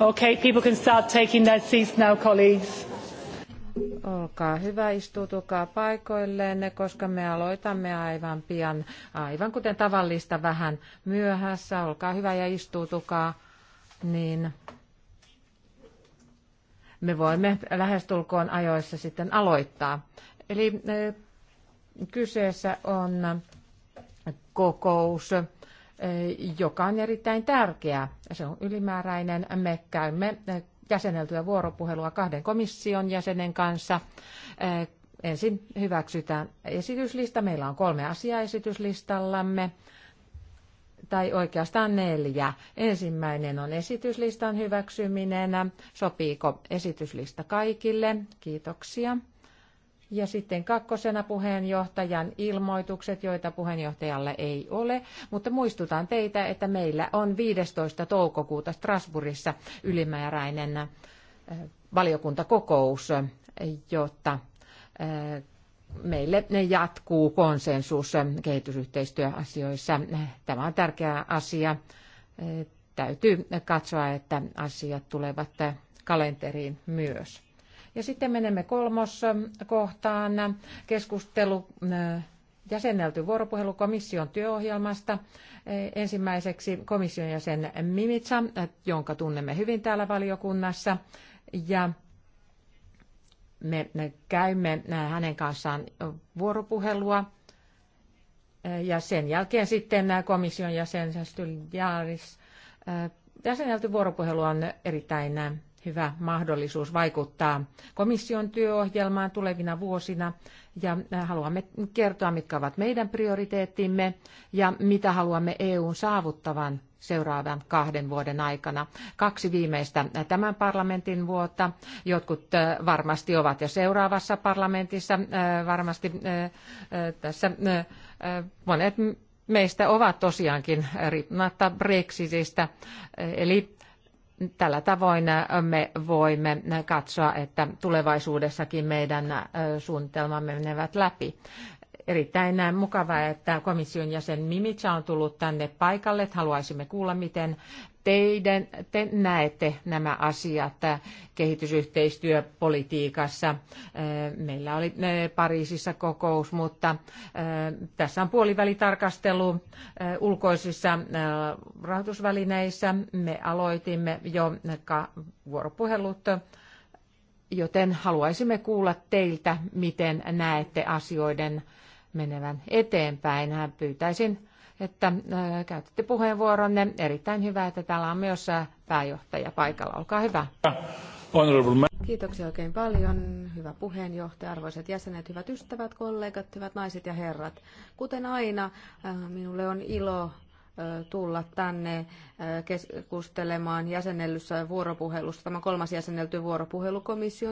Okay, people can start taking their seats now, colleagues. Olkaa hyvä, istutukaa paikoilleen, koska me aloitamme aivan pian, aivan kuten tavallista, vähän myöhässä. Olkaa hyvä ja istutukaa, niin me voimme lähestulkoon ajoissa sitten aloittaa. Eli eh, kyseessä on kokous joka on erittäin tärkeä. Se on ylimääräinen. Me käymme jäseneltyä vuoropuhelua kahden komission jäsenen kanssa. Ensin hyväksytään esityslista. Meillä on kolme asiaa esityslistallamme, tai oikeastaan neljä. Ensimmäinen on esityslistan hyväksyminen. Sopiiko esityslista kaikille? Kiitoksia. Ja sitten kakkosena puheenjohtajan ilmoitukset, joita puheenjohtajalle ei ole, mutta muistutan teitä, että meillä on 15. toukokuuta Strasbourgissa ylimääräinen äh, valiokuntakokous, jotta äh, meille jatkuu konsensus kehitysyhteistyöasioissa. Tämä on tärkeä asia. Äh, täytyy katsoa, että asiat tulevat kalenteriin myös. Ja sitten menemme kolmoskohtaan keskustelu äh, jäsennelty vuoropuhelu komission työohjelmasta. Äh, ensimmäiseksi komission jäsen Mimitsa, äh, jonka tunnemme hyvin täällä valiokunnassa. Ja me käymme hänen kanssaan vuoropuhelua. Ja sen jälkeen sitten komission jäsen Stylianis. Jäsenelty vuoropuhelu on erittäin hyvä mahdollisuus vaikuttaa komission työohjelmaan tulevina vuosina. Ja äh, haluamme kertoa, mitkä ovat meidän prioriteettimme ja mitä haluamme EUn saavuttavan seuraavan kahden vuoden aikana. Kaksi viimeistä tämän parlamentin vuotta. Jotkut äh, varmasti ovat jo seuraavassa parlamentissa, äh, varmasti tässä monet meistä ovat tosiaankin riippumatta Brexitistä. Eli tällä tavoin äh, me voimme äh, katsoa, että tulevaisuudessakin meidän äh, suunnitelmamme menevät läpi. Erittäin mukavaa, että komission jäsen Mimitsa on tullut tänne paikalle. Haluaisimme kuulla, miten teidän, te näette nämä asiat kehitysyhteistyöpolitiikassa? Meillä oli Pariisissa kokous, mutta tässä on puolivälitarkastelu ulkoisissa rahoitusvälineissä. Me aloitimme jo vuoropuhelut joten haluaisimme kuulla teiltä, miten näette asioiden menevän eteenpäin. Pyytäisin että äh, käytitte puheenvuoronne. Erittäin hyvä, että täällä on myös äh, pääjohtaja paikalla. Olkaa hyvä. Kiitoksia oikein paljon. Hyvä puheenjohtaja, arvoisat jäsenet, hyvät ystävät, kollegat, hyvät naiset ja herrat. Kuten aina, äh, minulle on ilo tulla tänne keskustelemaan jäsennellyssä vuoropuhelussa, tämä kolmas jäsennelty vuoropuhelu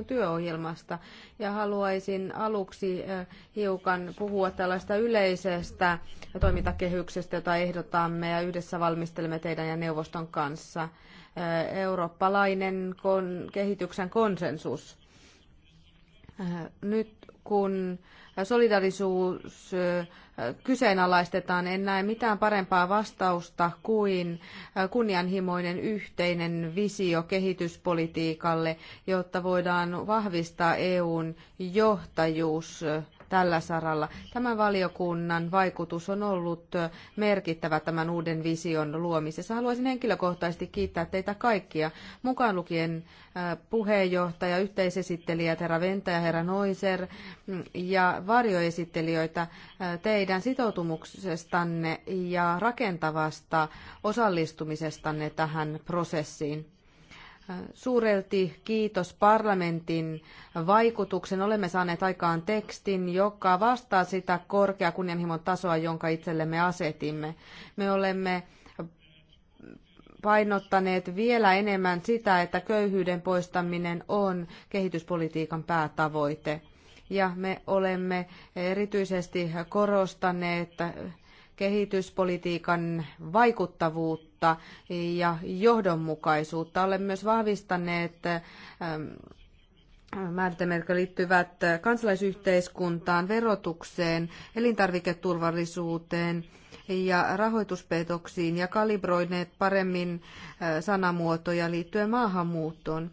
työohjelmasta. Ja haluaisin aluksi hiukan puhua tällaista yleisestä toimintakehyksestä, jota ehdotamme ja yhdessä valmistelemme teidän ja neuvoston kanssa. Eurooppalainen kehityksen konsensus. Nyt kun solidarisuus kyseenalaistetaan. En näe mitään parempaa vastausta kuin äh, kunnianhimoinen yhteinen visio kehityspolitiikalle, jotta voidaan vahvistaa EUn johtajuus äh, tällä saralla. Tämän valiokunnan vaikutus on ollut merkittävä tämän uuden vision luomisessa. Haluaisin henkilökohtaisesti kiittää teitä kaikkia, mukaan lukien puheenjohtaja, yhteisesittelijät, herra Venta ja herra Noiser mm, ja varjoesittelijöitä teidän sitoutumuksestanne ja rakentavasta osallistumisestanne tähän prosessiin suurelti kiitos parlamentin vaikutuksen. Olemme saaneet aikaan tekstin, joka vastaa sitä korkeaa kunnianhimon tasoa, jonka itsellemme asetimme. Me olemme painottaneet vielä enemmän sitä, että köyhyyden poistaminen on kehityspolitiikan päätavoite. Ja me olemme erityisesti korostaneet kehityspolitiikan vaikuttavuutta avoimuutta ja johdonmukaisuutta. Olemme myös vahvistaneet ähm, määritelmät, jotka liittyvät kansalaisyhteiskuntaan, verotukseen, elintarviketurvallisuuteen ja rahoituspetoksiin ja kalibroineet paremmin äh, sanamuotoja liittyen maahanmuuttoon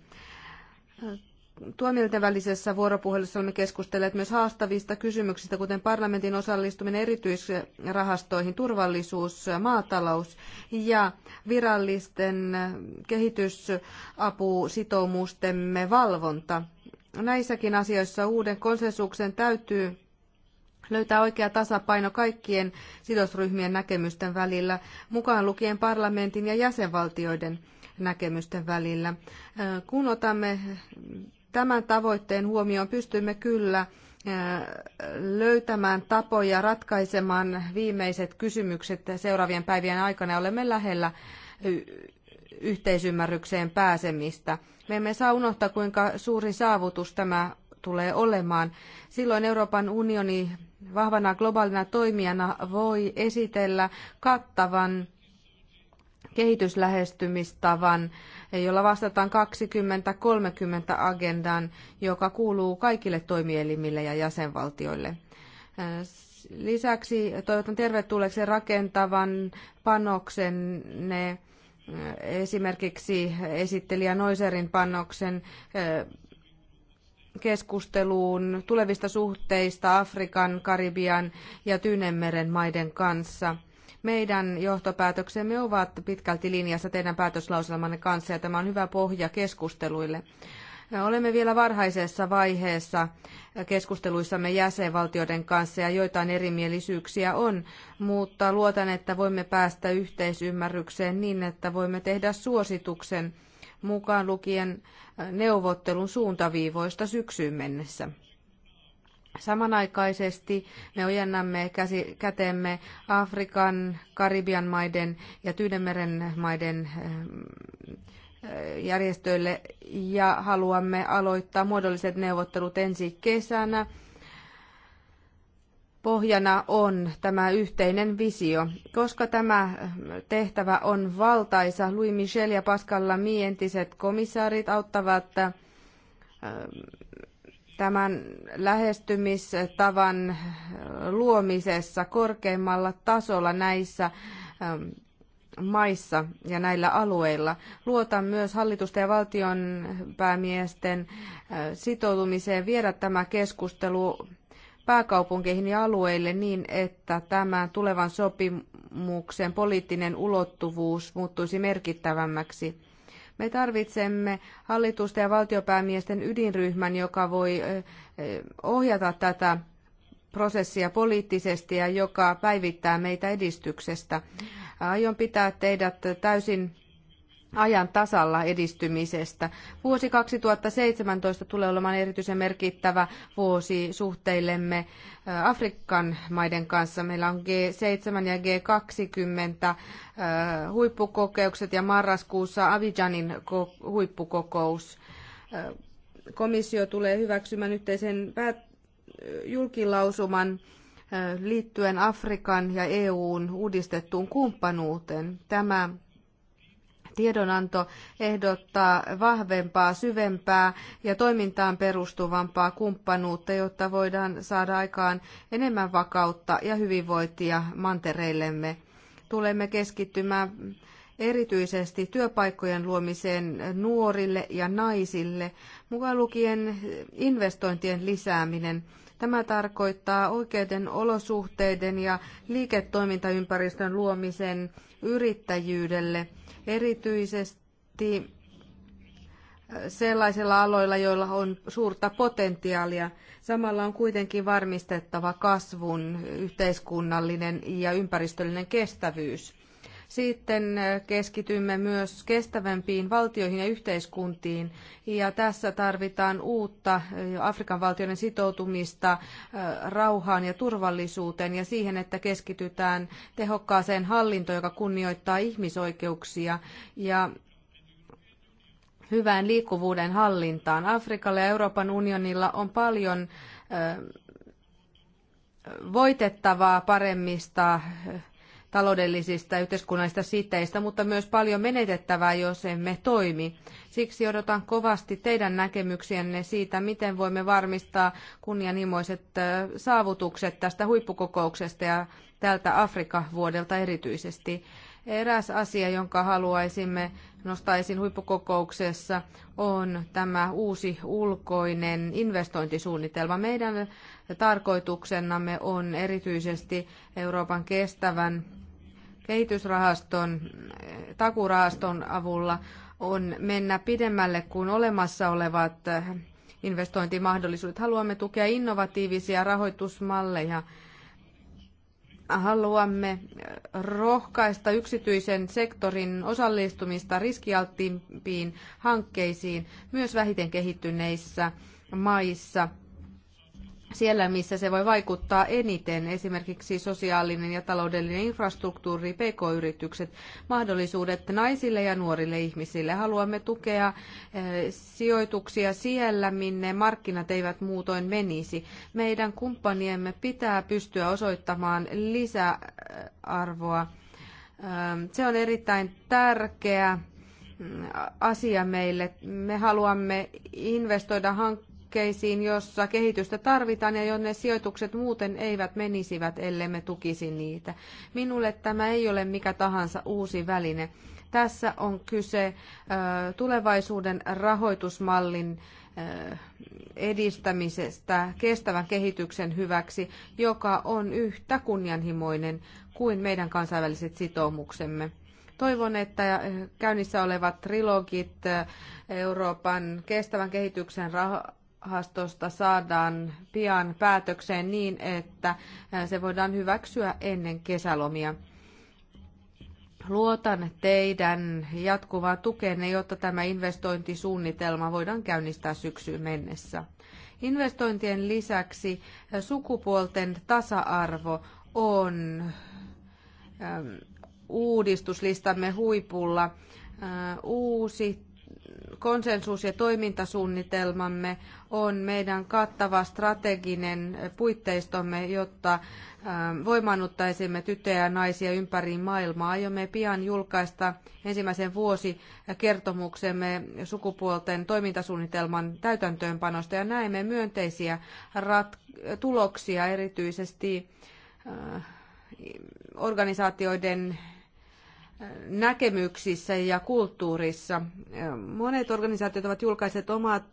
tuomioiden välisessä vuoropuhelussa olemme keskustelleet myös haastavista kysymyksistä, kuten parlamentin osallistuminen erityisrahastoihin, turvallisuus, maatalous ja virallisten kehitysapusitoumustemme valvonta. Näissäkin asioissa uuden konsensuksen täytyy löytää oikea tasapaino kaikkien sidosryhmien näkemysten välillä, mukaan lukien parlamentin ja jäsenvaltioiden näkemysten välillä. Kun otamme tämän tavoitteen huomioon pystymme kyllä löytämään tapoja ratkaisemaan viimeiset kysymykset seuraavien päivien aikana. Olemme lähellä yhteisymmärrykseen pääsemistä. Me emme saa unohtaa, kuinka suuri saavutus tämä tulee olemaan. Silloin Euroopan unioni vahvana globaalina toimijana voi esitellä kattavan kehityslähestymistavan, jolla vastataan 20-30 agendaan joka kuuluu kaikille toimielimille ja jäsenvaltioille. Lisäksi toivotan tervetulleeksi rakentavan panoksenne esimerkiksi esittelijä Noiserin panoksen keskusteluun tulevista suhteista Afrikan, Karibian ja Tyynemeren maiden kanssa – meidän johtopäätöksemme ovat pitkälti linjassa teidän päätöslauselmanne kanssa ja tämä on hyvä pohja keskusteluille. Olemme vielä varhaisessa vaiheessa keskusteluissamme jäsenvaltioiden kanssa ja joitain erimielisyyksiä on, mutta luotan, että voimme päästä yhteisymmärrykseen niin, että voimme tehdä suosituksen mukaan lukien neuvottelun suuntaviivoista syksyyn mennessä. Samanaikaisesti me ojennamme käsi, käteemme Afrikan, Karibian maiden ja Tyynemeren maiden eh, järjestöille ja haluamme aloittaa muodolliset neuvottelut ensi kesänä. Pohjana on tämä yhteinen visio. Koska tämä tehtävä on valtaisa, Louis Michel ja Pascal Lamy, entiset komissaarit, auttavat eh, tämän lähestymistavan luomisessa korkeimmalla tasolla näissä ähm, maissa ja näillä alueilla. Luotan myös hallitusten ja valtion päämiesten äh, sitoutumiseen viedä tämä keskustelu pääkaupunkeihin ja alueille niin, että tämä tulevan sopimuksen poliittinen ulottuvuus muuttuisi merkittävämmäksi. Me tarvitsemme hallitusta ja valtiopäämiesten ydinryhmän, joka voi ohjata tätä prosessia poliittisesti ja joka päivittää meitä edistyksestä. Aion pitää teidät täysin ajan tasalla edistymisestä. Vuosi 2017 tulee olemaan erityisen merkittävä vuosi suhteillemme äh, Afrikan maiden kanssa. Meillä on G7 ja G20 äh, huippukokeukset ja marraskuussa Avijanin huippukokous. Äh, komissio tulee hyväksymään yhteisen julkilausuman liittyen Afrikan ja EUn uudistettuun kumppanuuteen. Tämä tiedonanto ehdottaa vahvempaa, syvempää ja toimintaan perustuvampaa kumppanuutta, jotta voidaan saada aikaan enemmän vakautta ja hyvinvointia mantereillemme. Tulemme keskittymään erityisesti työpaikkojen luomiseen nuorille ja naisille, mukaan lukien investointien lisääminen. Tämä tarkoittaa oikeiden olosuhteiden ja liiketoimintaympäristön luomisen yrittäjyydelle erityisesti sellaisilla aloilla, joilla on suurta potentiaalia. Samalla on kuitenkin varmistettava kasvun yhteiskunnallinen ja ympäristöllinen kestävyys. Sitten äh, keskitymme myös kestävämpiin valtioihin ja yhteiskuntiin. Ja tässä tarvitaan uutta äh, Afrikan valtioiden sitoutumista äh, rauhaan ja turvallisuuteen ja siihen, että keskitytään tehokkaaseen hallintoon, joka kunnioittaa ihmisoikeuksia ja hyvään liikkuvuuden hallintaan. Afrikalla ja Euroopan unionilla on paljon voitettavaa paremmista taloudellisista ja yhteiskunnallisista siteistä, mutta myös paljon menetettävää, jos emme toimi. Siksi odotan kovasti teidän näkemyksiänne siitä, miten voimme varmistaa kunnianhimoiset saavutukset tästä huippukokouksesta ja tältä Afrikka-vuodelta erityisesti. Eräs asia, jonka haluaisimme nostaa esiin huippukokouksessa, on tämä uusi ulkoinen investointisuunnitelma. Meidän tarkoituksenamme on erityisesti Euroopan kestävän kehitysrahaston, takurahaston avulla on mennä pidemmälle kuin olemassa olevat investointimahdollisuudet. Haluamme tukea innovatiivisia rahoitusmalleja. Haluamme rohkaista yksityisen sektorin osallistumista riskialttiimpiin hankkeisiin myös vähiten kehittyneissä maissa – siellä, missä se voi vaikuttaa eniten, esimerkiksi sosiaalinen ja taloudellinen infrastruktuuri, pk-yritykset, mahdollisuudet naisille ja nuorille ihmisille. Haluamme tukea eh, sijoituksia siellä, minne markkinat eivät muutoin menisi. Meidän kumppaniemme pitää pystyä osoittamaan lisäarvoa. Eh, se on erittäin tärkeä mm, asia meille. Me haluamme investoida hankkeeseen hankkeisiin, jossa kehitystä tarvitaan ja jonne sijoitukset muuten eivät menisivät, ellemme tukisi niitä. Minulle tämä ei ole mikä tahansa uusi väline. Tässä on kyse tulevaisuuden rahoitusmallin edistämisestä kestävän kehityksen hyväksi, joka on yhtä kunnianhimoinen kuin meidän kansainväliset sitoumuksemme. Toivon, että käynnissä olevat trilogit Euroopan kestävän kehityksen rahastosta saadaan pian päätökseen niin, että se voidaan hyväksyä ennen kesälomia. Luotan teidän jatkuvaa tukenne, jotta tämä investointisuunnitelma voidaan käynnistää syksyyn mennessä. Investointien lisäksi sukupuolten tasa-arvo on uudistuslistamme huipulla. Uusi konsensus- ja toimintasuunnitelmamme on meidän kattava strateginen puitteistomme, jotta ähm, voimannuttaisimme tyttöjä ja naisia ympäri maailmaa. Aiomme pian julkaista ensimmäisen vuosi kertomuksemme sukupuolten toimintasuunnitelman täytäntöönpanosta ja näemme myönteisiä tuloksia erityisesti äh, organisaatioiden näkemyksissä ja kulttuurissa. Monet organisaatiot ovat julkaiset omat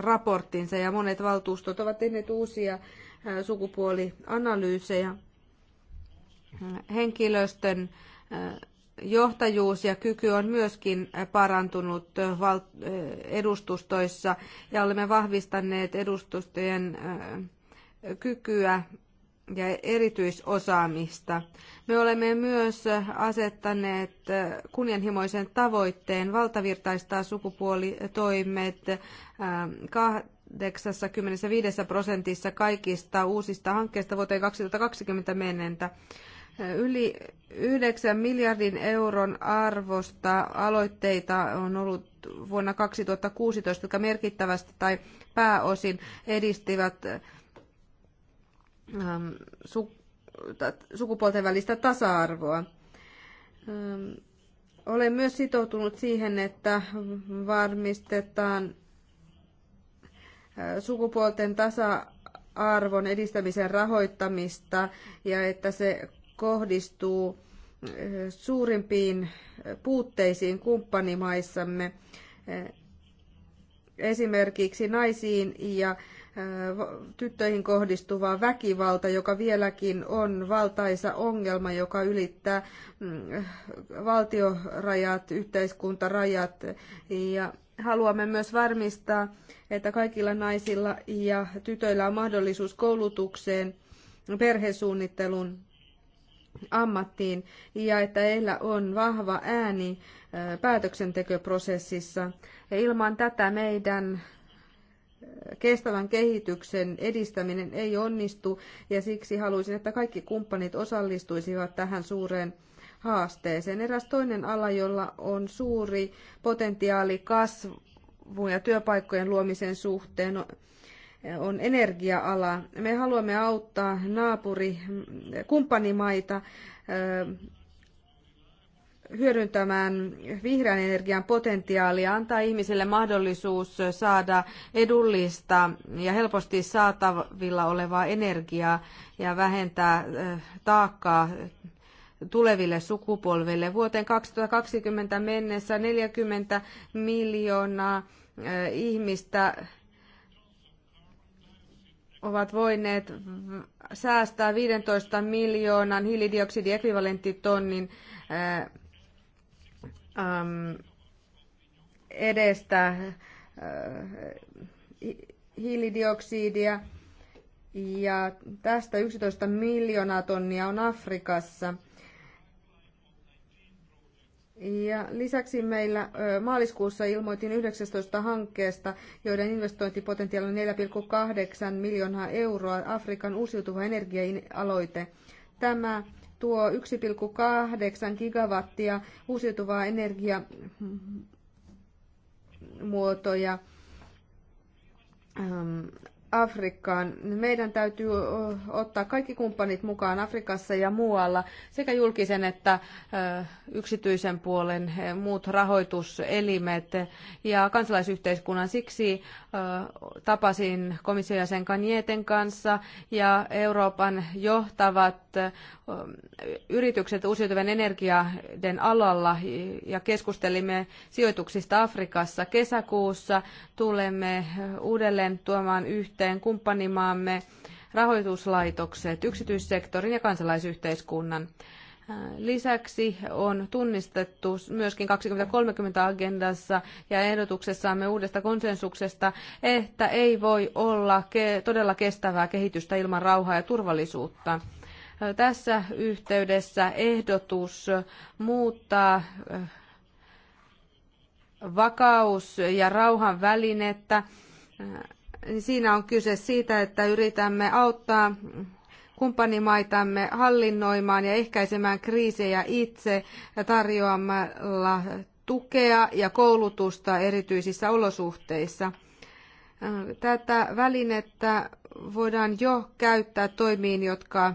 raporttinsa ja monet valtuustot ovat tehneet uusia sukupuolianalyysejä. Henkilöstön johtajuus ja kyky on myöskin parantunut edustustoissa ja olemme vahvistaneet edustustojen kykyä ja erityisosaamista. Me olemme myös asettaneet kunnianhimoisen tavoitteen valtavirtaistaa sukupuolitoimet 85 äh, prosentissa kaikista uusista hankkeista vuoteen 2020 mennessä. Yli 9 miljardin euron arvosta aloitteita on ollut vuonna 2016, jotka merkittävästi tai pääosin edistivät Ähm, sukupuolten välistä tasa-arvoa. Ähm, olen myös sitoutunut siihen, että varmistetaan äh, sukupuolten tasa-arvon edistämisen rahoittamista ja että se kohdistuu äh, suurimpiin äh, puutteisiin kumppanimaissamme, esimerkiksi naisiin ja tyttöihin kohdistuva väkivalta, joka vieläkin on valtaisa ongelma, joka ylittää mm, valtiorajat, yhteiskuntarajat ja haluamme myös varmistaa, että kaikilla naisilla ja tytöillä on mahdollisuus koulutukseen, perhesuunnittelun ammattiin ja että heillä on vahva ääni päätöksentekoprosessissa. Ja ilman tätä meidän kestävän kehityksen edistäminen ei onnistu ja siksi haluaisin, että kaikki kumppanit osallistuisivat tähän suureen haasteeseen. Eräs toinen ala, jolla on suuri potentiaali kasvun ja työpaikkojen luomisen suhteen, on energia-ala. Me haluamme auttaa naapuri, kumppanimaita hyödyntämään vihreän energian potentiaalia, antaa ihmisille mahdollisuus saada edullista ja helposti saatavilla olevaa energiaa ja vähentää taakkaa tuleville sukupolville. Vuoteen 2020 mennessä 40 miljoonaa ihmistä ovat voineet säästää 15 miljoonan hiilidioksidiekvivalenttitonnin Ähm, edestä äh, hiilidioksidia. Ja tästä 11 miljoonaa tonnia on Afrikassa. Ja lisäksi meillä maaliskuussa ilmoitin 19 hankkeesta, joiden investointipotentiaali on 4,8 miljoonaa euroa Afrikan uusiutuva energia-aloite. Tämä tuo 1,8 gigawattia uusiutuvaa energiamuotoja ähm, Afrikkaan. Meidän täytyy ottaa kaikki kumppanit mukaan Afrikassa ja muualla, sekä julkisen että yksityisen puolen muut rahoituselimet ja kansalaisyhteiskunnan. Siksi tapasin komission jäsen Kanjeten kanssa ja Euroopan johtavat yritykset uusiutuvien energiaiden alalla ja keskustelimme sijoituksista Afrikassa. Kesäkuussa tulemme uudelleen tuomaan yhteen suhteen kumppanimaamme rahoituslaitokset, yksityissektorin ja kansalaisyhteiskunnan. Äh, lisäksi on tunnistettu myöskin 2030-agendassa ja ehdotuksessamme uudesta konsensuksesta, että ei voi olla todella kestävää kehitystä ilman rauhaa ja turvallisuutta. Äh, tässä yhteydessä ehdotus muuttaa äh, vakaus- ja rauhan välinettä niin siinä on kyse siitä, että yritämme auttaa kumppanimaitamme hallinnoimaan ja ehkäisemään kriisejä itse tarjoamalla tukea ja koulutusta erityisissä olosuhteissa. Tätä välinettä voidaan jo käyttää toimiin, jotka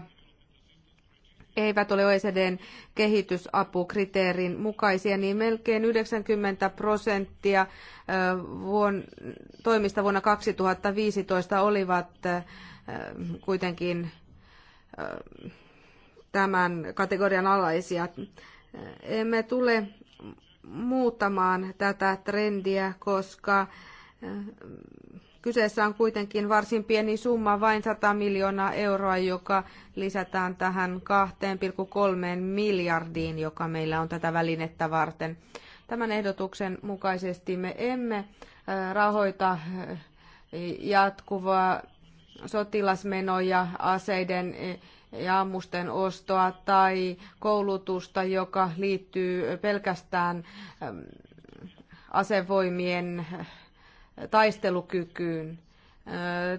eivät ole OECDn kehitysapukriteerin mukaisia, niin melkein 90 prosenttia toimista vuonna 2015 olivat kuitenkin tämän kategorian alaisia. Emme tule muuttamaan tätä trendiä, koska Kyseessä on kuitenkin varsin pieni summa, vain 100 miljoonaa euroa, joka lisätään tähän 2,3 miljardiin, joka meillä on tätä välinettä varten. Tämän ehdotuksen mukaisesti me emme rahoita jatkuvaa sotilasmenoja, aseiden ja ammusten ostoa tai koulutusta, joka liittyy pelkästään asevoimien taistelukykyyn.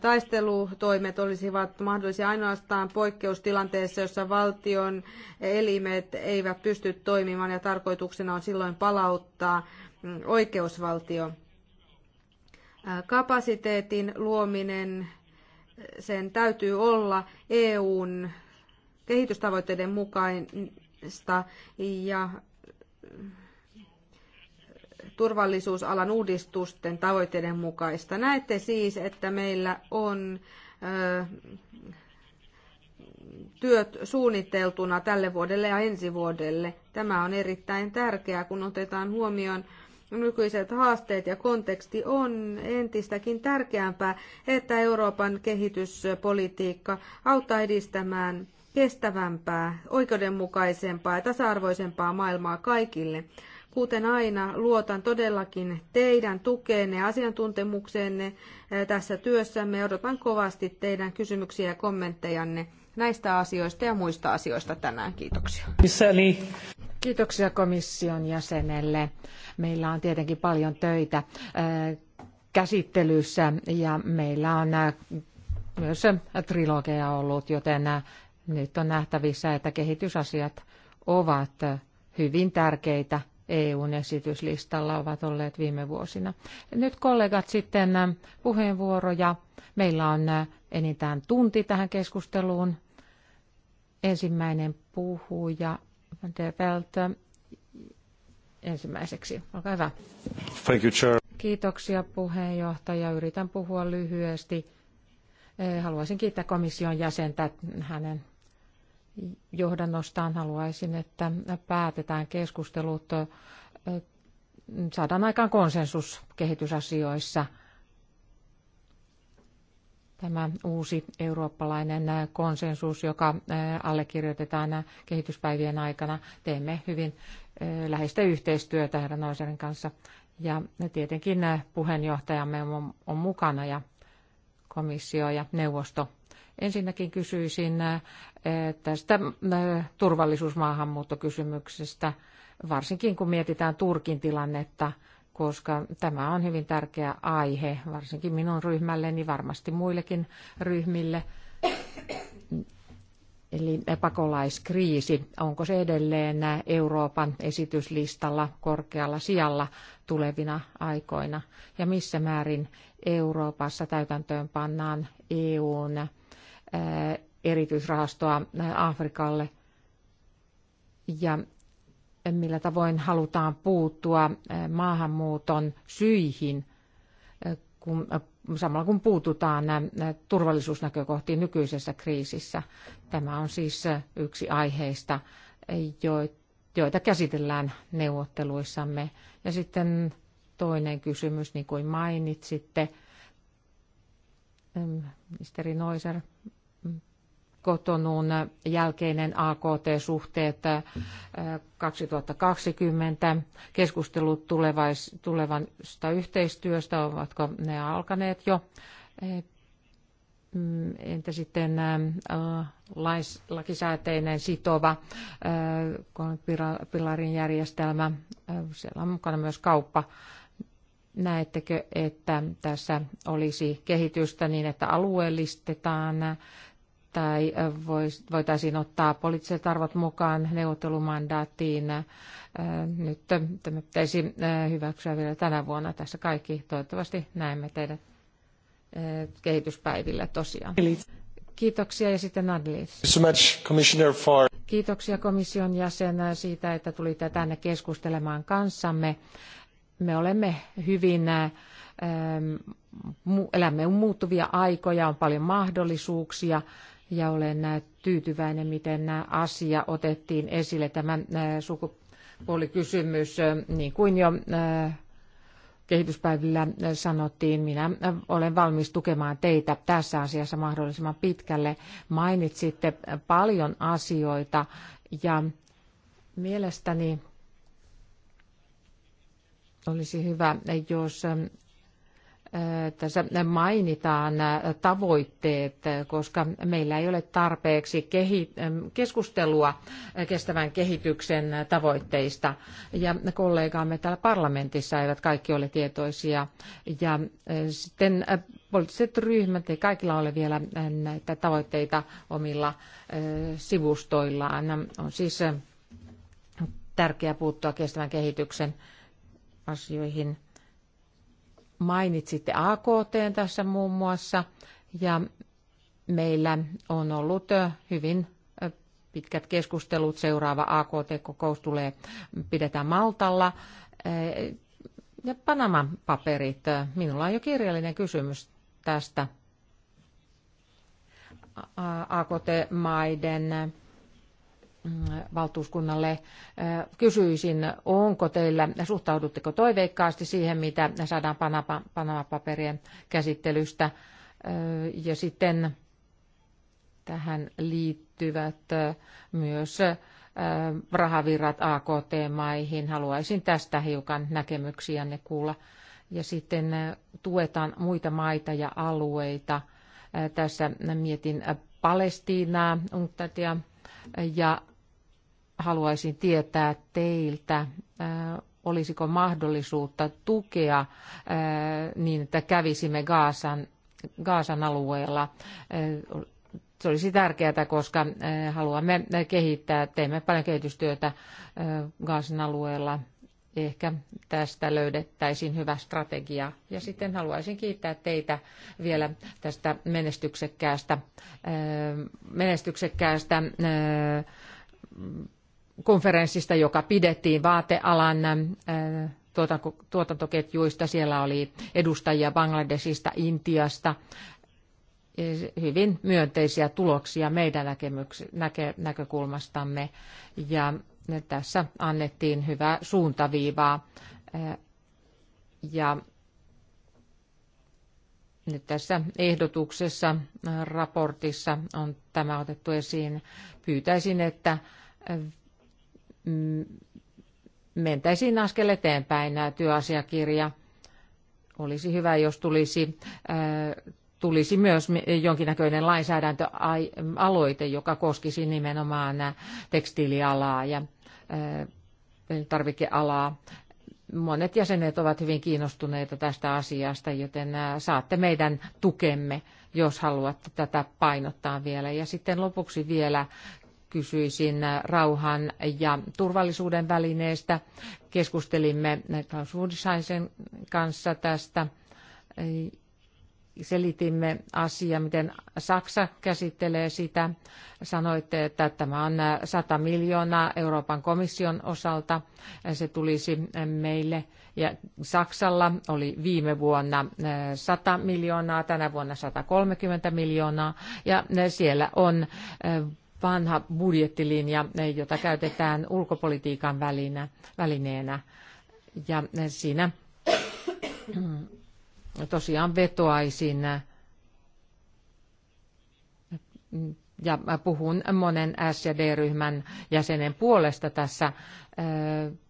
Taistelutoimet olisivat mahdollisia ainoastaan poikkeustilanteessa, jossa valtion elimet eivät pysty toimimaan ja tarkoituksena on silloin palauttaa mm, oikeusvaltio. Kapasiteetin luominen, sen täytyy olla EUn kehitystavoitteiden mukaista ja turvallisuusalan uudistusten tavoitteiden mukaista. Näette siis, että meillä on työt suunniteltuna tälle vuodelle ja ensi vuodelle. Tämä on erittäin tärkeää, kun otetaan huomioon nykyiset haasteet ja konteksti on entistäkin tärkeämpää, että Euroopan kehityspolitiikka auttaa edistämään kestävämpää, oikeudenmukaisempaa ja tasa-arvoisempaa maailmaa kaikille. Kuten aina, luotan todellakin teidän tukeenne ja asiantuntemukseenne eh, tässä työssämme. Odotan kovasti teidän kysymyksiä ja kommenttejanne näistä asioista ja muista asioista tänään. Kiitoksia. Kiitoksia komission jäsenelle. Meillä on tietenkin paljon töitä eh, käsittelyssä ja meillä on eh, myös trilogeja ollut, joten nyt on nähtävissä, että kehitysasiat ovat hyvin tärkeitä EUn esityslistalla ovat olleet viime vuosina. Nyt kollegat sitten puheenvuoroja. Meillä on enintään tunti tähän keskusteluun. Ensimmäinen puhuja Der Welt ensimmäiseksi. Olkaa hyvä. Thank you, Chair. Kiitoksia puheenjohtaja. Yritän puhua lyhyesti. Haluaisin kiittää komission jäsentä hänen johdannostaan haluaisin, että päätetään keskustelut, saadaan aikaan konsensus kehitysasioissa. Tämä uusi eurooppalainen konsensus, joka allekirjoitetaan kehityspäivien aikana, teemme hyvin läheistä yhteistyötä Herran kanssa. Ja tietenkin puheenjohtajamme on mukana ja komissio ja neuvosto Ensinnäkin kysyisin äh, tästä äh, turvallisuusmaahanmuuttokysymyksestä, varsinkin kun mietitään Turkin tilannetta, koska tämä on hyvin tärkeä aihe, varsinkin minun ryhmälleni, varmasti muillekin ryhmille. Eli pakolaiskriisi, onko se edelleen Euroopan esityslistalla korkealla sijalla tulevina aikoina? Ja missä määrin Euroopassa täytäntöön pannaan EUn Eh, erityisrahastoa eh, Afrikalle ja millä tavoin halutaan puuttua eh, maahanmuuton syihin, kun, samalla kun puututaan turvallisuusnäkökohtiin nykyisessä kriisissä. Tämä on siis yksi aiheista, joita käsitellään neuvotteluissamme. Ja sitten toinen kysymys, niin kuin mainitsitte, ministeri Noiser kotonun jälkeinen AKT-suhteet 2020, äh, keskustelut tulevasta yhteistyöstä, ovatko ne alkaneet jo? Eh, mm, entä sitten äh, lais, lakisääteinen sitova äh, pilarin järjestelmä, siellä on mukana myös kauppa. Näettekö, että tässä olisi kehitystä niin, että alueellistetaan tai äh, voitaisiin ottaa poliittiset arvot mukaan neuvottelumandaattiin. Äh, nyt tämä pitäisi äh, hyväksyä vielä tänä vuonna tässä kaikki. Toivottavasti näemme teidät kehityspäivillä tosiaan. Kiitoksia ja sitten Adlis. Kiitoksia komission jäsen siitä, että tulitte tänne keskustelemaan kanssamme. Me olemme hyvin elämme muuttuvia aikoja, on paljon mahdollisuuksia ja olen äh, tyytyväinen, miten nämä äh, asia otettiin esille, tämä äh, sukupuolikysymys, niin kuin jo kehityspäivillä sanottiin, minä olen valmis tukemaan teitä tässä asiassa mahdollisimman pitkälle. Mainitsitte paljon asioita ja mielestäni olisi hyvä, jos ähm, tässä mainitaan tavoitteet, koska meillä ei ole tarpeeksi keskustelua kestävän kehityksen tavoitteista. Ja kollegaamme täällä parlamentissa eivät kaikki ole tietoisia. Ja sitten poliittiset ryhmät, ei kaikilla ole vielä näitä tavoitteita omilla sivustoillaan. On siis tärkeää puuttua kestävän kehityksen asioihin – Mainitsitte AKT tässä muun muassa ja meillä on ollut hyvin pitkät keskustelut. Seuraava AKT-kokous tulee, pidetään Maltalla. Ja Panaman paperit. Minulla on jo kirjallinen kysymys tästä AKT-maiden Mm, valtuuskunnalle. Kysyisin, onko teillä, suhtaudutteko toiveikkaasti siihen, mitä saadaan Panama-paperien käsittelystä. Ja sitten tähän liittyvät myös rahavirrat AKT-maihin. Haluaisin tästä hiukan näkemyksiä ne kuulla. Ja sitten tuetaan muita maita ja alueita. Tässä mietin Palestiinaa, ja haluaisin tietää teiltä, olisiko mahdollisuutta tukea niin, että kävisimme Gaasan, Gaasan alueella. Se olisi tärkeää, koska haluamme kehittää, teemme paljon kehitystyötä Gaasan alueella. Ehkä tästä löydettäisiin hyvä strategia. Ja sitten haluaisin kiittää teitä vielä tästä menestyksekkäästä, menestyksekkäästä konferenssista, joka pidettiin vaatealan äh, tuota, tuotantoketjuista. Siellä oli edustajia Bangladesista, Intiasta. Hyvin myönteisiä tuloksia meidän näke- näkökulmastamme. Ja tässä annettiin hyvää suuntaviivaa. Äh, ja nyt tässä ehdotuksessa, äh, raportissa on tämä otettu esiin. Pyytäisin, että Mm, mentäisiin askel eteenpäin nämä työasiakirja. Olisi hyvä, jos tulisi, äh, tulisi myös jonkinnäköinen lainsäädäntöaloite, joka koskisi nimenomaan tekstiilialaa ja äh, tarvikealaa. Monet jäsenet ovat hyvin kiinnostuneita tästä asiasta, joten äh, saatte meidän tukemme, jos haluatte tätä painottaa vielä. Ja sitten lopuksi vielä kysyisin rauhan ja turvallisuuden välineestä. Keskustelimme Klaus Wurdesaisen kanssa tästä. Selitimme asiaa, miten Saksa käsittelee sitä. Sanoitte, että tämä on 100 miljoonaa Euroopan komission osalta. Se tulisi meille. Ja Saksalla oli viime vuonna 100 miljoonaa, tänä vuonna 130 miljoonaa. Ja siellä on vanha budjettilinja, jota käytetään ulkopolitiikan välinä, välineenä. Ja siinä tosiaan vetoaisin ja puhun monen SD-ryhmän jäsenen puolesta tässä.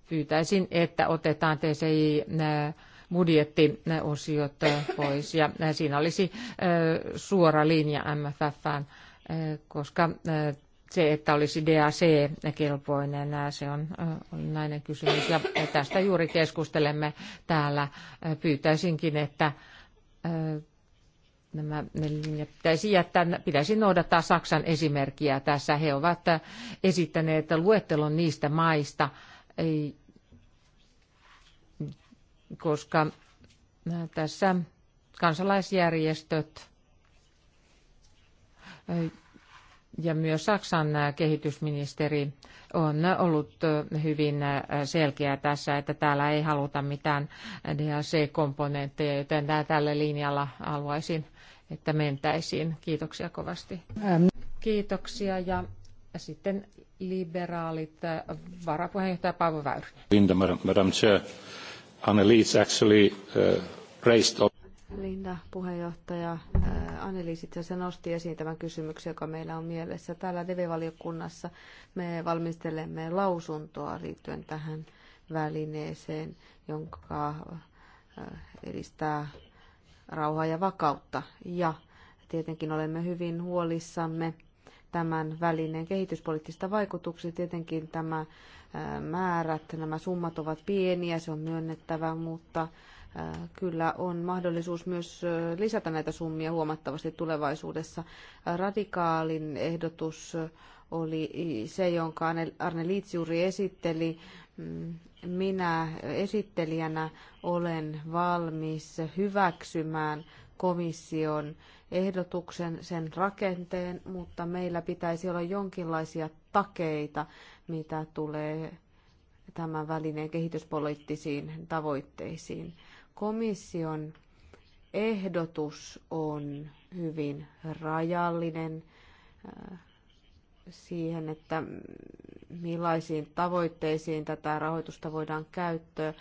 Pyytäisin, että otetaan TCI budjettiosiot pois ja siinä olisi suora linja MFFään koska se, että olisi DAC-kelpoinen, se on näinen kysymys. Ja tästä juuri keskustelemme täällä. Pyytäisinkin, että nämä linjat pitäisi jättää, pitäisi noudattaa Saksan esimerkkiä tässä. He ovat esittäneet luettelon niistä maista, koska tässä kansalaisjärjestöt ja myös Saksan kehitysministeri on ollut hyvin selkeä tässä, että täällä ei haluta mitään DRC-komponentteja, joten tällä linjalla haluaisin, että mentäisiin. Kiitoksia kovasti. Ähm. Kiitoksia ja sitten liberaalit, varapuheenjohtaja Paavo Väyrynen. Linda, Madam Chair, Annelies actually raised Linda, puheenjohtaja äh, Anneli sitten se nosti esiin tämän kysymyksen, joka meillä on mielessä. Täällä DV-valiokunnassa me valmistelemme lausuntoa liittyen tähän välineeseen, jonka äh, edistää rauhaa ja vakautta. Ja tietenkin olemme hyvin huolissamme tämän välineen kehityspoliittista vaikutuksista. Tietenkin tämä äh, määrät, nämä summat ovat pieniä, se on myönnettävä, mutta Äh, kyllä on mahdollisuus myös äh, lisätä näitä summia huomattavasti tulevaisuudessa. Äh, radikaalin ehdotus oli se, jonka Arne juuri esitteli. Mm, minä esittelijänä olen valmis hyväksymään komission ehdotuksen, sen rakenteen, mutta meillä pitäisi olla jonkinlaisia takeita, mitä tulee tämän välineen kehityspoliittisiin tavoitteisiin komission ehdotus on hyvin rajallinen äh, siihen, että millaisiin tavoitteisiin tätä rahoitusta voidaan käyttää.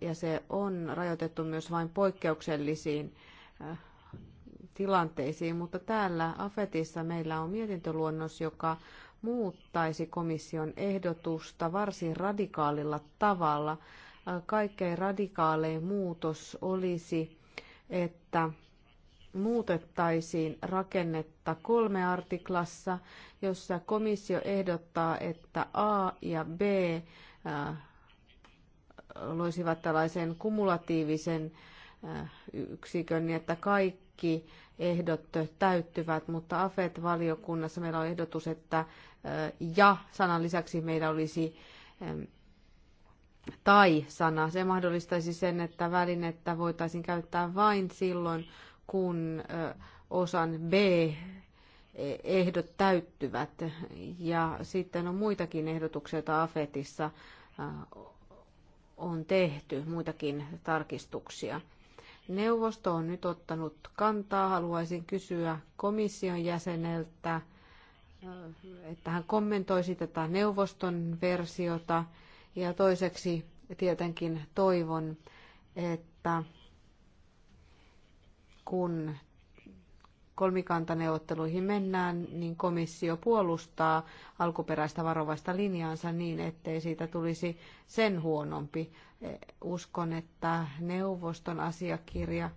Ja se on rajoitettu myös vain poikkeuksellisiin äh, tilanteisiin, mutta täällä AFETissa meillä on mietintöluonnos, joka muuttaisi komission ehdotusta varsin radikaalilla tavalla kaikkein radikaalein muutos olisi, että muutettaisiin rakennetta kolme artiklassa, jossa komissio ehdottaa, että A ja B loisivat tällaisen kumulatiivisen yksikön, niin että kaikki ehdot täyttyvät, mutta AFET-valiokunnassa meillä on ehdotus, että ja sanan lisäksi meillä olisi tai-sana. Se mahdollistaisi sen, että välinettä voitaisiin käyttää vain silloin, kun osan B e, ehdot täyttyvät. Ja sitten on muitakin ehdotuksia, joita AFETissa on tehty, muitakin tarkistuksia. Neuvosto on nyt ottanut kantaa. Haluaisin kysyä komission jäseneltä, että hän kommentoisi tätä neuvoston versiota ja toiseksi tietenkin toivon, että kun kolmikantaneuvotteluihin mennään, niin komissio puolustaa alkuperäistä varovaista linjaansa niin, ettei siitä tulisi sen huonompi. Uskon, että neuvoston asiakirja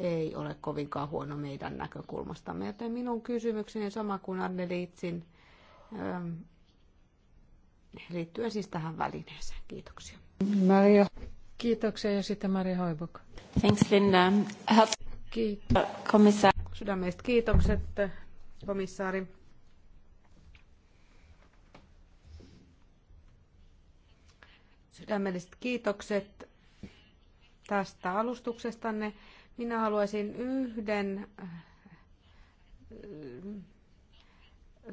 ei ole kovinkaan huono meidän näkökulmastamme. Joten minun kysymykseni sama kuin Anneli Itsin, liittyen siis tähän välineeseen. Kiitoksia. Maria. Kiitoksia ja sitten Maria Hoibok. Thanks Linda. Kiitos. Komissaari. Sydämestä kiitokset, komissaari. Sydämelliset kiitokset tästä alustuksestanne. Minä haluaisin yhden äh,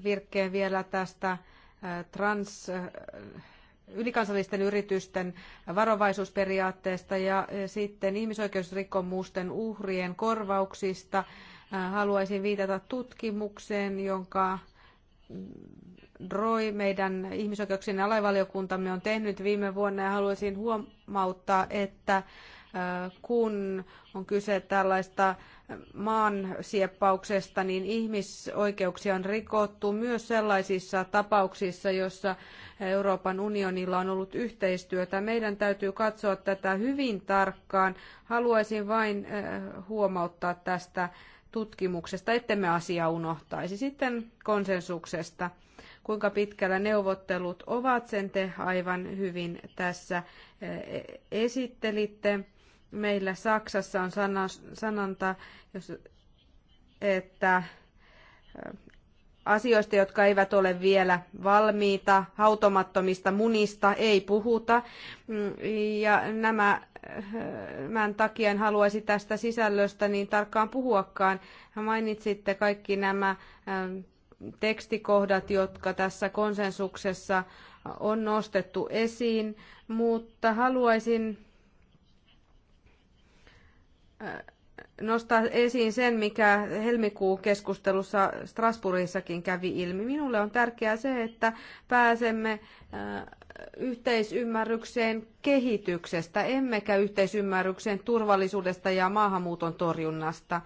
virkkeen vielä tästä trans äh, ylikansallisten yritysten varovaisuusperiaatteesta ja sitten ihmisoikeusrikkomusten uhrien korvauksista. Äh, haluaisin viitata tutkimukseen, jonka Roy, meidän ihmisoikeuksien alaivaliokuntamme on tehnyt viime vuonna ja haluaisin huomauttaa, että äh, kun on kyse tällaista maan sieppauksesta, niin ihmisoikeuksia on rikottu myös sellaisissa tapauksissa, joissa Euroopan unionilla on ollut yhteistyötä. Meidän täytyy katsoa tätä hyvin tarkkaan. Haluaisin vain eh, huomauttaa tästä tutkimuksesta, ettemme asiaa unohtaisi. Sitten konsensuksesta. Kuinka pitkällä neuvottelut ovat, sen te aivan hyvin tässä eh, esittelitte. Meillä Saksassa on sanonta, jos, että asioista, jotka eivät ole vielä valmiita, hautomattomista munista ei puhuta. Mm, ja nämä Mä takia en haluaisi tästä sisällöstä niin tarkkaan puhuakaan. Mainitsitte kaikki nämä tekstikohdat, jotka tässä konsensuksessa on nostettu esiin, mutta haluaisin nostaa esiin sen, mikä helmikuun keskustelussa Strasbourgissakin kävi ilmi. Minulle on tärkeää se, että pääsemme yhteisymmärrykseen kehityksestä, emmekä yhteisymmärryksen turvallisuudesta ja maahanmuuton torjunnasta.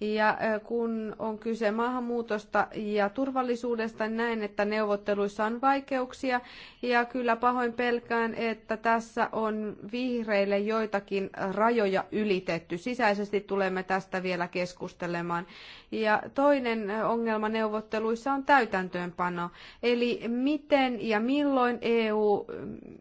Ja kun on kyse maahanmuutosta ja turvallisuudesta, näen, että neuvotteluissa on vaikeuksia ja kyllä pahoin pelkään, että tässä on vihreille joitakin rajoja ylitetty. Sisäisesti tulemme tästä vielä keskustelemaan. Ja toinen ongelma neuvotteluissa on täytäntöönpano. Eli miten ja milloin EU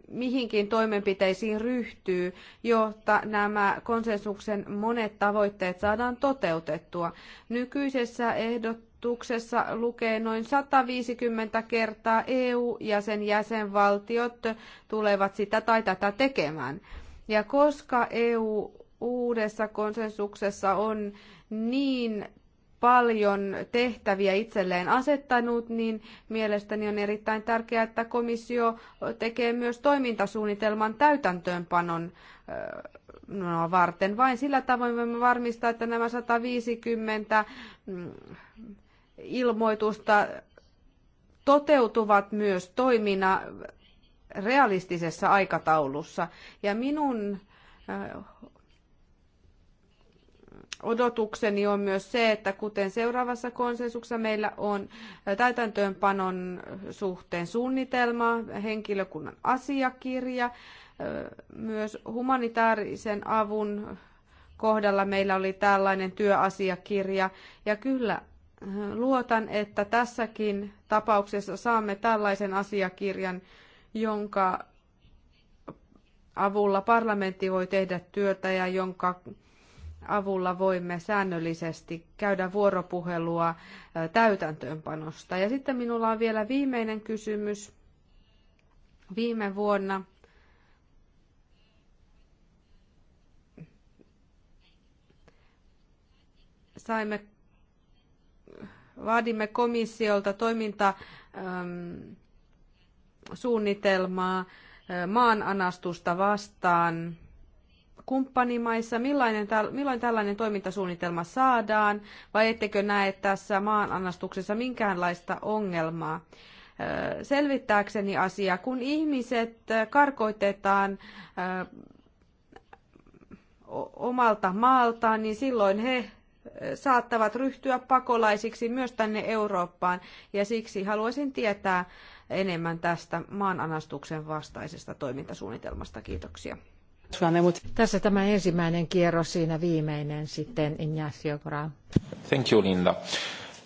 mihinkin toimenpiteisiin toimenpiteisiin ryhtyy, jotta nämä konsensuksen monet tavoitteet saadaan toteutettua. Nykyisessä ehdotuksessa lukee noin 150 kertaa EU ja sen jäsenvaltiot tulevat sitä tai tätä tekemään. Ja koska EU uudessa konsensuksessa on niin paljon tehtäviä itselleen asettanut, niin mielestäni on erittäin tärkeää, että komissio tekee myös toimintasuunnitelman täytäntöönpanon no, varten. Vain sillä tavoin voimme varmistaa, että nämä 150 mm, ilmoitusta toteutuvat myös toimina realistisessa aikataulussa. Ja minun odotukseni on myös se, että kuten seuraavassa konsensuksessa meillä on täytäntöönpanon suhteen suunnitelma, henkilökunnan asiakirja, myös humanitaarisen avun kohdalla meillä oli tällainen työasiakirja. Ja kyllä luotan, että tässäkin tapauksessa saamme tällaisen asiakirjan, jonka avulla parlamentti voi tehdä työtä ja jonka avulla voimme säännöllisesti käydä vuoropuhelua täytäntöönpanosta. Ja sitten minulla on vielä viimeinen kysymys. Viime vuonna saimme, vaadimme komissiolta toimintasuunnitelmaa maananastusta vastaan kumppanimaissa. Millainen, milloin tällainen toimintasuunnitelma saadaan vai ettekö näe tässä maanannastuksessa minkäänlaista ongelmaa? Selvittääkseni asiaa, kun ihmiset karkoitetaan omalta maaltaan, niin silloin he saattavat ryhtyä pakolaisiksi myös tänne Eurooppaan, ja siksi haluaisin tietää enemmän tästä maananastuksen vastaisesta toimintasuunnitelmasta. Kiitoksia. Tässä tämä ensimmäinen kierros, siinä viimeinen sitten Ignacio Grau. Thank you, Linda.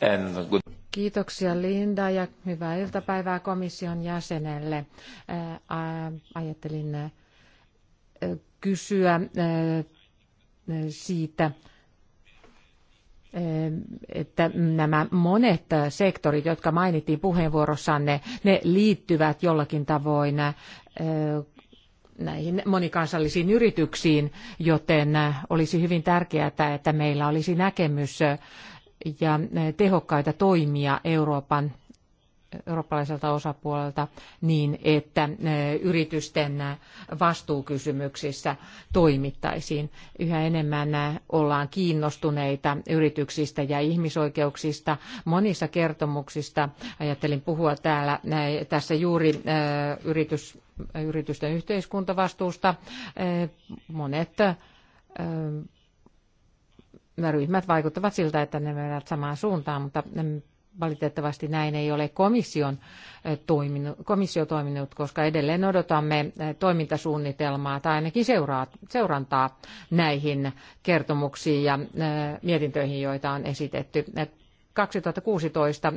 And good... Kiitoksia Linda ja hyvää iltapäivää komission jäsenelle. Ajattelin kysyä siitä, että nämä monet sektorit, jotka mainittiin puheenvuorossanne, ne liittyvät jollakin tavoin näihin monikansallisiin yrityksiin, joten olisi hyvin tärkeää, että meillä olisi näkemys ja tehokkaita toimia Euroopan eurooppalaiselta osapuolelta niin, että yritysten vastuukysymyksissä toimittaisiin. Yhä enemmän ollaan kiinnostuneita yrityksistä ja ihmisoikeuksista. Monissa kertomuksista ajattelin puhua täällä tässä juuri yritys yritysten yhteiskuntavastuusta. Eh, monet eh, ryhmät vaikuttavat siltä, että ne menevät samaan suuntaan, mutta mm, valitettavasti näin ei ole komission eh, toiminut, komissio toiminut, koska edelleen odotamme toimintasuunnitelmaa tai ainakin seuraa, seurantaa näihin kertomuksiin ja mietintöihin, joita on esitetty. 2016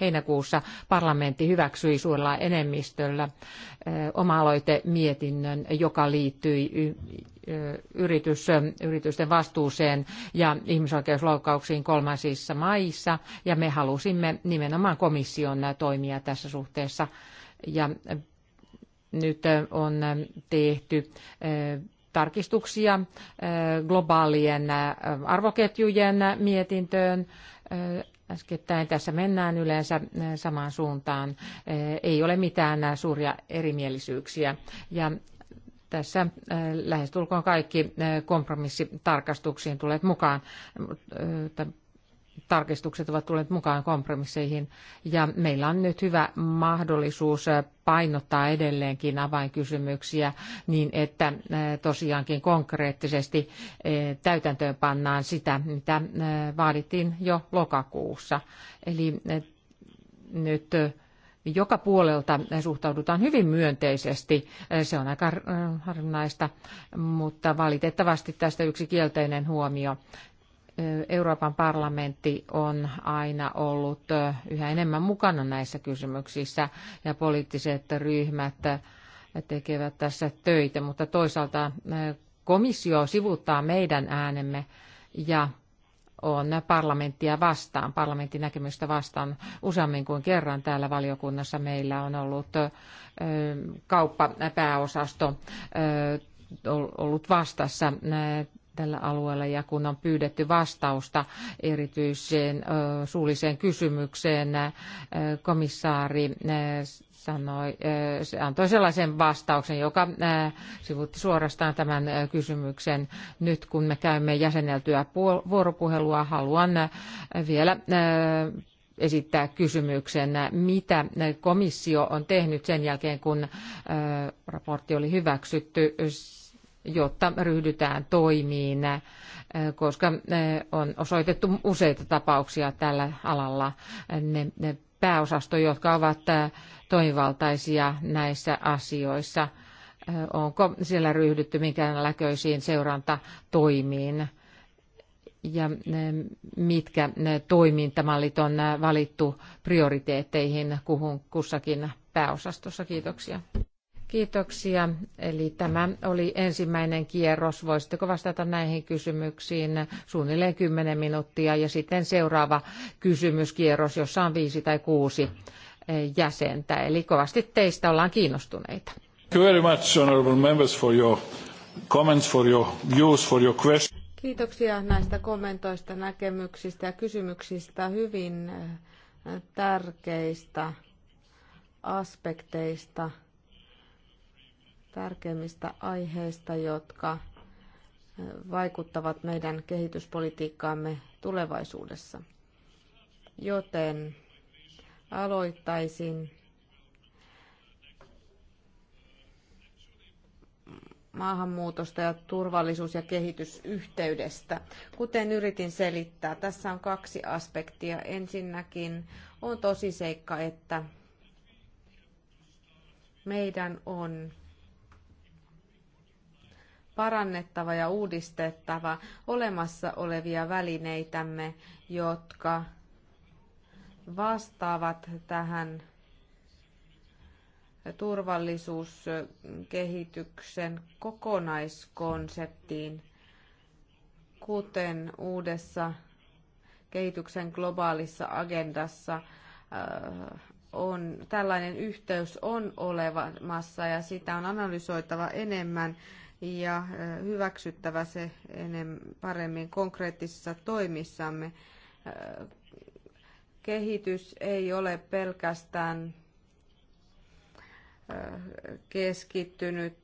heinäkuussa parlamentti hyväksyi suurella enemmistöllä oma-aloitemietinnön, joka liittyi yritys, yritysten vastuuseen ja ihmisoikeusloukkauksiin kolmansissa maissa. Ja me halusimme nimenomaan komission toimia tässä suhteessa. Ja nyt on tehty tarkistuksia globaalien arvoketjujen mietintöön äskettäin. Tässä mennään yleensä samaan suuntaan. Ei ole mitään suuria erimielisyyksiä. Ja tässä lähestulkoon kaikki kompromissitarkastuksiin tulee mukaan tarkistukset ovat tulleet mukaan kompromisseihin ja meillä on nyt hyvä mahdollisuus painottaa edelleenkin avainkysymyksiä niin, että tosiaankin konkreettisesti täytäntöön pannaan sitä, mitä vaadittiin jo lokakuussa. Eli nyt joka puolelta suhtaudutaan hyvin myönteisesti. Se on aika harvinaista, mutta valitettavasti tästä yksi kielteinen huomio. Euroopan parlamentti on aina ollut yhä enemmän mukana näissä kysymyksissä ja poliittiset ryhmät tekevät tässä töitä, mutta toisaalta komissio sivuttaa meidän äänemme ja on parlamenttia vastaan, parlamentin näkemystä vastaan. Useammin kuin kerran täällä valiokunnassa meillä on ollut kauppapääosasto ollut vastassa tällä alueella ja kun on pyydetty vastausta erityiseen suulliseen kysymykseen, komissaari sanoi, se antoi sellaisen vastauksen, joka sivutti suorastaan tämän kysymyksen. Nyt kun me käymme jäseneltyä vuoropuhelua, haluan vielä esittää kysymyksen, mitä komissio on tehnyt sen jälkeen, kun raportti oli hyväksytty jotta ryhdytään toimiin, eh, koska eh, on osoitettu useita tapauksia tällä alalla. Ne pääosasto, jotka ovat eh, toimivaltaisia näissä asioissa, onko siellä ryhdytty minkäänlaisiin seurantatoimiin ja mitkä toimintamallit on valittu prioriteetteihin kuhun kussakin pääosastossa. Kiitoksia. Kiitoksia. Eli tämä oli ensimmäinen kierros. Voisitteko vastata näihin kysymyksiin suunnilleen 10 minuuttia ja sitten seuraava kysymyskierros, jossa on viisi tai kuusi jäsentä. Eli kovasti teistä ollaan kiinnostuneita. Kiitoksia näistä kommentoista, näkemyksistä ja kysymyksistä hyvin äh, tärkeistä aspekteista – tärkeimmistä aiheista, jotka vaikuttavat meidän kehityspolitiikkaamme tulevaisuudessa. Joten aloittaisin maahanmuutosta ja turvallisuus- ja kehitysyhteydestä. Kuten yritin selittää, tässä on kaksi aspektia. Ensinnäkin on tosi seikka, että meidän on parannettava ja uudistettava olemassa olevia välineitämme, jotka vastaavat tähän turvallisuuskehityksen kokonaiskonseptiin, kuten uudessa kehityksen globaalissa agendassa äh, on, tällainen yhteys on olemassa ja sitä on analysoitava enemmän ja hyväksyttävä se enem, paremmin konkreettisissa toimissamme. Kehitys ei ole pelkästään keskittynyt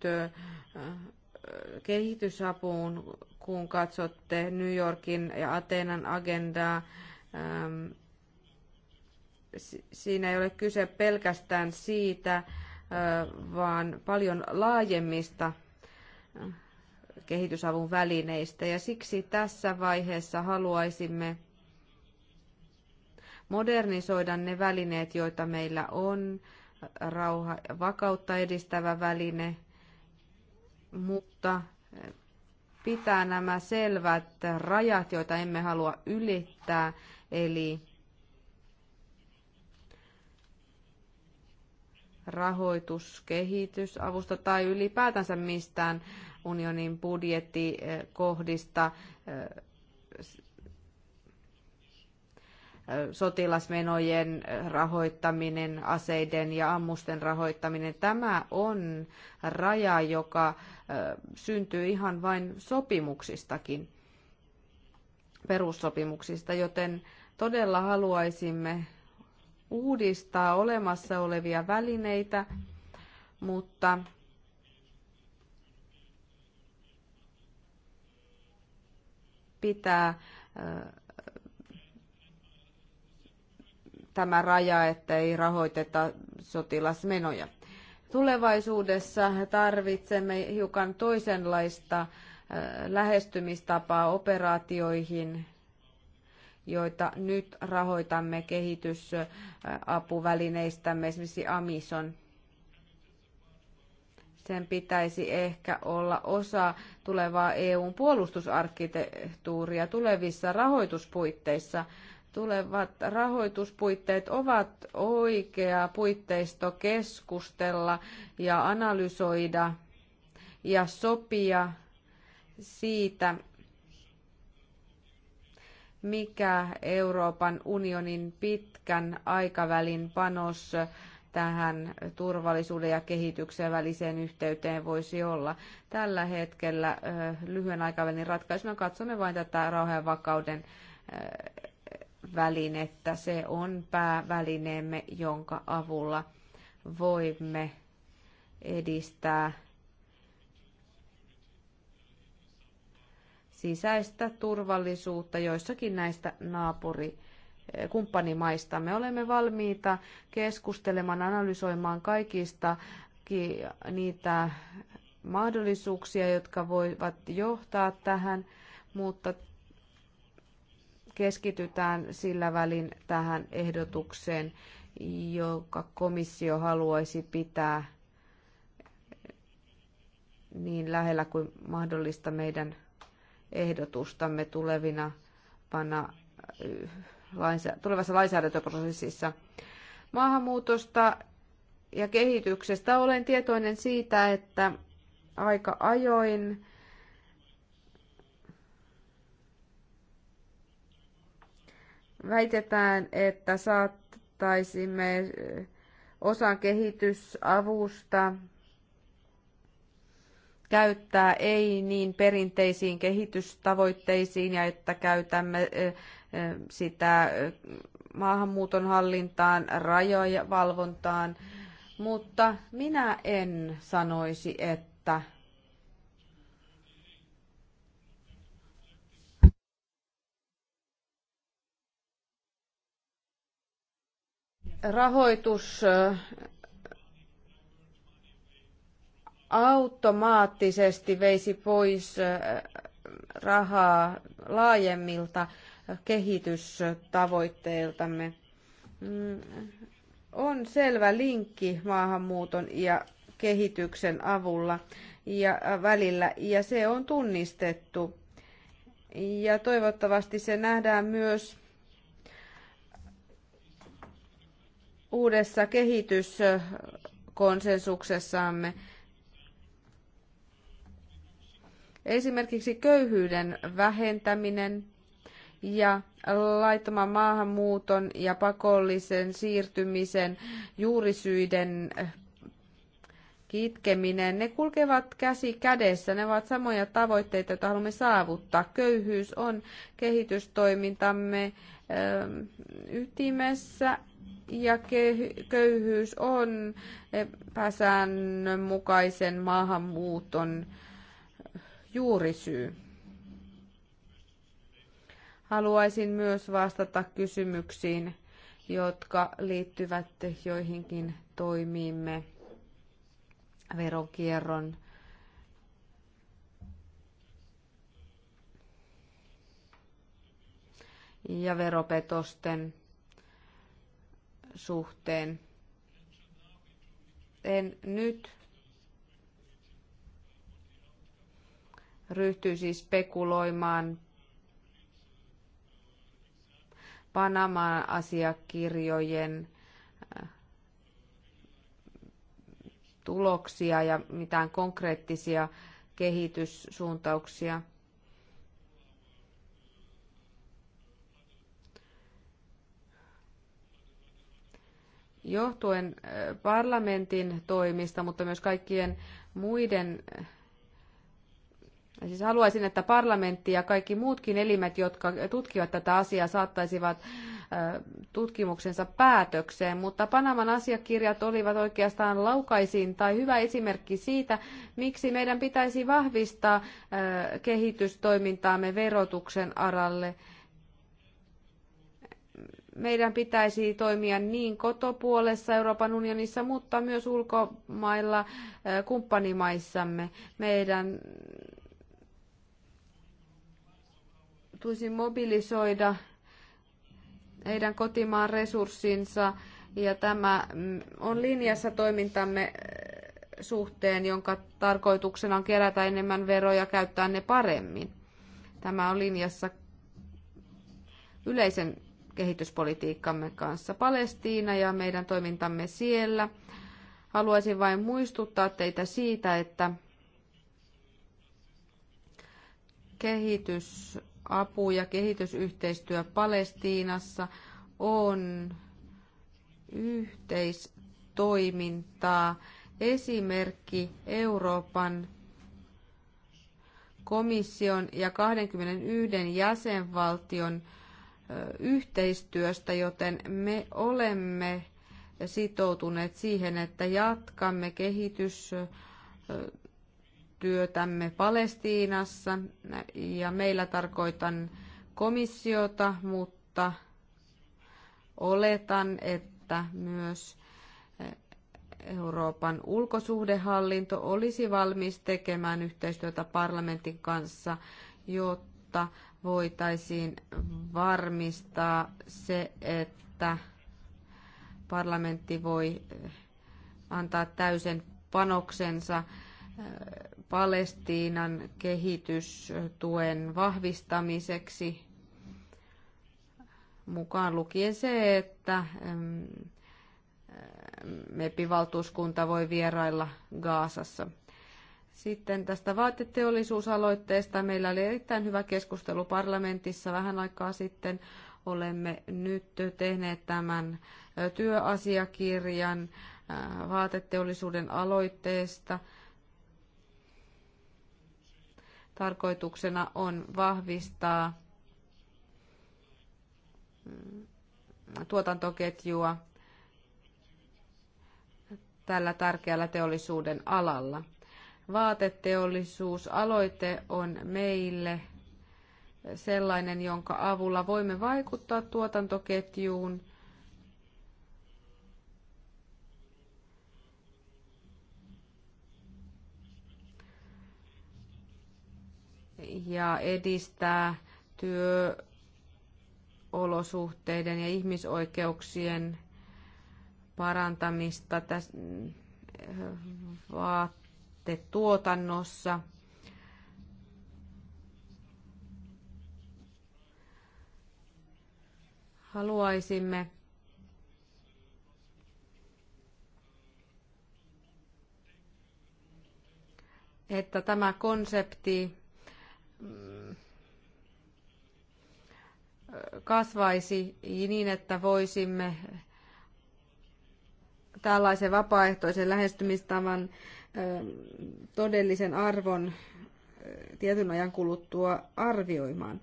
kehitysapuun, kun katsotte New Yorkin ja Ateenan agendaa. Siinä ei ole kyse pelkästään siitä, vaan paljon laajemmista kehitysavun välineistä. Ja siksi tässä vaiheessa haluaisimme modernisoida ne välineet, joita meillä on, rauha vakautta edistävä väline, mutta eh, pitää nämä selvät rajat, joita emme halua ylittää, eli rahoituskehitysavusta tai ylipäätänsä mistään unionin budjettikohdista sotilasmenojen rahoittaminen, aseiden ja ammusten rahoittaminen, tämä on raja, joka syntyy ihan vain sopimuksistakin, perussopimuksista, joten todella haluaisimme uudistaa olemassa olevia välineitä, mutta pitää tämä raja, että ei rahoiteta sotilasmenoja. Tulevaisuudessa tarvitsemme hiukan toisenlaista lähestymistapaa operaatioihin joita nyt rahoitamme kehitysapuvälineistämme, esimerkiksi Amison. Sen pitäisi ehkä olla osa tulevaa EUn puolustusarkkitehtuuria tulevissa rahoituspuitteissa. Tulevat rahoituspuitteet ovat oikea puitteisto keskustella ja analysoida ja sopia siitä, mikä Euroopan unionin pitkän aikavälin panos tähän turvallisuuden ja kehityksen väliseen yhteyteen voisi olla. Tällä hetkellä lyhyen aikavälin ratkaisuna katsomme vain tätä rauhan vakauden välinettä. Se on päävälineemme, jonka avulla voimme edistää sisäistä turvallisuutta joissakin näistä naapuri eh, kumppanimaista. Me olemme valmiita keskustelemaan, analysoimaan kaikista niitä mahdollisuuksia, jotka voivat johtaa tähän, mutta keskitytään sillä välin tähän ehdotukseen, joka komissio haluaisi pitää niin lähellä kuin mahdollista meidän ehdotustamme tulevina panna tulevassa lainsäädäntöprosessissa. Maahanmuutosta ja kehityksestä olen tietoinen siitä, että aika ajoin väitetään, että saattaisimme osan kehitysavusta käyttää ei niin perinteisiin kehitystavoitteisiin ja että käytämme sitä maahanmuuton hallintaan, rajojen valvontaan, mutta minä en sanoisi, että rahoitus automaattisesti veisi pois rahaa laajemmilta kehitystavoitteiltamme. Mm, on selvä linkki maahanmuuton ja kehityksen avulla ja välillä, ja se on tunnistettu. Ja toivottavasti se nähdään myös uudessa kehityskonsensuksessamme. Esimerkiksi köyhyyden vähentäminen ja laittoman maahanmuuton ja pakollisen siirtymisen juurisyiden eh, kitkeminen, ne kulkevat käsi kädessä. Ne ovat samoja tavoitteita, joita haluamme saavuttaa. Köyhyys on kehitystoimintamme eh, ytimessä ja köyhyys on eh, pääsäännönmukaisen maahanmuuton juurisyy. Haluaisin myös vastata kysymyksiin, jotka liittyvät joihinkin toimiimme veronkierron ja veropetosten suhteen. En nyt ryhtyisi siis spekuloimaan Panaman asiakirjojen äh, tuloksia ja mitään konkreettisia kehityssuuntauksia. Johtuen äh, parlamentin toimista, mutta myös kaikkien muiden äh, Siis haluaisin, että parlamentti ja kaikki muutkin elimet, jotka tutkivat tätä asiaa, saattaisivat tutkimuksensa päätökseen, mutta Panaman asiakirjat olivat oikeastaan laukaisin tai hyvä esimerkki siitä, miksi meidän pitäisi vahvistaa kehitystoimintaamme verotuksen aralle. Meidän pitäisi toimia niin kotopuolessa Euroopan unionissa, mutta myös ulkomailla kumppanimaissamme. Meidän onnistuisi mobilisoida heidän kotimaan resurssinsa ja tämä mm, on linjassa toimintamme äh, suhteen, jonka tarkoituksena on kerätä enemmän veroja käyttää ne paremmin. Tämä on linjassa yleisen kehityspolitiikkamme kanssa Palestiina ja meidän toimintamme siellä. Haluaisin vain muistuttaa teitä siitä, että kehitys apu ja kehitysyhteistyö Palestiinassa on yhteistoimintaa. Esimerkki Euroopan komission ja 21 jäsenvaltion yhteistyöstä, joten me olemme sitoutuneet siihen, että jatkamme kehitys työtämme Palestiinassa ja meillä tarkoitan komissiota, mutta oletan, että myös Euroopan ulkosuhdehallinto olisi valmis tekemään yhteistyötä parlamentin kanssa, jotta voitaisiin varmistaa se, että parlamentti voi antaa täysen panoksensa Palestiinan kehitystuen vahvistamiseksi, mukaan lukien se, että mm, mm, MEPI-valtuuskunta voi vierailla Gaasassa. Sitten tästä vaateteollisuusaloitteesta. Meillä oli erittäin hyvä keskustelu parlamentissa vähän aikaa sitten. Olemme nyt tehneet tämän työasiakirjan vaateteollisuuden aloitteesta tarkoituksena on vahvistaa mm, tuotantoketjua tällä tärkeällä teollisuuden alalla. Vaateteollisuusaloite on meille sellainen, jonka avulla voimme vaikuttaa tuotantoketjuun ja edistää työolosuhteiden ja ihmisoikeuksien parantamista tässä vaatetuotannossa. Haluaisimme että tämä konsepti Mm, kasvaisi niin, että voisimme tällaisen vapaaehtoisen lähestymistavan todellisen arvon tietyn ajan kuluttua arvioimaan.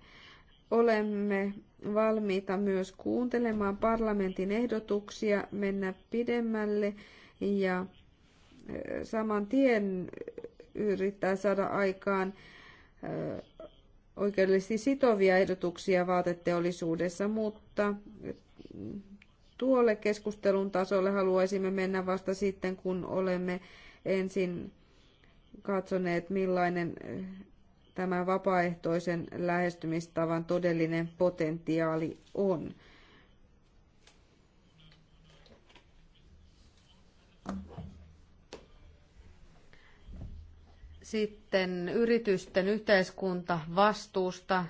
Olemme valmiita myös kuuntelemaan parlamentin ehdotuksia, mennä pidemmälle ja saman tien yrittää saada aikaan oikeudellisesti sitovia ehdotuksia vaateteollisuudessa, mutta tuolle keskustelun tasolle haluaisimme mennä vasta sitten, kun olemme ensin katsoneet, millainen eh, tämä vapaaehtoisen lähestymistavan todellinen potentiaali on. Sitten yritysten yhteiskunta vastuusta.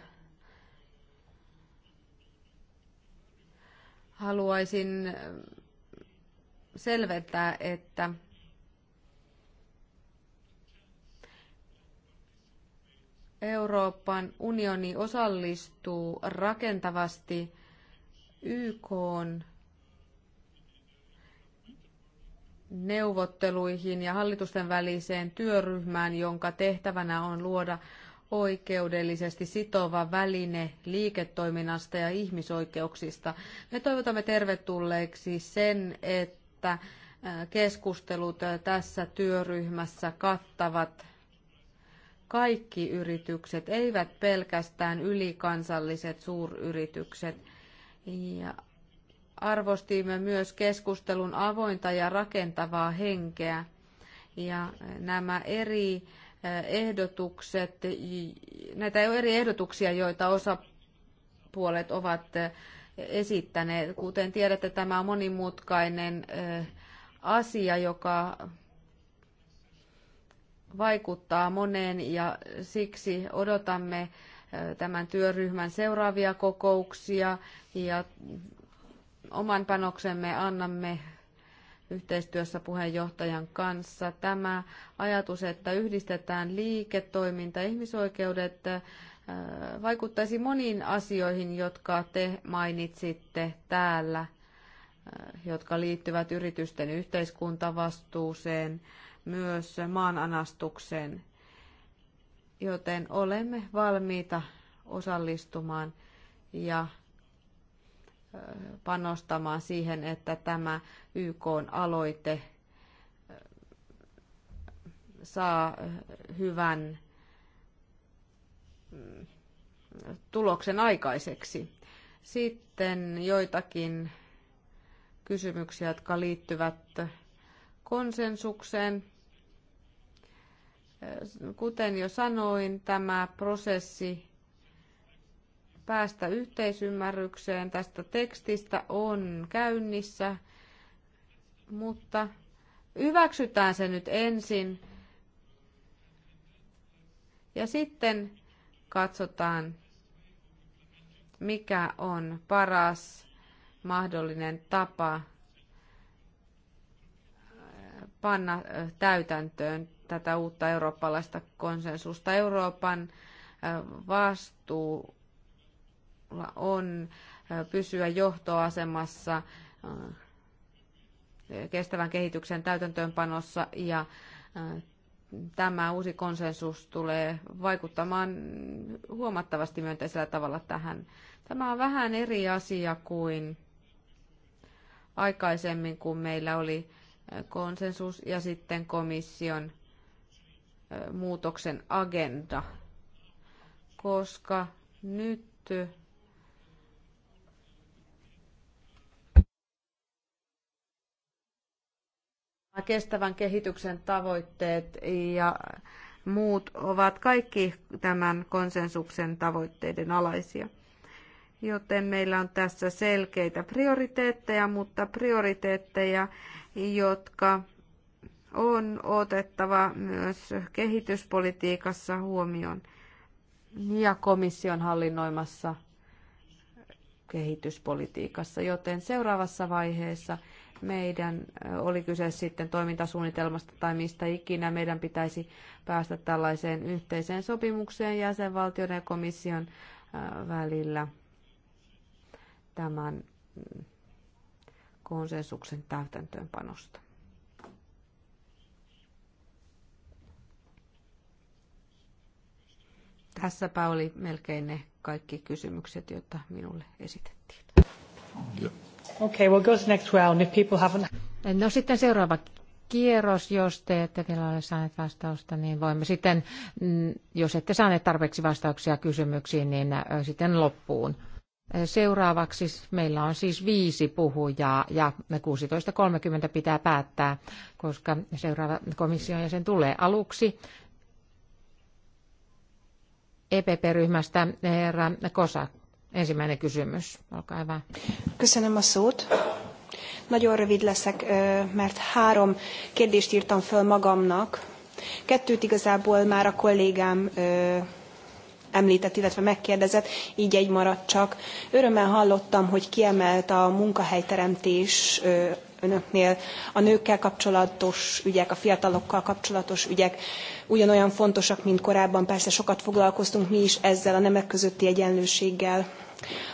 Haluaisin äh, selventää, että Euroopan unioni osallistuu rakentavasti YK:n neuvotteluihin ja hallitusten väliseen työryhmään, jonka tehtävänä on luoda oikeudellisesti sitova väline liiketoiminnasta ja ihmisoikeuksista. Me toivotamme tervetulleeksi sen, että keskustelut tässä työryhmässä kattavat kaikki yritykset, eivät pelkästään ylikansalliset suuryritykset. Ja arvostimme myös keskustelun avointa ja rakentavaa henkeä. Ja eh, nämä eri eh, ehdotukset, näitä eri ehdotuksia, joita osapuolet ovat eh, esittäneet. Kuten tiedätte, tämä on monimutkainen asia, joka vaikuttaa moneen ja siksi odotamme tämän työryhmän seuraavia kokouksia ja oman panoksemme annamme yhteistyössä puheenjohtajan kanssa. Tämä ajatus, että yhdistetään liiketoiminta, ihmisoikeudet, äh, vaikuttaisi moniin asioihin, jotka te mainitsitte täällä, äh, jotka liittyvät yritysten yhteiskuntavastuuseen, myös maananastukseen, joten olemme valmiita osallistumaan ja panostamaan siihen, että tämä YK-aloite saa hyvän tuloksen aikaiseksi. Sitten joitakin kysymyksiä, jotka liittyvät konsensukseen. Kuten jo sanoin, tämä prosessi päästä yhteisymmärrykseen tästä tekstistä on käynnissä, mutta hyväksytään se nyt ensin ja sitten katsotaan, mikä on paras mahdollinen tapa äh, panna äh, täytäntöön tätä uutta eurooppalaista konsensusta. Euroopan äh, vastuu on pysyä johtoasemassa kestävän kehityksen täytäntöönpanossa ja tämä uusi konsensus tulee vaikuttamaan huomattavasti myönteisellä tavalla tähän. Tämä on vähän eri asia kuin aikaisemmin, kun meillä oli konsensus ja sitten komission muutoksen agenda, koska nyt kestävän kehityksen tavoitteet ja muut ovat kaikki tämän konsensuksen tavoitteiden alaisia. Joten meillä on tässä selkeitä prioriteetteja, mutta prioriteetteja, jotka on otettava myös kehityspolitiikassa huomioon ja komission hallinnoimassa kehityspolitiikassa, joten seuraavassa vaiheessa – meidän, oli kyse sitten toimintasuunnitelmasta tai mistä ikinä, meidän pitäisi päästä tällaiseen yhteiseen sopimukseen jäsenvaltioiden ja komission välillä tämän mm, konsensuksen täytäntöönpanosta. Tässäpä oli melkein ne kaikki kysymykset, joita minulle esitettiin. Joo. Okay, we'll go to the next round if people haven't... No sitten seuraava kierros, jos te ette vielä ole saaneet vastausta, niin voimme sitten, mm, jos ette saaneet tarpeeksi vastauksia kysymyksiin, niin sitten loppuun. Seuraavaksi meillä on siis viisi puhujaa ja 16.30 pitää päättää, koska seuraava komission jäsen tulee aluksi. EPP-ryhmästä herra Kosak Ensimmäinen kysymys, olkaa hyvä. Köszönöm a szót. Nagyon rövid leszek, mert három kérdést írtam föl magamnak. Kettőt igazából már a kollégám említett, illetve megkérdezett, így egy maradt csak. Örömmel hallottam, hogy kiemelt a munkahelyteremtés önöknél a nőkkel kapcsolatos ügyek, a fiatalokkal kapcsolatos ügyek ugyanolyan fontosak, mint korábban. Persze sokat foglalkoztunk mi is ezzel a nemek közötti egyenlőséggel.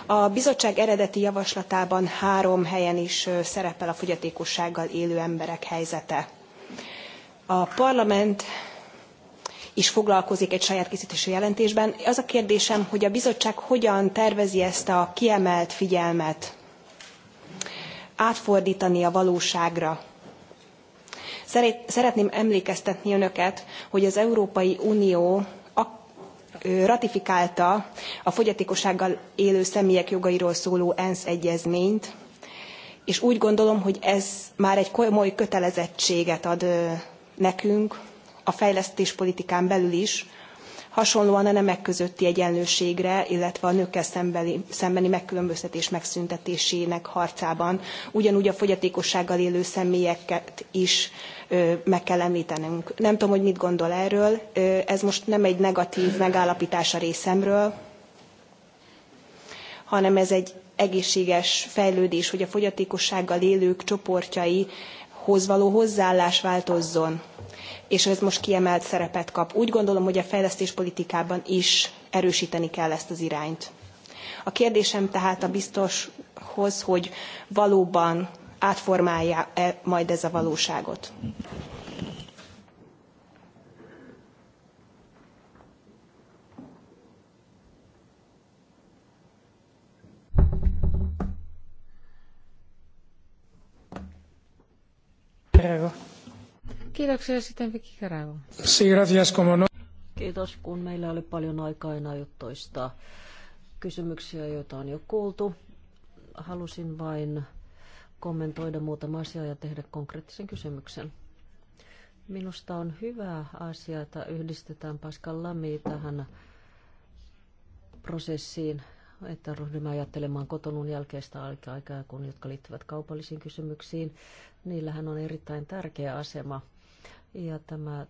A bizottság eredeti javaslatában három helyen is szerepel a fogyatékossággal élő emberek helyzete. A parlament is foglalkozik egy saját készítésű jelentésben. Az a kérdésem, hogy a bizottság hogyan tervezi ezt a kiemelt figyelmet átfordítani a valóságra. Szeretném emlékeztetni önöket, hogy az Európai Unió ratifikálta a fogyatékossággal élő személyek jogairól szóló ENSZ egyezményt, és úgy gondolom, hogy ez már egy komoly kötelezettséget ad nekünk a fejlesztéspolitikán belül is, hasonlóan a nemek közötti egyenlőségre, illetve a nőkkel szembeni, szembeni megkülönböztetés megszüntetésének harcában ugyanúgy a fogyatékossággal élő személyeket is meg kell említenünk. Nem tudom, hogy mit gondol erről, ez most nem egy negatív megállapítás a részemről, hanem ez egy egészséges fejlődés, hogy a fogyatékossággal élők csoportjai jogokhoz való hozzáállás változzon, és ez most kiemelt szerepet kap. Úgy gondolom, hogy a fejlesztéspolitikában is erősíteni kell ezt az irányt. A kérdésem tehát a biztoshoz, hogy valóban átformálja-e majd ez a valóságot. Kiitoksia sitten Vicky Herrero. Sí, gracias, como no. Kiitos, kun meillä oli paljon aikaa enää jo toistaa kysymyksiä, joita on jo kuultu. Halusin vain kommentoida muutama asia ja tehdä konkreettisen kysymyksen. Minusta on hyvä asia, että yhdistetään Pascal Lamy tähän prosessiin, että ryhdymme ajattelemaan kotonun jälkeistä aikaa, kun, jotka liittyvät kaupallisiin kysymyksiin. Niillähän on erittäin tärkeä asema. Ja tämä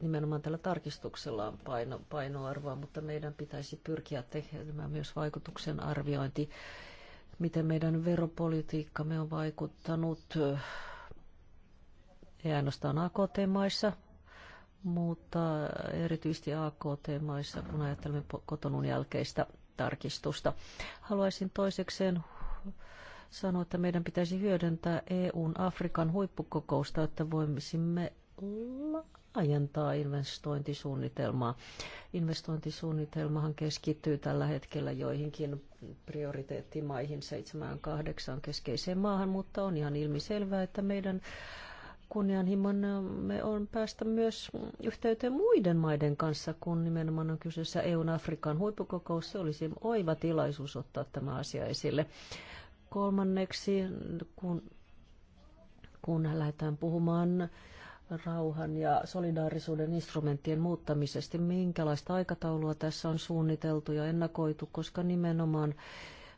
nimenomaan tällä tarkistuksella on paino, painoarvoa, mutta meidän pitäisi pyrkiä tekemään myös vaikutuksen arviointi, miten meidän veropolitiikkamme on vaikuttanut ei ainoastaan AKT-maissa, mutta erityisesti AKT-maissa, kun ajattelemme kotonun jälkeistä tarkistusta. Haluaisin toisekseen sanoa, että meidän pitäisi hyödyntää EUn Afrikan huippukokousta, että voimisimme laajentaa investointisuunnitelmaa. Investointisuunnitelmahan keskittyy tällä hetkellä joihinkin prioriteettimaihin, seitsemään, kahdeksaan keskeiseen maahan, mutta on ihan ilmiselvää, että meidän me on päästä myös yhteyteen muiden maiden kanssa, kun nimenomaan on kyseessä EUn Afrikan huippukokous. Se olisi oiva tilaisuus ottaa tämä asia esille. Kolmanneksi, kun, kun lähdetään puhumaan rauhan ja solidaarisuuden instrumenttien muuttamisesta, minkälaista aikataulua tässä on suunniteltu ja ennakoitu, koska nimenomaan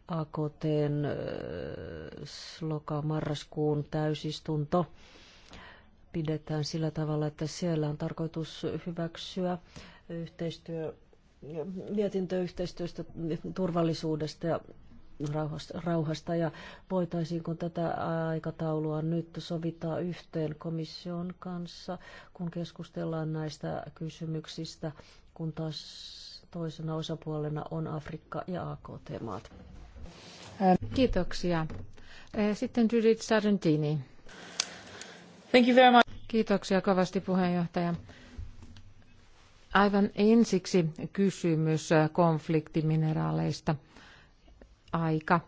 AKTn äh, sloka marraskuun täysistunto – pidetään sillä tavalla, että siellä on tarkoitus hyväksyä yhteistyö, mietintö yhteistyöstä, turvallisuudesta ja rauhasta, ja ja voitaisiinko tätä aikataulua nyt sovittaa yhteen komission kanssa, kun keskustellaan näistä kysymyksistä, kun taas toisena osapuolena on Afrikka ja AKT-maat. Kiitoksia. Sitten Judith Sargentini. Thank you very much. Kiitoksia kovasti puheenjohtaja. Aivan ensiksi kysymys konfliktimineraaleista. Aika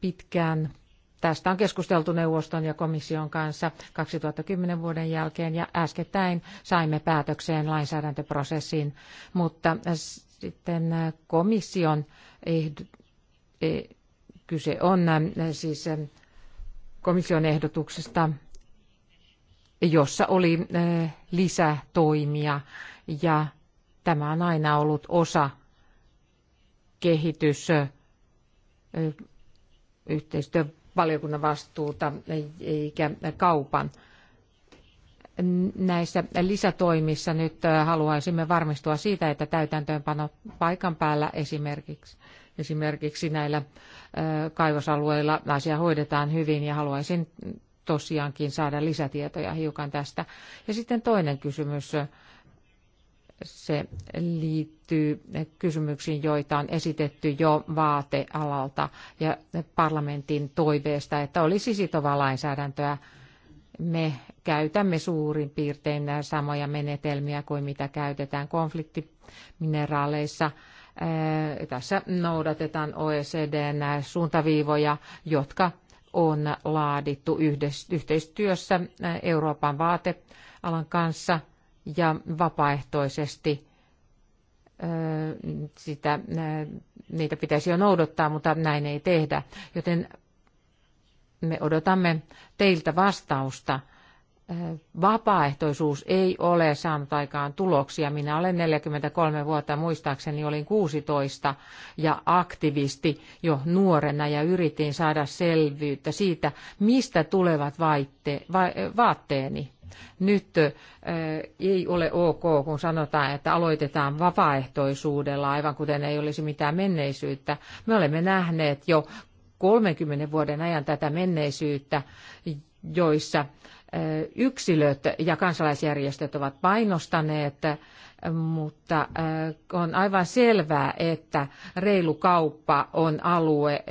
pitkään Tästä on keskusteltu neuvoston ja komission kanssa 2010 vuoden jälkeen ja äskettäin saimme päätökseen lainsäädäntöprosessiin, mutta sitten komission ehd- e- kyse on siis komission ehdotuksesta jossa oli lisätoimia ja tämä on aina ollut osa kehitys yhteistyövaliokunnan vastuuta eikä kaupan. Näissä lisätoimissa nyt haluaisimme varmistua siitä, että täytäntöönpano paikan päällä esimerkiksi, esimerkiksi näillä kaivosalueilla asia hoidetaan hyvin ja haluaisin tosiaankin saada lisätietoja hiukan tästä. Ja sitten toinen kysymys, se liittyy kysymyksiin, joita on esitetty jo vaatealalta ja parlamentin toiveesta, että olisi sitovaa lainsäädäntöä. Me käytämme suurin piirtein samoja menetelmiä kuin mitä käytetään konfliktimineraaleissa. Tässä noudatetaan OECDn suuntaviivoja, jotka on laadittu yhteistyössä äh, Euroopan vaatealan kanssa ja vapaaehtoisesti äh, sitä, äh, niitä pitäisi jo noudattaa, mutta näin ei tehdä. Joten me odotamme teiltä vastausta vapaaehtoisuus ei ole saanut aikaan tuloksia. Minä olen 43 vuotta, muistaakseni olin 16 ja aktivisti jo nuorena ja yritin saada selvyyttä siitä, mistä tulevat vaitte, va, vaatteeni. Nyt äh, ei ole ok, kun sanotaan, että aloitetaan vapaaehtoisuudella, aivan kuten ei olisi mitään menneisyyttä. Me olemme nähneet jo 30 vuoden ajan tätä menneisyyttä, joissa äh, yksilöt ja kansalaisjärjestöt ovat painostaneet, mutta on aivan selvää, että reilu kauppa on alue,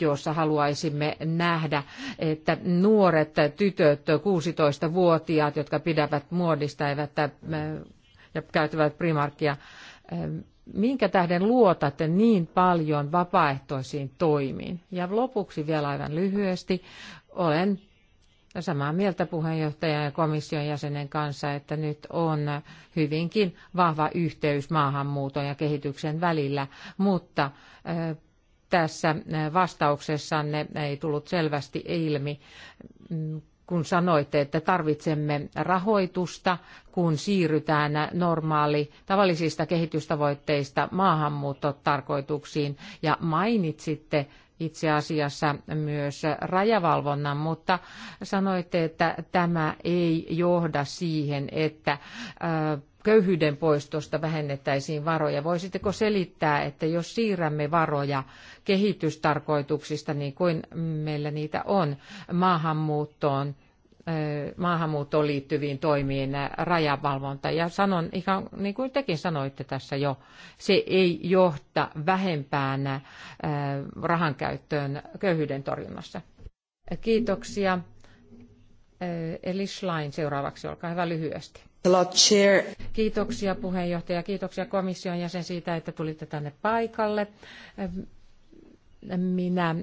jossa haluaisimme nähdä, että nuoret tytöt, 16-vuotiaat, jotka pidävät muodista eivät, ja käyttävät primarkia, minkä tähden luotatte niin paljon vapaaehtoisiin toimiin? Ja lopuksi vielä aivan lyhyesti, olen No, samaa mieltä puheenjohtajan ja komission jäsenen kanssa, että nyt on hyvinkin vahva yhteys maahanmuuton ja kehityksen välillä, mutta tässä vastauksessanne ei tullut selvästi ilmi, mm, kun sanoitte, että tarvitsemme rahoitusta, kun siirrytään normaali tavallisista kehitystavoitteista maahanmuuttotarkoituksiin ja mainitsitte itse asiassa myös rajavalvonnan, mutta sanoitte, että tämä ei johda siihen, että köyhyyden poistosta vähennettäisiin varoja. Voisitteko selittää, että jos siirrämme varoja kehitystarkoituksista, niin kuin meillä niitä on, maahanmuuttoon, maahanmuuttoon liittyviin toimiin rajavalvonta. Ja sanon, ihan niin kuin tekin sanoitte tässä jo, se ei johta vähempään rahankäyttöön köyhyyden torjunnassa. Kiitoksia. Eli Schlein seuraavaksi, olkaa hyvä lyhyesti. Kiitoksia puheenjohtaja, kiitoksia komission jäsen siitä, että tulitte tänne paikalle. Minä äh,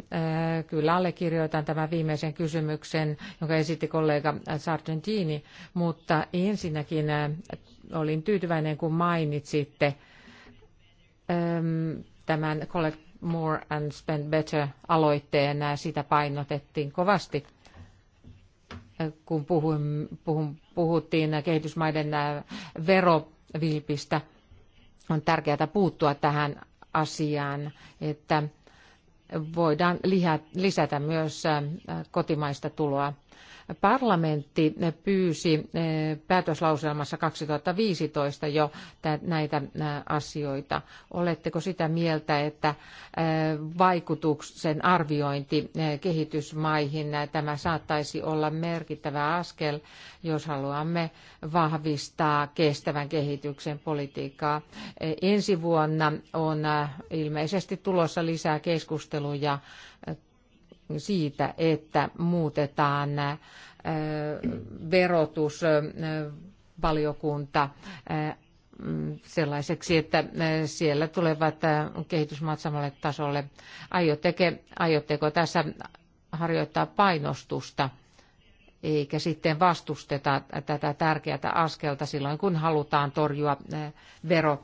kyllä allekirjoitan tämän viimeisen kysymyksen, jonka esitti kollega Sargentini, mutta ensinnäkin äh, olin tyytyväinen, kun mainitsitte ähm, tämän Collect More and Spend Better aloitteen. Äh, sitä painotettiin kovasti, kun puhuttiin kehitysmaiden verovilpistä. On tärkeää puuttua tähän asiaan, että voidaan lisätä myös kotimaista tuloa Parlamentti pyysi eh, päätöslauselmassa 2015 jo näitä asioita. Oletteko sitä mieltä, että vaikutuksen arviointi kehitysmaihin tämä saattaisi olla merkittävä askel, jos haluamme vahvistaa kestävän kehityksen politiikkaa. Eh, ensi vuonna on ilmeisesti tulossa lisää keskusteluja siitä, että muutetaan verotusvaliokunta sellaiseksi, että siellä tulevat kehitysmaat samalle tasolle. Aiotteko tässä harjoittaa painostusta, eikä sitten vastusteta tätä tärkeää askelta silloin, kun halutaan torjua vero,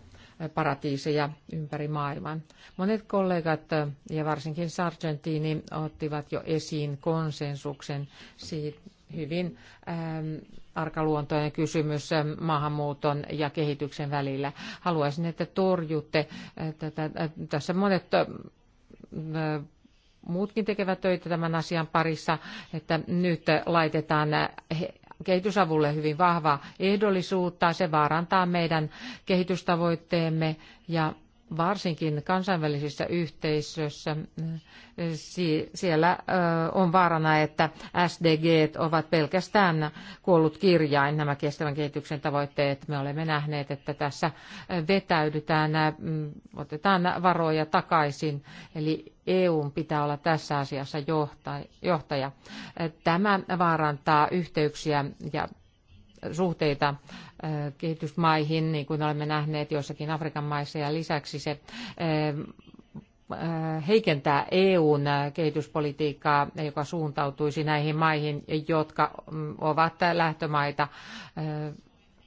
paratiiseja ympäri maailman. Monet kollegat ja varsinkin Sargentini ottivat jo esiin konsensuksen siitä hyvin arkaluontoinen kysymys maahanmuuton ja kehityksen välillä. Haluaisin, että torjutte tätä. Tässä monet muutkin tekevät töitä tämän asian parissa, että nyt laitetaan kehitysavulle hyvin vahvaa ehdollisuutta. Se vaarantaa meidän kehitystavoitteemme ja varsinkin kansainvälisessä yhteisössä. Siellä on vaarana, että SDG ovat pelkästään kuollut kirjain nämä kestävän kehityksen tavoitteet. Me olemme nähneet, että tässä vetäydytään, mm, otetaan varoja takaisin. Eli EUn pitää olla tässä asiassa johtaja. Tämä vaarantaa yhteyksiä ja suhteita äh, kehitysmaihin, niin kuin olemme nähneet joissakin Afrikan maissa, ja lisäksi se äh, äh, heikentää EUn kehityspolitiikkaa, joka suuntautuisi näihin maihin, jotka mm, ovat lähtömaita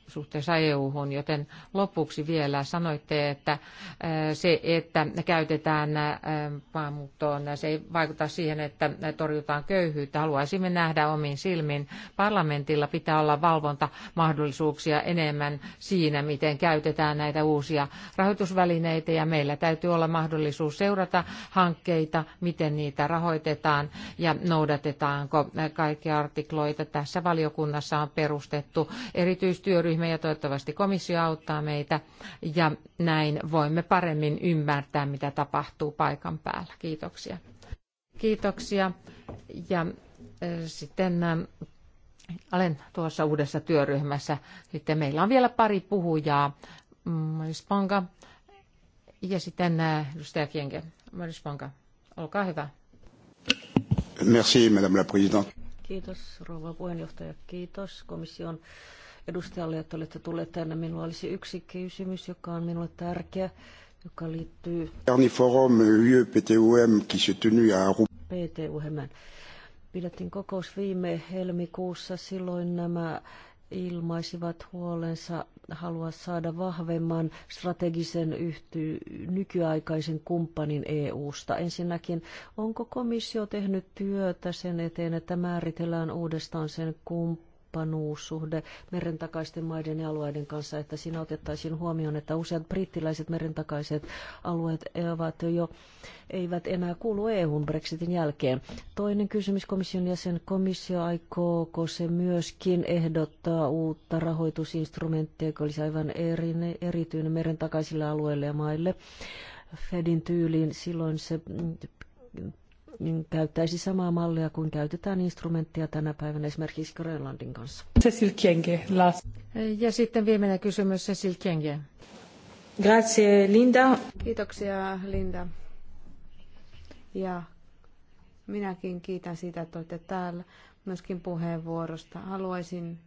suhteessa EU-hun, joten lopuksi vielä sanoitte, että äh, se, että käytetään äh, maahanmuuttoon, se ei vaikuta siihen, että torjutaan köyhyyttä. Haluaisimme nähdä omin silmin. Parlamentilla pitää olla valvontamahdollisuuksia enemmän siinä, miten käytetään näitä uusia rahoitusvälineitä ja meillä täytyy olla mahdollisuus seurata hankkeita, miten niitä rahoitetaan ja noudatetaanko kaikkia artikloita. Tässä valiokunnassa on perustettu erityistyöryhmä ryhmä ja toivottavasti komissio auttaa meitä ja näin voimme paremmin ymmärtää, mitä tapahtuu paikan päällä. Kiitoksia. Kiitoksia. Ja sitten olen tuossa uudessa työryhmässä. Sitten meillä on vielä pari puhujaa. Marispanka ja sitten edustaja Kienke. Marispanka, olkaa hyvä. Merci, madame la présidente. Kiitos rouva puheenjohtaja. Kiitos komission edustajalle, että olette tulleet tänne. Minulla olisi yksi kysymys, joka on minulle tärkeä, joka liittyy PTUM. Pidettiin kokous viime helmikuussa. Silloin nämä ilmaisivat huolensa halua saada vahvemman strategisen yhty, nykyaikaisen kumppanin EU-sta. Ensinnäkin, onko komissio tehnyt työtä sen eteen, että määritellään uudestaan sen kumppanin? kumppanuussuhde merentakaisten maiden ja alueiden kanssa, että siinä otettaisiin huomioon, että useat brittiläiset merentakaiset alueet ovat jo, eivät enää kuulu EUn Brexitin jälkeen. Toinen kysymys komission jäsen. Komissio aikooko se myöskin ehdottaa uutta rahoitusinstrumenttia, joka olisi aivan eri, erityinen merentakaisille alueille ja maille? Fedin tyyliin silloin se niin käyttäisi samaa mallia kuin käytetään instrumenttia tänä päivänä esimerkiksi Grönlannin kanssa. Cecil Kienge, last. Ja sitten viimeinen kysymys Cecil Kienge. Grazie Linda. Kiitoksia Linda. Ja minäkin kiitän siitä, että olette täällä myöskin puheenvuorosta. Haluaisin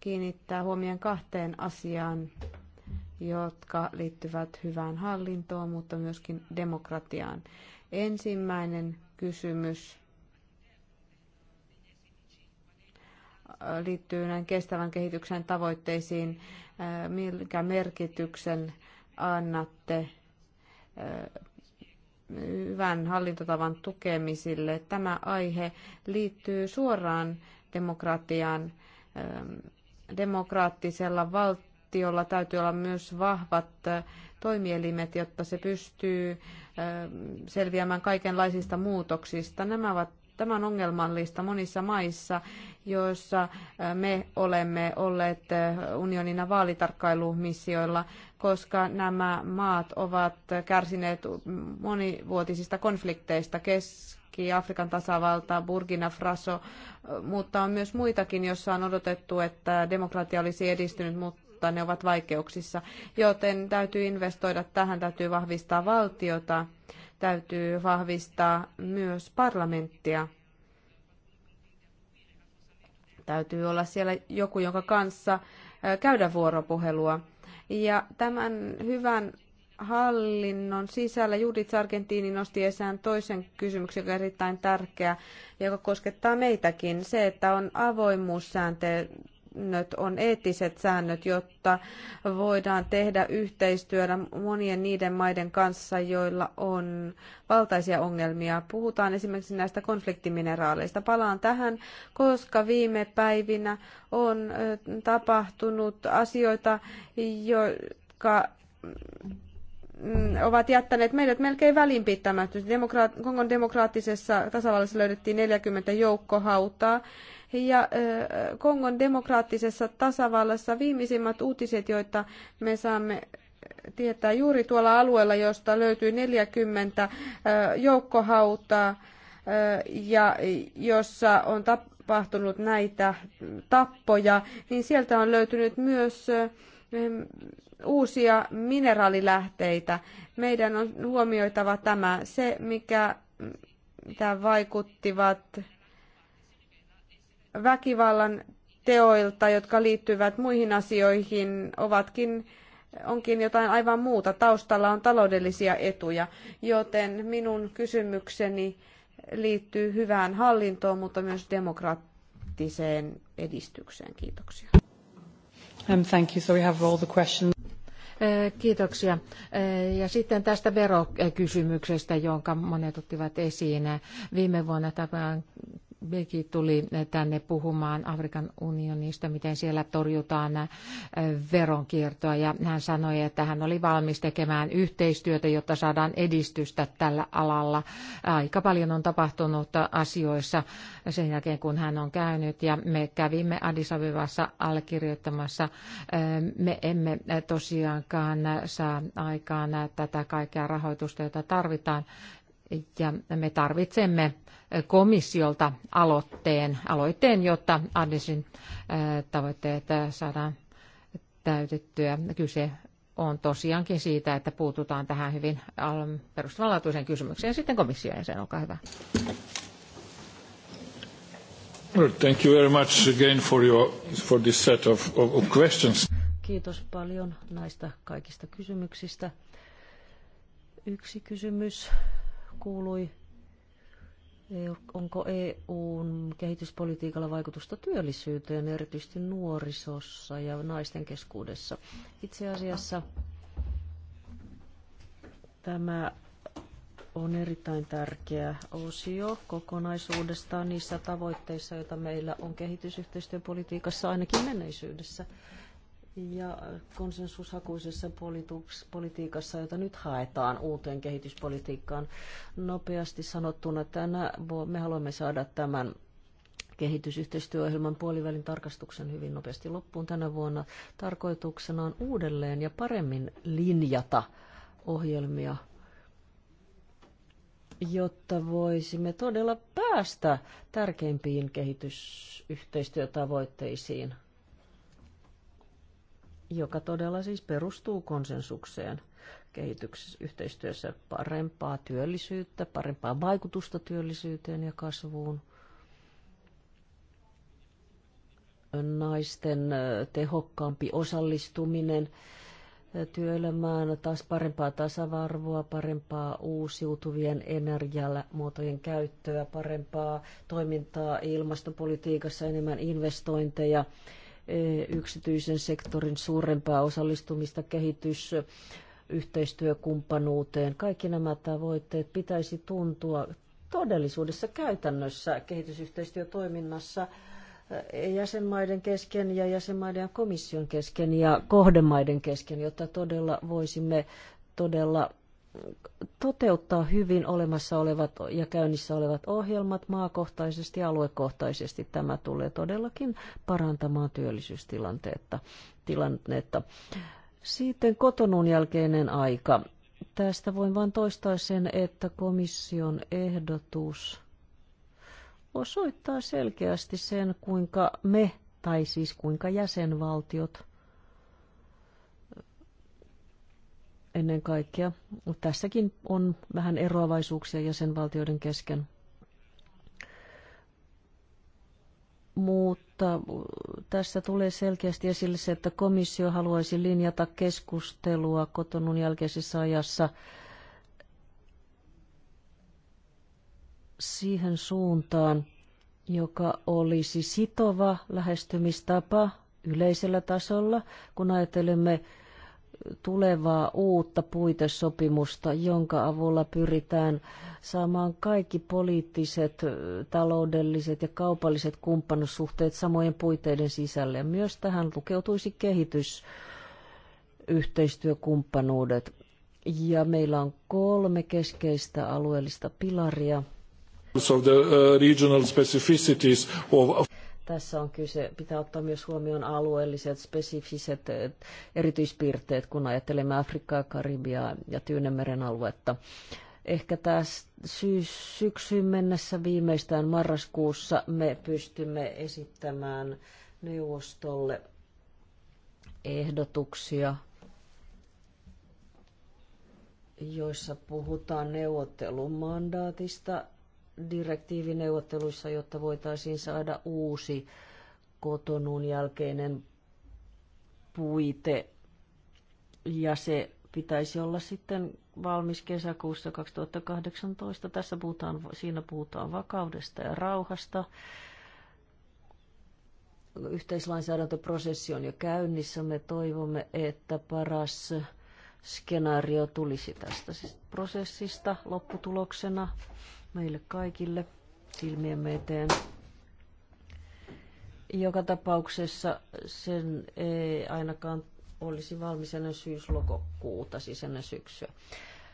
kiinnittää huomioon kahteen asiaan, jotka liittyvät hyvään hallintoon, mutta myöskin demokratiaan. Ensimmäinen kysymys liittyy näin kestävän kehityksen tavoitteisiin. Äh, Mikä merkityksen annatte äh, hyvän hallintotavan tukemisille? Tämä aihe liittyy suoraan demokratiaan. Ähm, demokraattisella valtiolla täytyy olla myös vahvat äh, toimielimet, jotta se pystyy selviämään kaikenlaisista muutoksista. Nämä ovat Tämä on ongelmallista monissa maissa, joissa me olemme olleet unionina vaalitarkkailumissioilla, koska nämä maat ovat kärsineet monivuotisista konflikteista Keski-Afrikan tasavalta, Burkina Faso, mutta on myös muitakin, joissa on odotettu, että demokratia olisi edistynyt, mutta mutta ne ovat vaikeuksissa. Joten täytyy investoida tähän, täytyy vahvistaa valtiota, täytyy vahvistaa myös parlamenttia. Täytyy olla siellä joku, jonka kanssa käydä vuoropuhelua. Ja tämän hyvän hallinnon sisällä Judith Argentiini nosti esään toisen kysymyksen, joka on erittäin tärkeä, joka koskettaa meitäkin. Se, että on avoimuussääntö säännöt on eettiset säännöt, jotta voidaan tehdä yhteistyötä monien niiden maiden kanssa, joilla on valtaisia ongelmia. Puhutaan esimerkiksi näistä konfliktimineraaleista. Palaan tähän, koska viime päivinä on tapahtunut asioita, jotka mm, ovat jättäneet meidät melkein välinpitämättä. Demokraat, Kongon demokraattisessa tasavallassa löydettiin 40 joukkohautaa ja Kongon demokraattisessa tasavallassa viimeisimmät uutiset, joita me saamme tietää juuri tuolla alueella, josta löytyy 40 joukkohautaa ja jossa on tapahtunut näitä tappoja, niin sieltä on löytynyt myös uusia mineraalilähteitä. Meidän on huomioitava tämä, se mikä tämä vaikuttivat väkivallan teoilta, jotka liittyvät muihin asioihin, ovatkin, onkin jotain aivan muuta. Taustalla on taloudellisia etuja, joten minun kysymykseni liittyy hyvään hallintoon, mutta myös demokraattiseen edistykseen. Kiitoksia. Um, thank you. So we have all the questions. Eh, kiitoksia. Eh, ja sitten tästä verokysymyksestä, jonka monet ottivat esiin. Viime vuonna tämän Beki tuli tänne puhumaan Afrikan unionista, miten siellä torjutaan äh, veronkiertoa. Ja hän sanoi, että hän oli valmis tekemään yhteistyötä, jotta saadaan edistystä tällä alalla. Aika paljon on tapahtunut asioissa sen jälkeen, kun hän on käynyt. Ja me kävimme Addis Abebassa allekirjoittamassa. Äh, me emme äh, tosiaankaan saa aikaan tätä kaikkea rahoitusta, jota tarvitaan. Ja me tarvitsemme komissiolta aloitteen, aloitteen jotta Addisin tavoitteet saadaan täytettyä. Kyse on tosiaankin siitä, että puututaan tähän hyvin perustavanlaatuiseen kysymykseen. Sitten komission jäsen, olkaa hyvä. Thank you very much again for, your, for this set of, of questions. Kiitos paljon näistä kaikista kysymyksistä. Yksi kysymys kuului Onko EUn kehityspolitiikalla vaikutusta työllisyyteen, erityisesti nuorisossa ja naisten keskuudessa? Itse asiassa tämä on erittäin tärkeä osio kokonaisuudestaan niissä tavoitteissa, joita meillä on kehitysyhteistyöpolitiikassa ainakin menneisyydessä ja konsensushakuisessa politiikassa, jota nyt haetaan uuteen kehityspolitiikkaan. Nopeasti sanottuna tänä me haluamme saada tämän kehitysyhteistyöohjelman puolivälin tarkastuksen hyvin nopeasti loppuun tänä vuonna. Tarkoituksena on uudelleen ja paremmin linjata ohjelmia, jotta voisimme todella päästä tärkeimpiin kehitysyhteistyötavoitteisiin – joka todella siis perustuu konsensukseen kehityksessä, yhteistyössä parempaa työllisyyttä, parempaa vaikutusta työllisyyteen ja kasvuun, naisten tehokkaampi osallistuminen työelämään, taas parempaa tasavarvoa, parempaa uusiutuvien energiamuotojen käyttöä, parempaa toimintaa ilmastopolitiikassa, enemmän investointeja, yksityisen sektorin suurempaa osallistumista kehitys yhteistyökumppanuuteen. Kaikki nämä tavoitteet pitäisi tuntua todellisuudessa käytännössä kehitysyhteistyötoiminnassa jäsenmaiden kesken ja jäsenmaiden ja komission kesken ja kohdemaiden kesken, jotta todella voisimme todella toteuttaa hyvin olemassa olevat ja käynnissä olevat ohjelmat maakohtaisesti ja aluekohtaisesti. Tämä tulee todellakin parantamaan työllisyystilannetta. Tilannetta. Sitten kotonun jälkeinen aika. Tästä voin vain toistaa sen, että komission ehdotus osoittaa selkeästi sen, kuinka me, tai siis kuinka jäsenvaltiot, ennen kaikkea. Tässäkin on vähän eroavaisuuksia jäsenvaltioiden kesken. Mutta tässä tulee selkeästi esille se, että komissio haluaisi linjata keskustelua kotonun jälkeisessä ajassa siihen suuntaan, joka olisi sitova lähestymistapa yleisellä tasolla, kun ajattelemme tulevaa uutta puitesopimusta, jonka avulla pyritään saamaan kaikki poliittiset, taloudelliset ja kaupalliset kumppanussuhteet samojen puiteiden sisälle. Myös tähän lukeutuisi kehitysyhteistyökumppanuudet. Ja meillä on kolme keskeistä alueellista pilaria. So the, uh, regional specificities of... Tässä on kyse, pitää ottaa myös huomioon alueelliset, spesifiset eh, erityispiirteet, kun ajattelemme Afrikkaa, Karibiaa ja Tyynemeren aluetta. Ehkä tässä syys, syksyyn mennessä viimeistään marraskuussa me pystymme esittämään neuvostolle ehdotuksia joissa puhutaan neuvottelumandaatista direktiivineuvotteluissa, jotta voitaisiin saada uusi kotonun jälkeinen puite. Ja se pitäisi olla sitten valmis kesäkuussa 2018. Tässä puhutaan, siinä puhutaan vakaudesta ja rauhasta. Yhteislainsäädäntöprosessi on jo käynnissä. Me toivomme, että paras skenaario tulisi tästä siis prosessista lopputuloksena meille kaikille silmiemme eteen. Joka tapauksessa sen ei ainakaan olisi valmis ennen syyslokokuuta, siis ennen syksyä.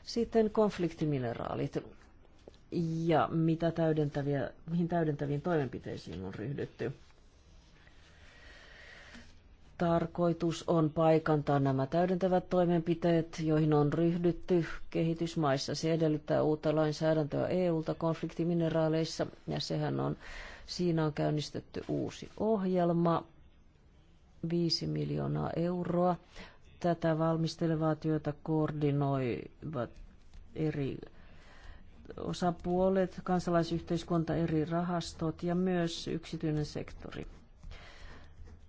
Sitten konfliktimineraalit ja mitä täydentäviä, mihin täydentäviin toimenpiteisiin on ryhdytty tarkoitus on paikantaa nämä täydentävät toimenpiteet, joihin on ryhdytty kehitysmaissa. Se edellyttää uutta lainsäädäntöä EU-ta konfliktimineraaleissa ja sehän on, siinä on käynnistetty uusi ohjelma, 5 miljoonaa euroa. Tätä valmistelevaa työtä koordinoivat eri osapuolet, kansalaisyhteiskunta, eri rahastot ja myös yksityinen sektori.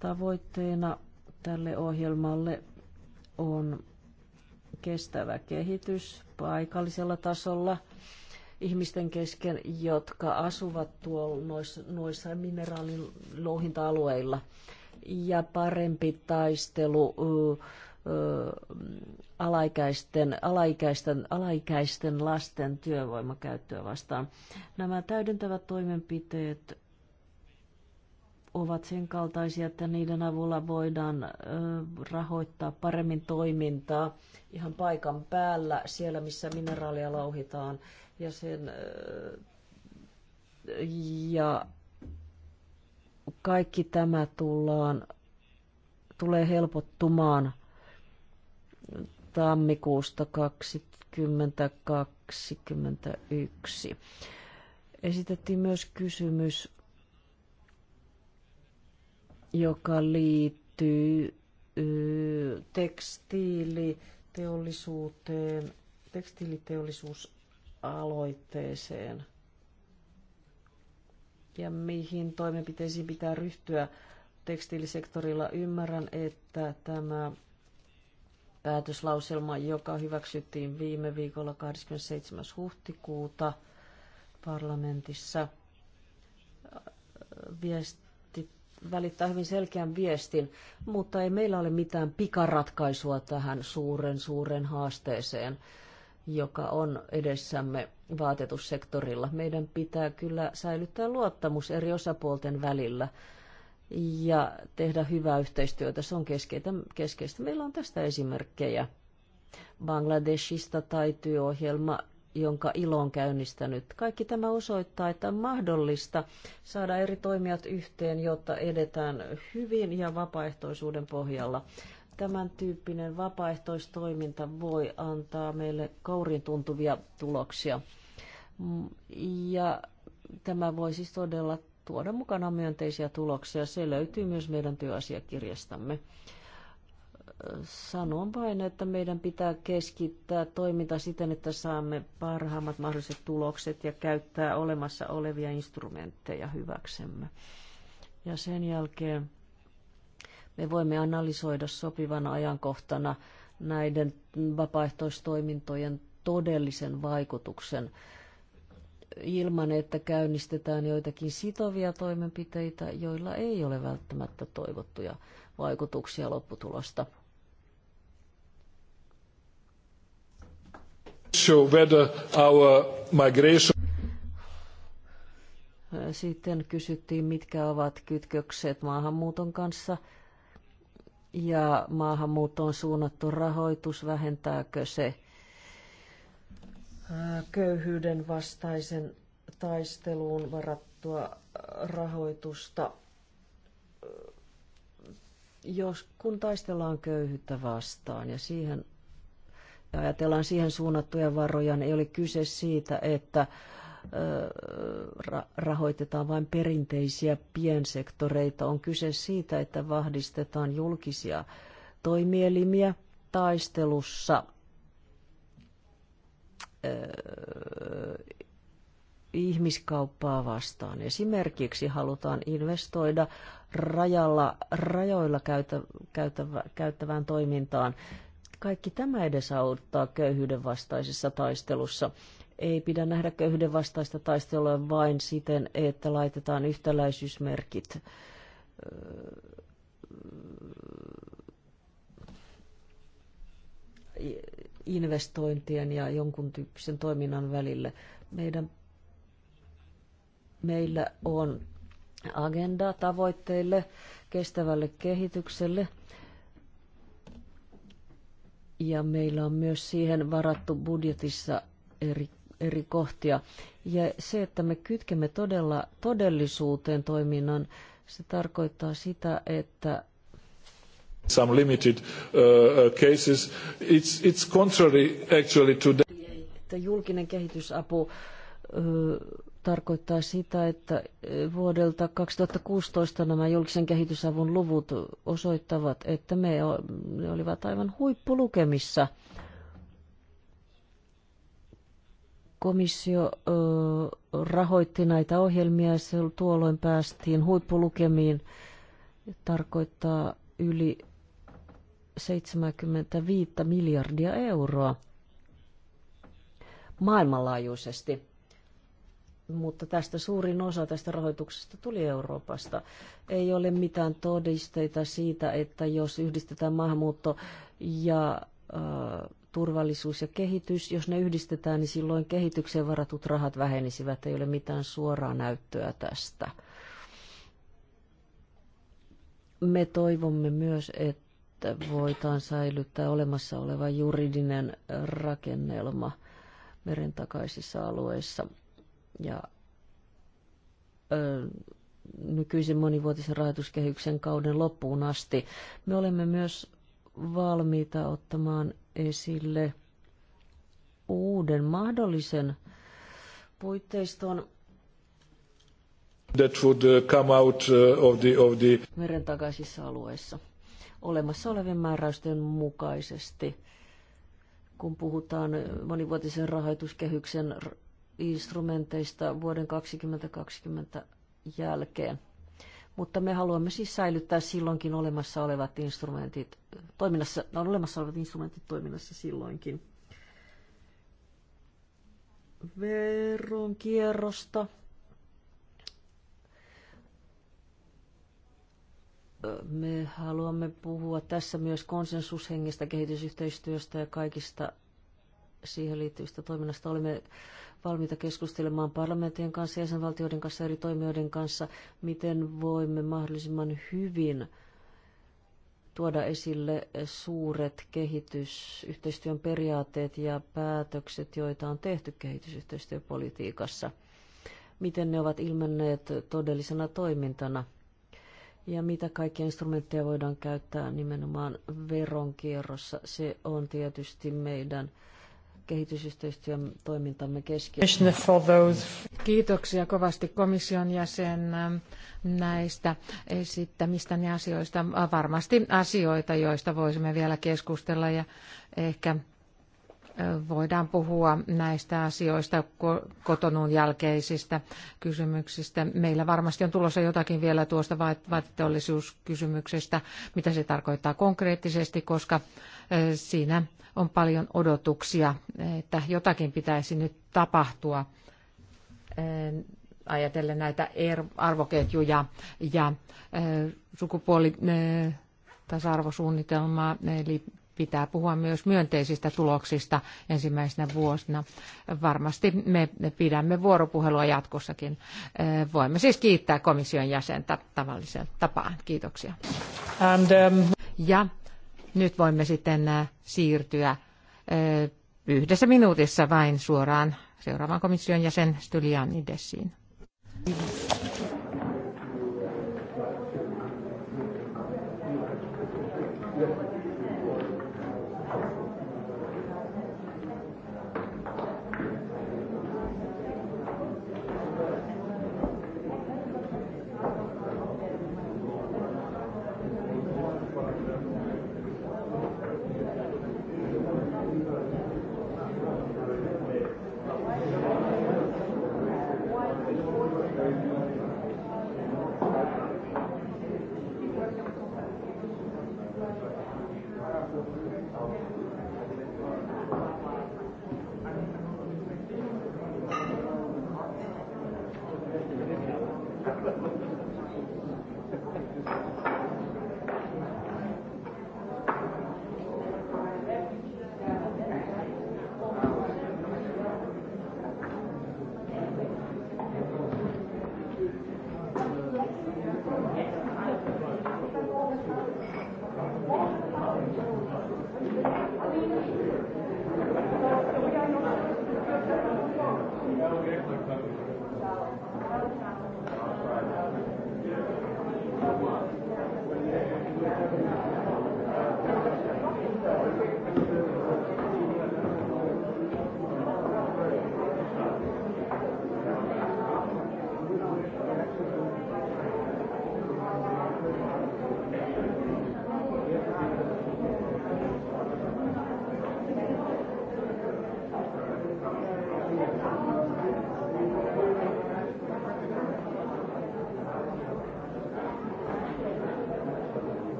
Tavoitteena tälle ohjelmalle on kestävä kehitys paikallisella tasolla ihmisten kesken, jotka asuvat tuolla noissa, noissa mineraalilouhinta-alueilla. Ja parempi taistelu alaikäisten, alaikäisten, alaikäisten lasten työvoimakäyttöä vastaan. Nämä täydentävät toimenpiteet ovat sen kaltaisia, että niiden avulla voidaan rahoittaa paremmin toimintaa ihan paikan päällä, siellä missä mineraalia louhitaan ja sen ja kaikki tämä tullaan, tulee helpottumaan tammikuusta 2021. Esitettiin myös kysymys joka liittyy tekstiiliteollisuuteen, tekstiiliteollisuusaloitteeseen ja mihin toimenpiteisiin pitää ryhtyä tekstiilisektorilla. Ymmärrän, että tämä päätöslauselma, joka hyväksyttiin viime viikolla 27. huhtikuuta parlamentissa, viesti välittää hyvin selkeän viestin, mutta ei meillä ole mitään pikaratkaisua tähän suuren, suuren haasteeseen, joka on edessämme vaatetussektorilla. Meidän pitää kyllä säilyttää luottamus eri osapuolten välillä ja tehdä hyvää yhteistyötä. Se on keskeistä. Meillä on tästä esimerkkejä Bangladeshista tai työohjelma jonka ILO on käynnistänyt. Kaikki tämä osoittaa, että on mahdollista saada eri toimijat yhteen, jotta edetään hyvin ja vapaaehtoisuuden pohjalla. Tämän tyyppinen vapaaehtoistoiminta voi antaa meille kourin tuntuvia tuloksia. Mm, ja tämä voi siis todella tuoda mukana myönteisiä tuloksia. Se löytyy myös meidän työasiakirjastamme sanon vain, että meidän pitää keskittää toiminta siten, että saamme parhaimmat mahdolliset tulokset ja käyttää olemassa olevia instrumentteja hyväksemme. Ja sen jälkeen me voimme analysoida sopivana ajankohtana näiden vapaaehtoistoimintojen todellisen vaikutuksen ilman, että käynnistetään joitakin sitovia toimenpiteitä, joilla ei ole välttämättä toivottuja vaikutuksia lopputulosta. show whether our migration sitten kysyttiin, mitkä ovat kytkökset maahanmuuton kanssa ja maahanmuuttoon suunnattu rahoitus, vähentääkö se köyhyyden vastaisen taisteluun varattua rahoitusta. Jos kun taistellaan köyhyyttä vastaan ja siihen ajatellaan siihen suunnattuja varoja, niin ei ole kyse siitä, että rahoitetaan vain perinteisiä piensektoreita. On kyse siitä, että vahdistetaan julkisia toimielimiä taistelussa ihmiskauppaa vastaan. Esimerkiksi halutaan investoida rajalla, rajoilla käytä, käytävä, käyttävään toimintaan kaikki tämä edesauttaa köyhyyden vastaisessa taistelussa. Ei pidä nähdä köyhyyden vastaista taistelua vain siten, että laitetaan yhtäläisyysmerkit investointien ja jonkun tyyppisen toiminnan välille. Meidän, meillä on agenda tavoitteille, kestävälle kehitykselle – ja meillä on myös siihen varattu budjetissa eri, eri kohtia. Ja se, että me kytkemme todella todellisuuteen toiminnan, se tarkoittaa sitä, että some limited uh, uh cases. It's, it's contrary actually to the... Että julkinen kehitysapu uh, tarkoittaa sitä, että vuodelta 2016 nämä julkisen kehitysavun luvut osoittavat, että me, ne olivat aivan huippulukemissa. Komissio ö, rahoitti näitä ohjelmia ja se tuolloin päästiin huippulukemiin. Tarkoittaa yli 75 miljardia euroa maailmanlaajuisesti mutta tästä suurin osa tästä rahoituksesta tuli Euroopasta. Ei ole mitään todisteita siitä, että jos yhdistetään maahanmuutto ja äh, turvallisuus ja kehitys, jos ne yhdistetään, niin silloin kehitykseen varatut rahat vähenisivät. Ei ole mitään suoraa näyttöä tästä. Me toivomme myös, että voitaan säilyttää olemassa oleva juridinen rakennelma takaisissa alueissa – ja ö, nykyisen monivuotisen rahoituskehyksen kauden loppuun asti. Me olemme myös valmiita ottamaan esille uuden mahdollisen puitteiston that would uh, come out uh, of the, of the... meren takaisissa alueissa olemassa olevien määräysten mukaisesti, kun puhutaan monivuotisen rahoituskehyksen instrumenteista vuoden 2020 jälkeen. Mutta me haluamme siis säilyttää silloinkin olemassa olevat instrumentit toiminnassa, on no, olemassa olevat instrumentit toiminnassa silloinkin. Veronkierrosta. Me haluamme puhua tässä myös konsensushengestä kehitysyhteistyöstä ja kaikista siihen liittyvistä toiminnasta. Olemme valmiita keskustelemaan parlamenttien kanssa, jäsenvaltioiden kanssa, eri toimijoiden kanssa, miten voimme mahdollisimman hyvin tuoda esille suuret kehitysyhteistyön periaatteet ja päätökset, joita on tehty kehitysyhteistyöpolitiikassa. Miten ne ovat ilmenneet todellisena toimintana ja mitä kaikkia instrumentteja voidaan käyttää nimenomaan veronkierrossa. Se on tietysti meidän kehitysyhteistyön toimintamme keskiössä. Kiitoksia kovasti komission jäsen ähm, näistä esittämistä asioista. Äh, varmasti asioita, joista voisimme vielä keskustella ja ehkä voidaan puhua näistä asioista, kotonun jälkeisistä kysymyksistä. Meillä varmasti on tulossa jotakin vielä tuosta vaatiteollisuuskysymyksestä, mitä se tarkoittaa konkreettisesti, koska siinä on paljon odotuksia, että jotakin pitäisi nyt tapahtua ajatellen näitä er-, arvoketjuja ja sukupuoli tasa-arvosuunnitelmaa, eli pitää puhua myös myönteisistä tuloksista ensimmäisenä vuosina. Varmasti me pidämme vuoropuhelua jatkossakin. Eh, voimme siis kiittää komission jäsentä tavalliseen tapaan. Kiitoksia. And, um... Ja nyt voimme sitten eh, siirtyä eh, yhdessä minuutissa vain suoraan seuraavan komission jäsen Stylianidesiin.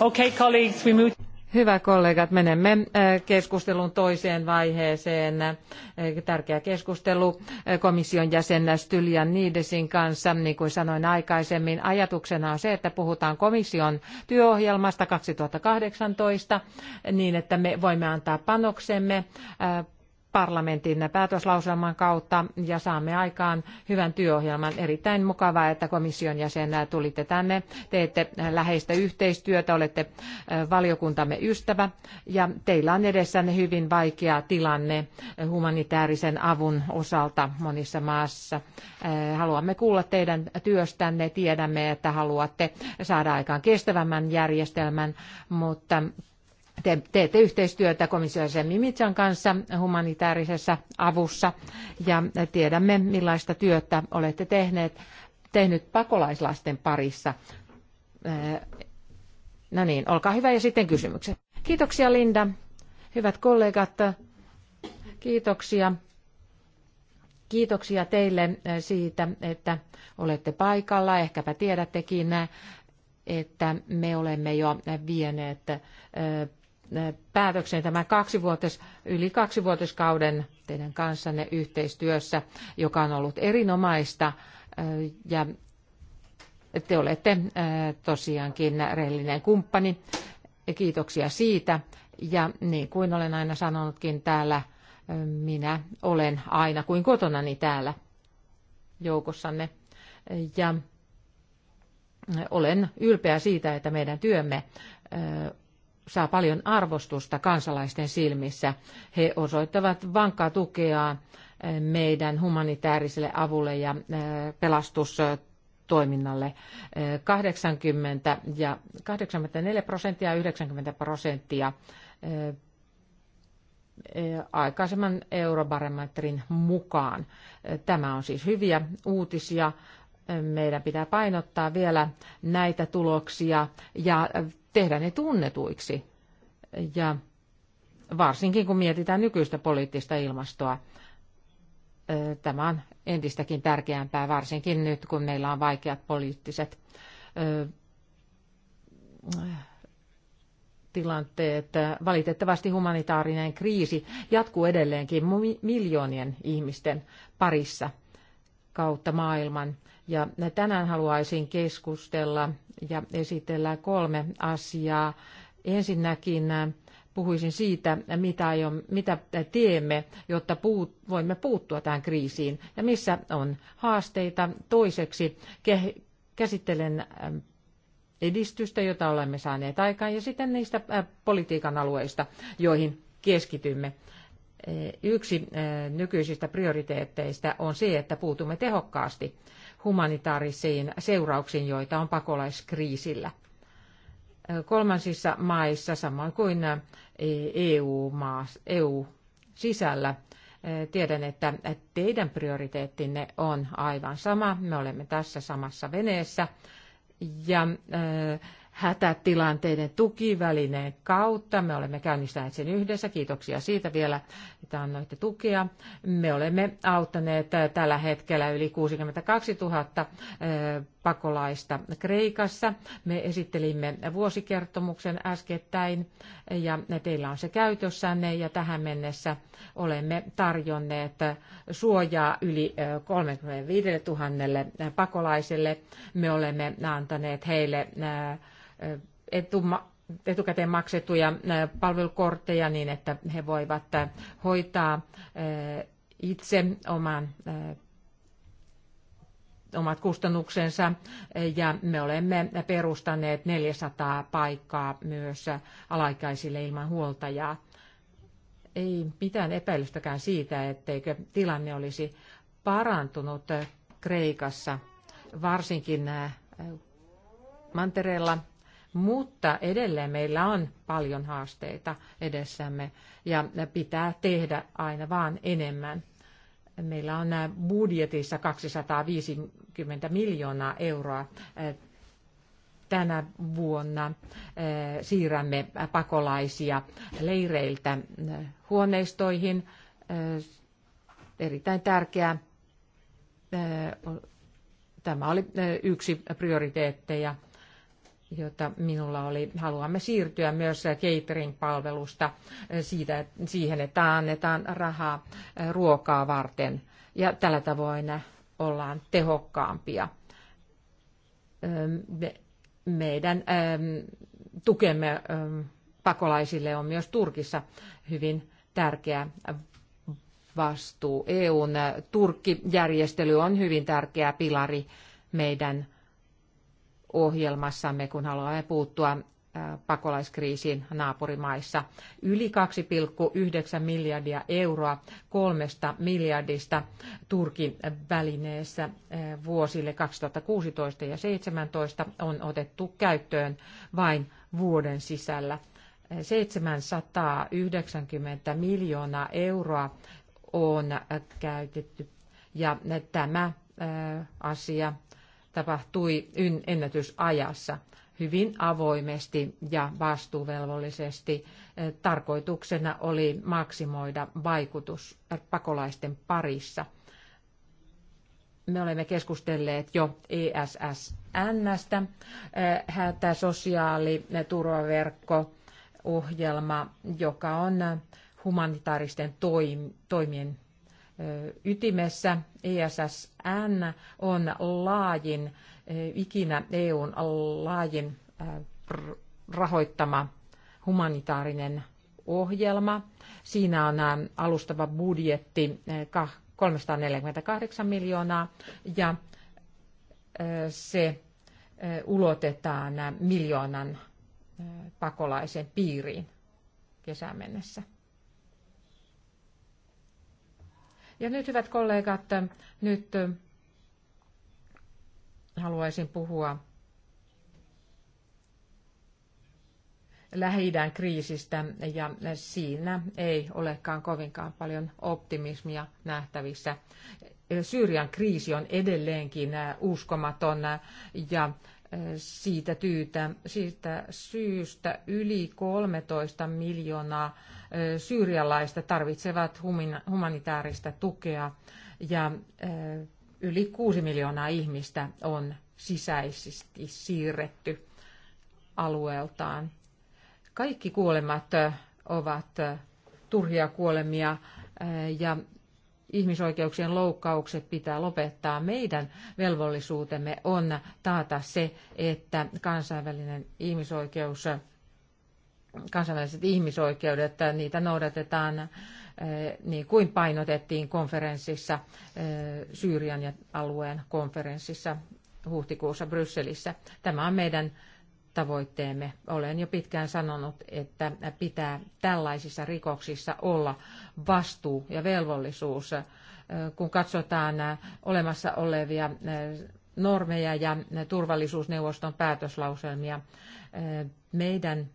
Hyvät Hyvä kollegat, menemme äh, keskustelun toiseen vaiheeseen. Äh, tärkeä keskustelu äh, komission jäsen Stylian Niidesin kanssa. Niin kuin sanoin aikaisemmin, ajatuksena on se, että puhutaan komission työohjelmasta 2018 niin, että me voimme antaa panoksemme parlamentin päätöslauselman kautta ja saamme aikaan hyvän työohjelman. Erittäin mukavaa, että komission jäsen tulitte tänne. Teette läheistä yhteistyötä, olette valiokuntamme ystävä ja teillä on edessänne hyvin vaikea tilanne humanitaarisen avun osalta monissa maassa. Haluamme kuulla teidän työstänne. Tiedämme, että haluatte saada aikaan kestävämmän järjestelmän, mutta te teette yhteistyötä komissiosen Mimitsan kanssa humanitaarisessa avussa ja tiedämme millaista työtä olette tehneet, tehnyt pakolaislasten parissa. Äh, no niin, olkaa hyvä ja sitten kysymykset. Kiitoksia Linda. Hyvät kollegat, kiitoksia. Kiitoksia teille äh, siitä, että olette paikalla. Ehkäpä tiedättekin, äh, että me olemme jo vieneet päätökseen tämän kaksivuotis, yli kaksivuotiskauden teidän kanssanne yhteistyössä, joka on ollut erinomaista. Ja te olette tosiaankin rehellinen kumppani. Kiitoksia siitä. Ja niin kuin olen aina sanonutkin täällä, minä olen aina kuin kotonani täällä joukossanne. Ja olen ylpeä siitä, että meidän työmme saa paljon arvostusta kansalaisten silmissä. He osoittavat vankkaa tukea eh, meidän humanitaariselle avulle ja eh, pelastustoiminnalle. 80 eh, ja 84 prosenttia ja 90 prosenttia aikaisemman eurobarometrin mukaan. Tämä on siis hyviä uutisia. Meidän pitää painottaa vielä näitä tuloksia ja tehdä ne tunnetuiksi. Ja varsinkin kun mietitään nykyistä poliittista ilmastoa, tämä on entistäkin tärkeämpää, varsinkin nyt kun meillä on vaikeat poliittiset tilanteet. Valitettavasti humanitaarinen kriisi jatkuu edelleenkin miljoonien ihmisten parissa kautta maailman. Ja tänään haluaisin keskustella ja esitellä kolme asiaa. Ensinnäkin puhuisin siitä, mitä, aion, mitä teemme, jotta puut, voimme puuttua tähän kriisiin ja missä on haasteita. Toiseksi käsittelen edistystä, jota olemme saaneet aikaan, ja sitten niistä politiikan alueista, joihin keskitymme. Yksi nykyisistä prioriteetteista on se, että puutumme tehokkaasti humanitaarisiin seurauksiin, joita on pakolaiskriisillä kolmansissa maissa, samoin kuin EU-sisällä. E eu Tiedän, että teidän prioriteettinne on aivan sama. Me olemme tässä samassa veneessä. Ja hätätilanteiden tukivälineen kautta. Me olemme käynnistäneet sen yhdessä. Kiitoksia siitä vielä, että annoitte tukea. Me olemme auttaneet äh, tällä hetkellä yli 62 000 äh, pakolaista Kreikassa. Me esittelimme vuosikertomuksen äskettäin äh, ja teillä on se käytössänne ja tähän mennessä olemme tarjonneet suojaa yli 35 000 pakolaiselle. Me olemme antaneet heille etukäteen maksettuja äh, palvelukortteja niin, että he voivat äh, hoitaa äh, itse oman omat kustannuksensa ja me olemme perustaneet 400 paikkaa myös alaikäisille ilman huoltajaa. Ei mitään epäilystäkään siitä, etteikö tilanne olisi parantunut Kreikassa, varsinkin mantereella mutta edelleen meillä on paljon haasteita edessämme ja pitää tehdä aina vaan enemmän. Meillä on budjetissa 250 miljoonaa euroa eh, tänä vuonna eh, siirrämme pakolaisia leireiltä eh, huoneistoihin. Erittäin tärkeää. Tämä oli yksi prioriteetteja jota minulla oli. Haluamme siirtyä myös catering-palvelusta siitä, siihen, että annetaan rahaa eh, ruokaa varten. Ja tällä tavoin ollaan tehokkaampia. Meidän tukemme pakolaisille on myös Turkissa hyvin tärkeä vastuu. EUn eh, Turkki-järjestely on hyvin tärkeä pilari meidän ohjelmassamme, kun haluamme puuttua pakolaiskriisiin naapurimaissa. Yli 2,9 miljardia euroa kolmesta miljardista Turkin välineessä vuosille 2016 ja 2017 on otettu käyttöön vain vuoden sisällä. 790 miljoonaa euroa on käytetty ja tämä asia tapahtui ennätysajassa hyvin avoimesti ja vastuuvelvollisesti. Tarkoituksena oli maksimoida vaikutus äh, pakolaisten parissa. Me olemme keskustelleet jo ESSNstä, hätä sosiaali turvaverkko ohjelma, joka on humanitaaristen toimien ytimessä. ESSN on laajin, ikinä EUn laajin rahoittama humanitaarinen ohjelma. Siinä on alustava budjetti 348 miljoonaa ja se ulotetaan miljoonan pakolaisen piiriin kesään mennessä. Ja nyt hyvät kollegat, nyt haluaisin puhua lähi kriisistä ja siinä ei olekaan kovinkaan paljon optimismia nähtävissä. Syyrian kriisi on edelleenkin uskomaton ja siitä, tyytä, siitä syystä yli 13 miljoonaa syyrialaista tarvitsevat humanitaarista tukea ja yli 6 miljoonaa ihmistä on sisäisesti siirretty alueeltaan. Kaikki kuolemat ovat turhia kuolemia ja ihmisoikeuksien loukkaukset pitää lopettaa. Meidän velvollisuutemme on taata se, että kansainvälinen ihmisoikeus kansainväliset ihmisoikeudet, niitä noudatetaan eh, niin kuin painotettiin konferenssissa, eh, Syyrian ja alueen konferenssissa huhtikuussa Brysselissä. Tämä on meidän tavoitteemme. Olen jo pitkään sanonut, että pitää tällaisissa rikoksissa olla vastuu ja velvollisuus, eh, kun katsotaan olemassa olevia normeja ja turvallisuusneuvoston päätöslauselmia. Meidän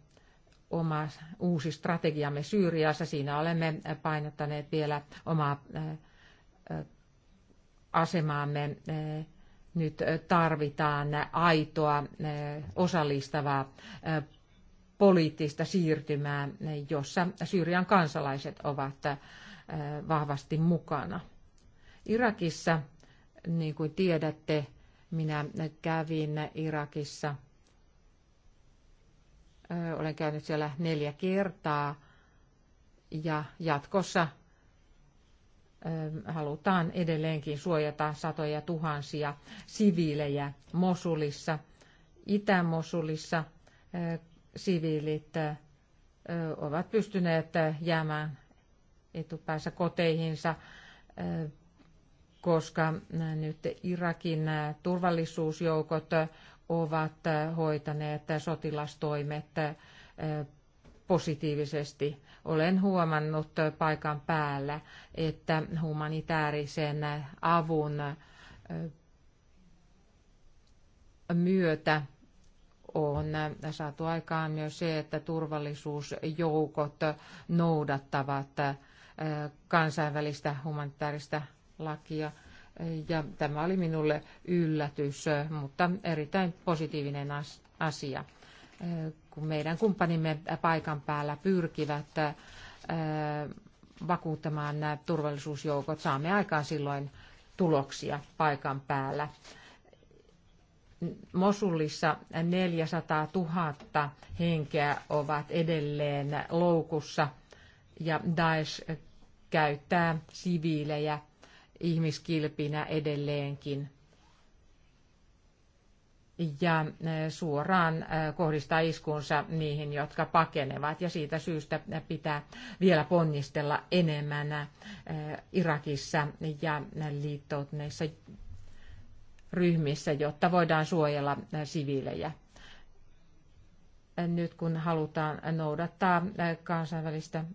oma uusi strategiamme Syyriassa. Siinä olemme painottaneet vielä omaa asemaamme. Nyt tarvitaan aitoa, osallistavaa poliittista siirtymää, jossa Syyrian kansalaiset ovat vahvasti mukana. Irakissa, niin kuin tiedätte, minä kävin Irakissa olen käynyt siellä neljä kertaa ja jatkossa halutaan edelleenkin suojata satoja tuhansia siviilejä Mosulissa, Itä-Mosulissa siviilit ovat pystyneet jäämään etupäässä koteihinsa, koska nyt Irakin turvallisuusjoukot ovat hoitaneet sotilastoimet eh, positiivisesti. Olen huomannut paikan päällä, että humanitaarisen avun eh, myötä on saatu aikaan myös se, että turvallisuusjoukot noudattavat eh, kansainvälistä humanitaarista lakia – ja tämä oli minulle yllätys, mutta erittäin positiivinen asia, kun meidän kumppanimme paikan päällä pyrkivät vakuuttamaan nämä turvallisuusjoukot. Saamme aikaan silloin tuloksia paikan päällä. Mosulissa 400 000 henkeä ovat edelleen loukussa ja Daesh käyttää siviilejä – ihmiskilpinä edelleenkin ja äh, suoraan äh, kohdistaa iskunsa niihin, jotka pakenevat. Ja siitä syystä pitää vielä ponnistella enemmän äh, Irakissa ja liittoutuneissa ryhmissä, jotta voidaan suojella siviilejä. Nyt kun halutaan noudattaa kansainvälistä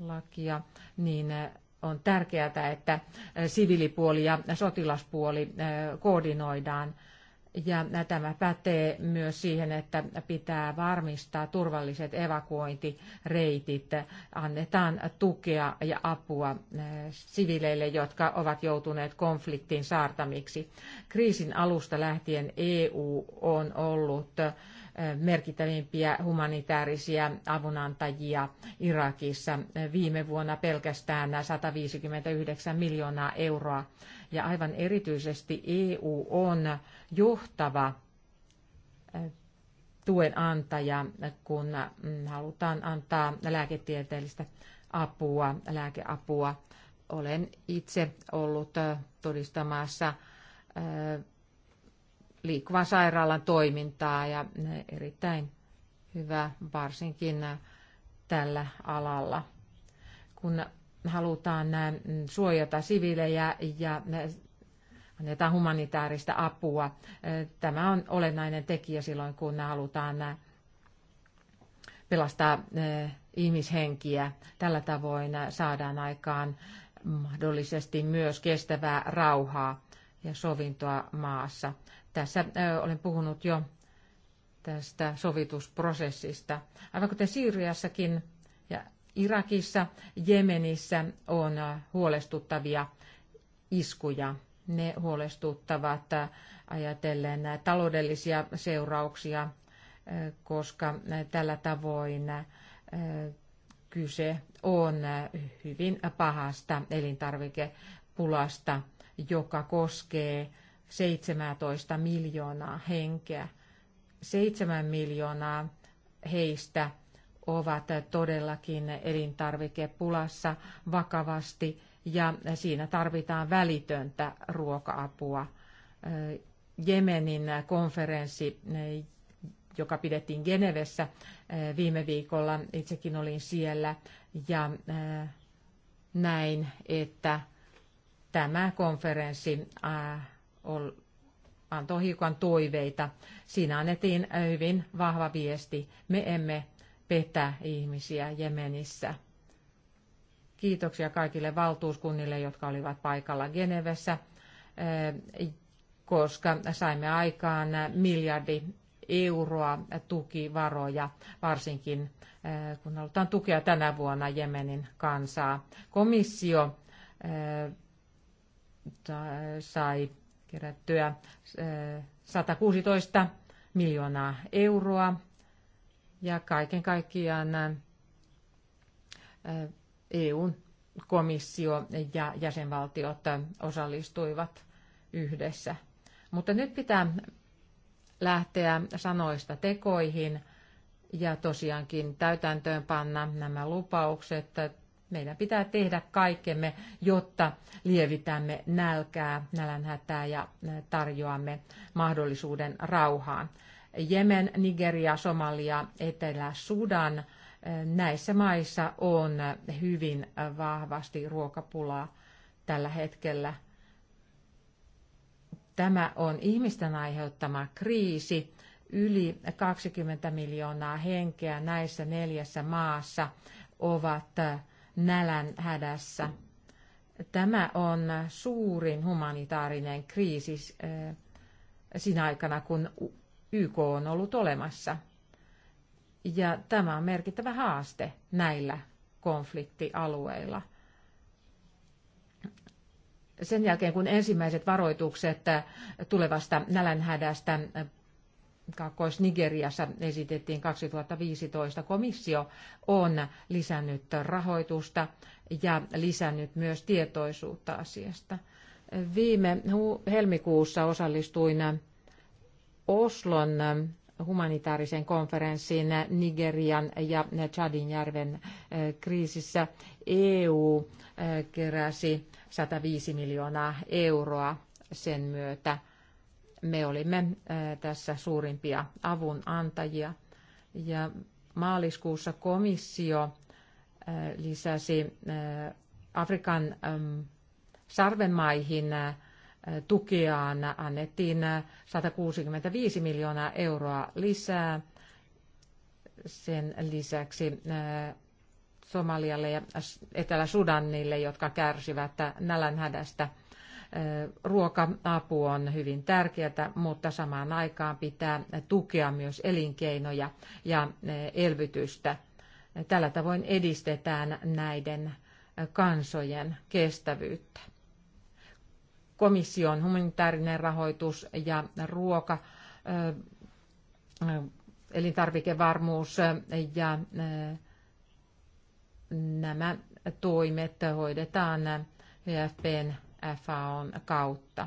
lakia, niin on tärkeää, että siviilipuoli ja sotilaspuoli koordinoidaan. Ja tämä pätee myös siihen, että pitää varmistaa turvalliset evakuointireitit, annetaan tukea ja apua siviileille, jotka ovat joutuneet konfliktin saartamiksi. Kriisin alusta lähtien EU on ollut merkittävimpiä humanitaarisia avunantajia Irakissa. Viime vuonna pelkästään 159 miljoonaa euroa. Ja aivan erityisesti EU on johtava tuen antaja, kun mm, halutaan antaa lääketieteellistä apua, lääkeapua. Olen itse ollut todistamassa liikkuvan sairaalan toimintaa ja eh, erittäin hyvä varsinkin eh, tällä alalla, kun halutaan eh, suojata siviilejä ja annetaan humanitaarista apua. Tämä on olennainen tekijä silloin, kun halutaan pelastaa ihmishenkiä. Tällä tavoin saadaan aikaan mahdollisesti myös kestävää rauhaa ja sovintoa maassa. Tässä olen puhunut jo tästä sovitusprosessista. Aivan kuten Syyriassakin ja Irakissa, Jemenissä on huolestuttavia iskuja. Ne huolestuttavat ajatellen taloudellisia seurauksia, koska tällä tavoin kyse on hyvin pahasta elintarvikepulasta, joka koskee 17 miljoonaa henkeä. 7 miljoonaa heistä ovat todellakin elintarvikepulassa vakavasti ja siinä tarvitaan välitöntä ruoka-apua. Jemenin konferenssi, joka pidettiin Genevessä viime viikolla, itsekin olin siellä ja näin, että tämä konferenssi antoi hiukan toiveita. Siinä annettiin äh, hyvin vahva viesti. Me emme petä ihmisiä Jemenissä. Kiitoksia kaikille valtuuskunnille, jotka olivat paikalla Genevessä, äh, koska saimme aikaan miljardi euroa tukivaroja, varsinkin äh, kun halutaan tukea tänä vuonna Jemenin kansaa. Komissio sai kerättyä 116 miljoonaa euroa ja kaiken kaikkiaan EUn komissio ja jäsenvaltiot osallistuivat yhdessä. Mutta nyt pitää lähteä sanoista tekoihin ja tosiaankin täytäntöön panna nämä lupaukset meidän pitää tehdä kaikkemme, jotta lievitämme nälkää, nälänhätää ja tarjoamme mahdollisuuden rauhaan. Jemen, Nigeria, Somalia, Etelä-Sudan, näissä maissa on hyvin vahvasti ruokapulaa tällä hetkellä. Tämä on ihmisten aiheuttama kriisi. Yli 20 miljoonaa henkeä näissä neljässä maassa ovat nälän hädässä. Tämä on suurin humanitaarinen kriisi eh, siinä aikana, kun YK on ollut olemassa. Ja tämä on merkittävä haaste näillä konfliktialueilla. Sen jälkeen, kun ensimmäiset varoitukset eh, tulevasta nälänhädästä Kaakkois-Nigeriassa esitettiin 2015. Komissio on lisännyt rahoitusta ja lisännyt myös tietoisuutta asiasta. Viime helmikuussa osallistuin Oslon humanitaarisen konferenssin Nigerian ja Chadin järven äh, kriisissä. EU äh, keräsi 105 miljoonaa euroa sen myötä me olimme tässä suurimpia avunantajia. Ja maaliskuussa komissio lisäsi Afrikan sarvenmaihin tukeaan annettiin 165 miljoonaa euroa lisää. Sen lisäksi Somalialle ja Etelä-Sudanille, jotka kärsivät nälänhädästä. Ruoka-apu on hyvin tärkeää, mutta samaan aikaan pitää tukea myös elinkeinoja ja elvytystä. Tällä tavoin edistetään näiden kansojen kestävyyttä. Komission humanitaarinen rahoitus ja ruoka, elintarvikevarmuus ja nämä toimet hoidetaan VFPn FAOn kautta.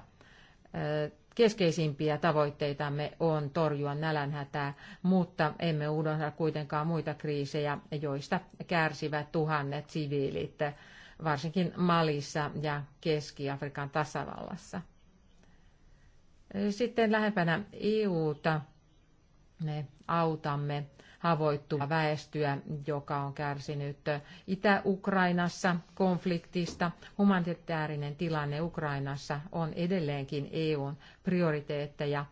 Keskeisimpiä tavoitteitamme on torjua nälänhätää, mutta emme unohda kuitenkaan muita kriisejä, joista kärsivät tuhannet siviilit, varsinkin Malissa ja Keski-Afrikan tasavallassa. Sitten lähempänä EUta me autamme havoittua väestöä, joka on kärsinyt Itä-Ukrainassa konfliktista. Humanitaarinen tilanne Ukrainassa on edelleenkin EUn prioriteetteja.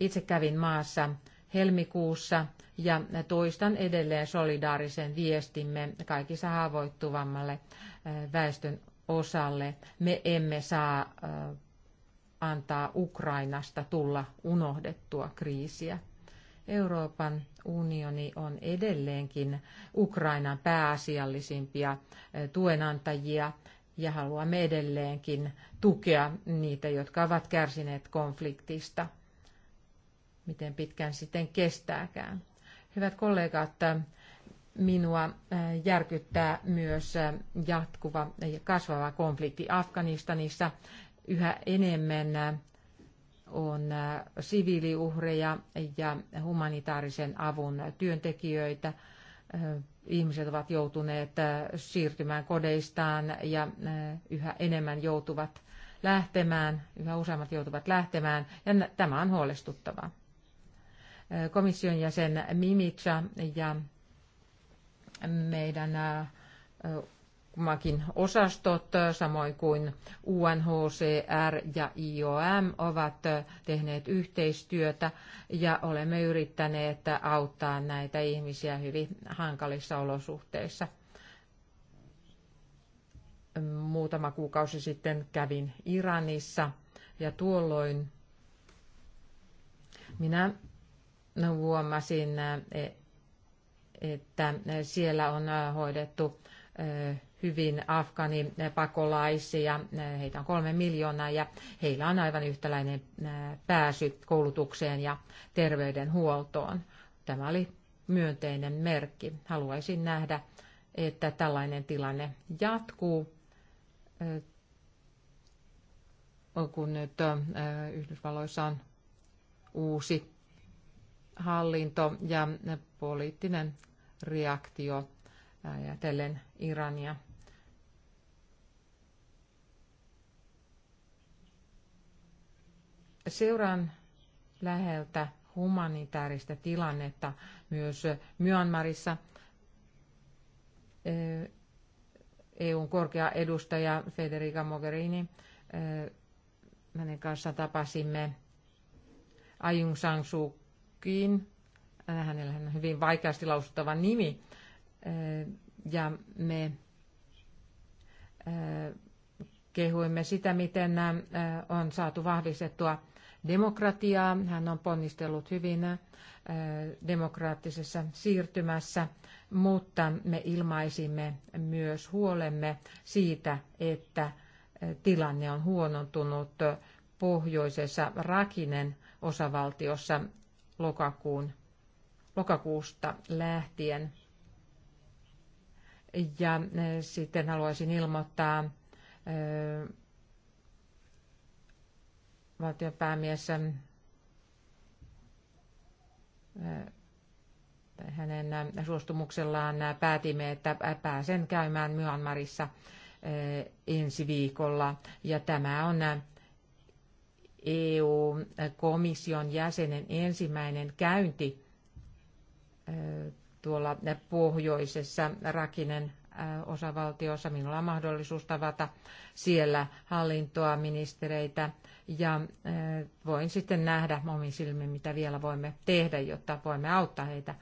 Itse kävin maassa helmikuussa ja toistan edelleen solidaarisen viestimme kaikissa haavoittuvammalle äh, väestön osalle. Me emme saa äh, antaa Ukrainasta tulla unohdettua kriisiä. Euroopan unioni on edelleenkin Ukrainan pääasiallisimpia eh, tuenantajia ja haluamme edelleenkin tukea niitä, jotka ovat kärsineet konfliktista, miten pitkään sitten kestääkään. Hyvät kollegat, eh, minua eh, järkyttää myös jatkuva ja kasvava konflikti Afganistanissa. Yhä enemmän on äh, siviiliuhreja ja humanitaarisen avun työntekijöitä. Äh, ihmiset ovat joutuneet äh, siirtymään kodeistaan ja yhä enemmän joutuvat lähtemään, yhä useammat joutuvat lähtemään, ja tämä on huolestuttavaa. Komission jäsen Mimica ja meidän kummakin osastot, samoin kuin UNHCR ja IOM ovat tehneet yhteistyötä ja olemme yrittäneet auttaa näitä ihmisiä hyvin hankalissa olosuhteissa. Muutama kuukausi sitten kävin Iranissa ja tuolloin minä huomasin, että siellä on hoidettu hyvin afgaanipakolaisia, Heitä on kolme miljoonaa ja heillä on aivan yhtäläinen pääsy koulutukseen ja terveydenhuoltoon. Tämä oli myönteinen merkki. Haluaisin nähdä, että tällainen tilanne jatkuu kun nyt Yhdysvalloissa on uusi hallinto ja poliittinen reaktio ajatellen Irania Seuraan läheltä humanitaarista tilannetta myös Myanmarissa. EUn korkea edustaja Federica Mogherini, hänen kanssa tapasimme Ayung San Suu Kyin, hänellä on hyvin vaikeasti lausuttava nimi, ja me kehuimme sitä, miten on saatu vahvistettua demokratiaa. Hän on ponnistellut hyvin äh, demokraattisessa siirtymässä, mutta me ilmaisimme myös huolemme siitä, että äh, tilanne on huonontunut pohjoisessa Rakinen osavaltiossa lokakuun, lokakuusta lähtien. Ja äh, sitten haluaisin ilmoittaa valtion päämies ähm, äh, hänen ähm, suostumuksellaan äh, päätimme, että äh, pääsen käymään Myanmarissa ensi viikolla. Ja tämä on EU-komission jäsenen ensimmäinen käynti tuolla pohjoisessa Rakinen osavaltiossa. Minulla on mahdollisuus tavata siellä hallintoa, ministereitä ja voin sitten nähdä omin silmin, mitä vielä voimme tehdä, jotta voimme auttaa heitä.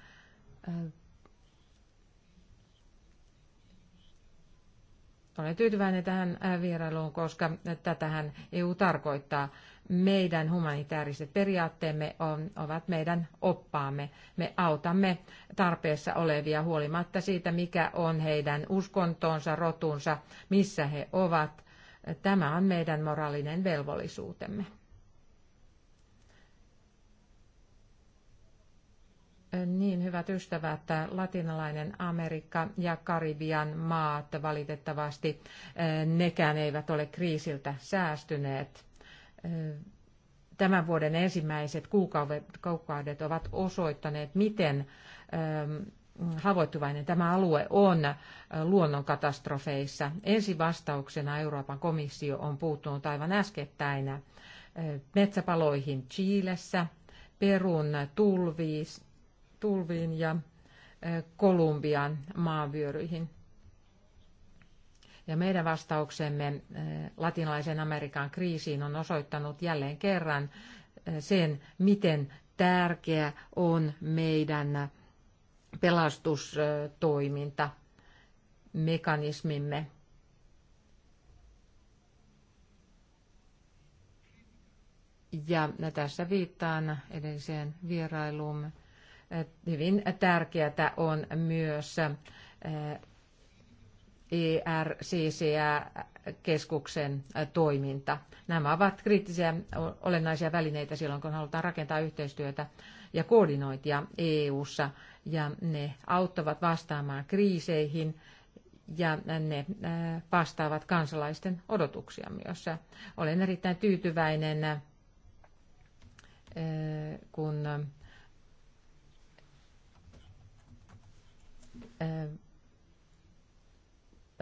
Olen tyytyväinen tähän vierailuun, koska tätähän EU tarkoittaa meidän humanitaariset periaatteemme on, ovat meidän oppaamme. Me autamme tarpeessa olevia huolimatta siitä, mikä on heidän uskontonsa, rotunsa, missä he ovat. Tämä on meidän moraalinen velvollisuutemme. Niin, hyvät ystävät, latinalainen Amerikka ja Karibian maat valitettavasti eh, nekään eivät ole kriisiltä säästyneet tämän vuoden ensimmäiset kuukaudet, ovat osoittaneet, miten haavoittuvainen tämä alue on luonnonkatastrofeissa. Ensivastauksena Euroopan komissio on puuttunut aivan äskettäin metsäpaloihin Chiilessä, Perun tulviin ja Kolumbian maavyöryihin. Ja meidän vastauksemme eh, latinalaisen Amerikan kriisiin on osoittanut jälleen kerran eh, sen, miten tärkeä on meidän pelastustoiminta, mekanismimme. Ja tässä viittaan edelliseen vierailuun. Eh, hyvin tärkeää on myös ERCCA-keskuksen toiminta. Nämä ovat kriittisiä olennaisia välineitä silloin, kun halutaan rakentaa yhteistyötä ja koordinointia EU:ssa ja ne auttavat vastaamaan kriiseihin ja ne vastaavat kansalaisten odotuksia myös. Olen erittäin tyytyväinen, kun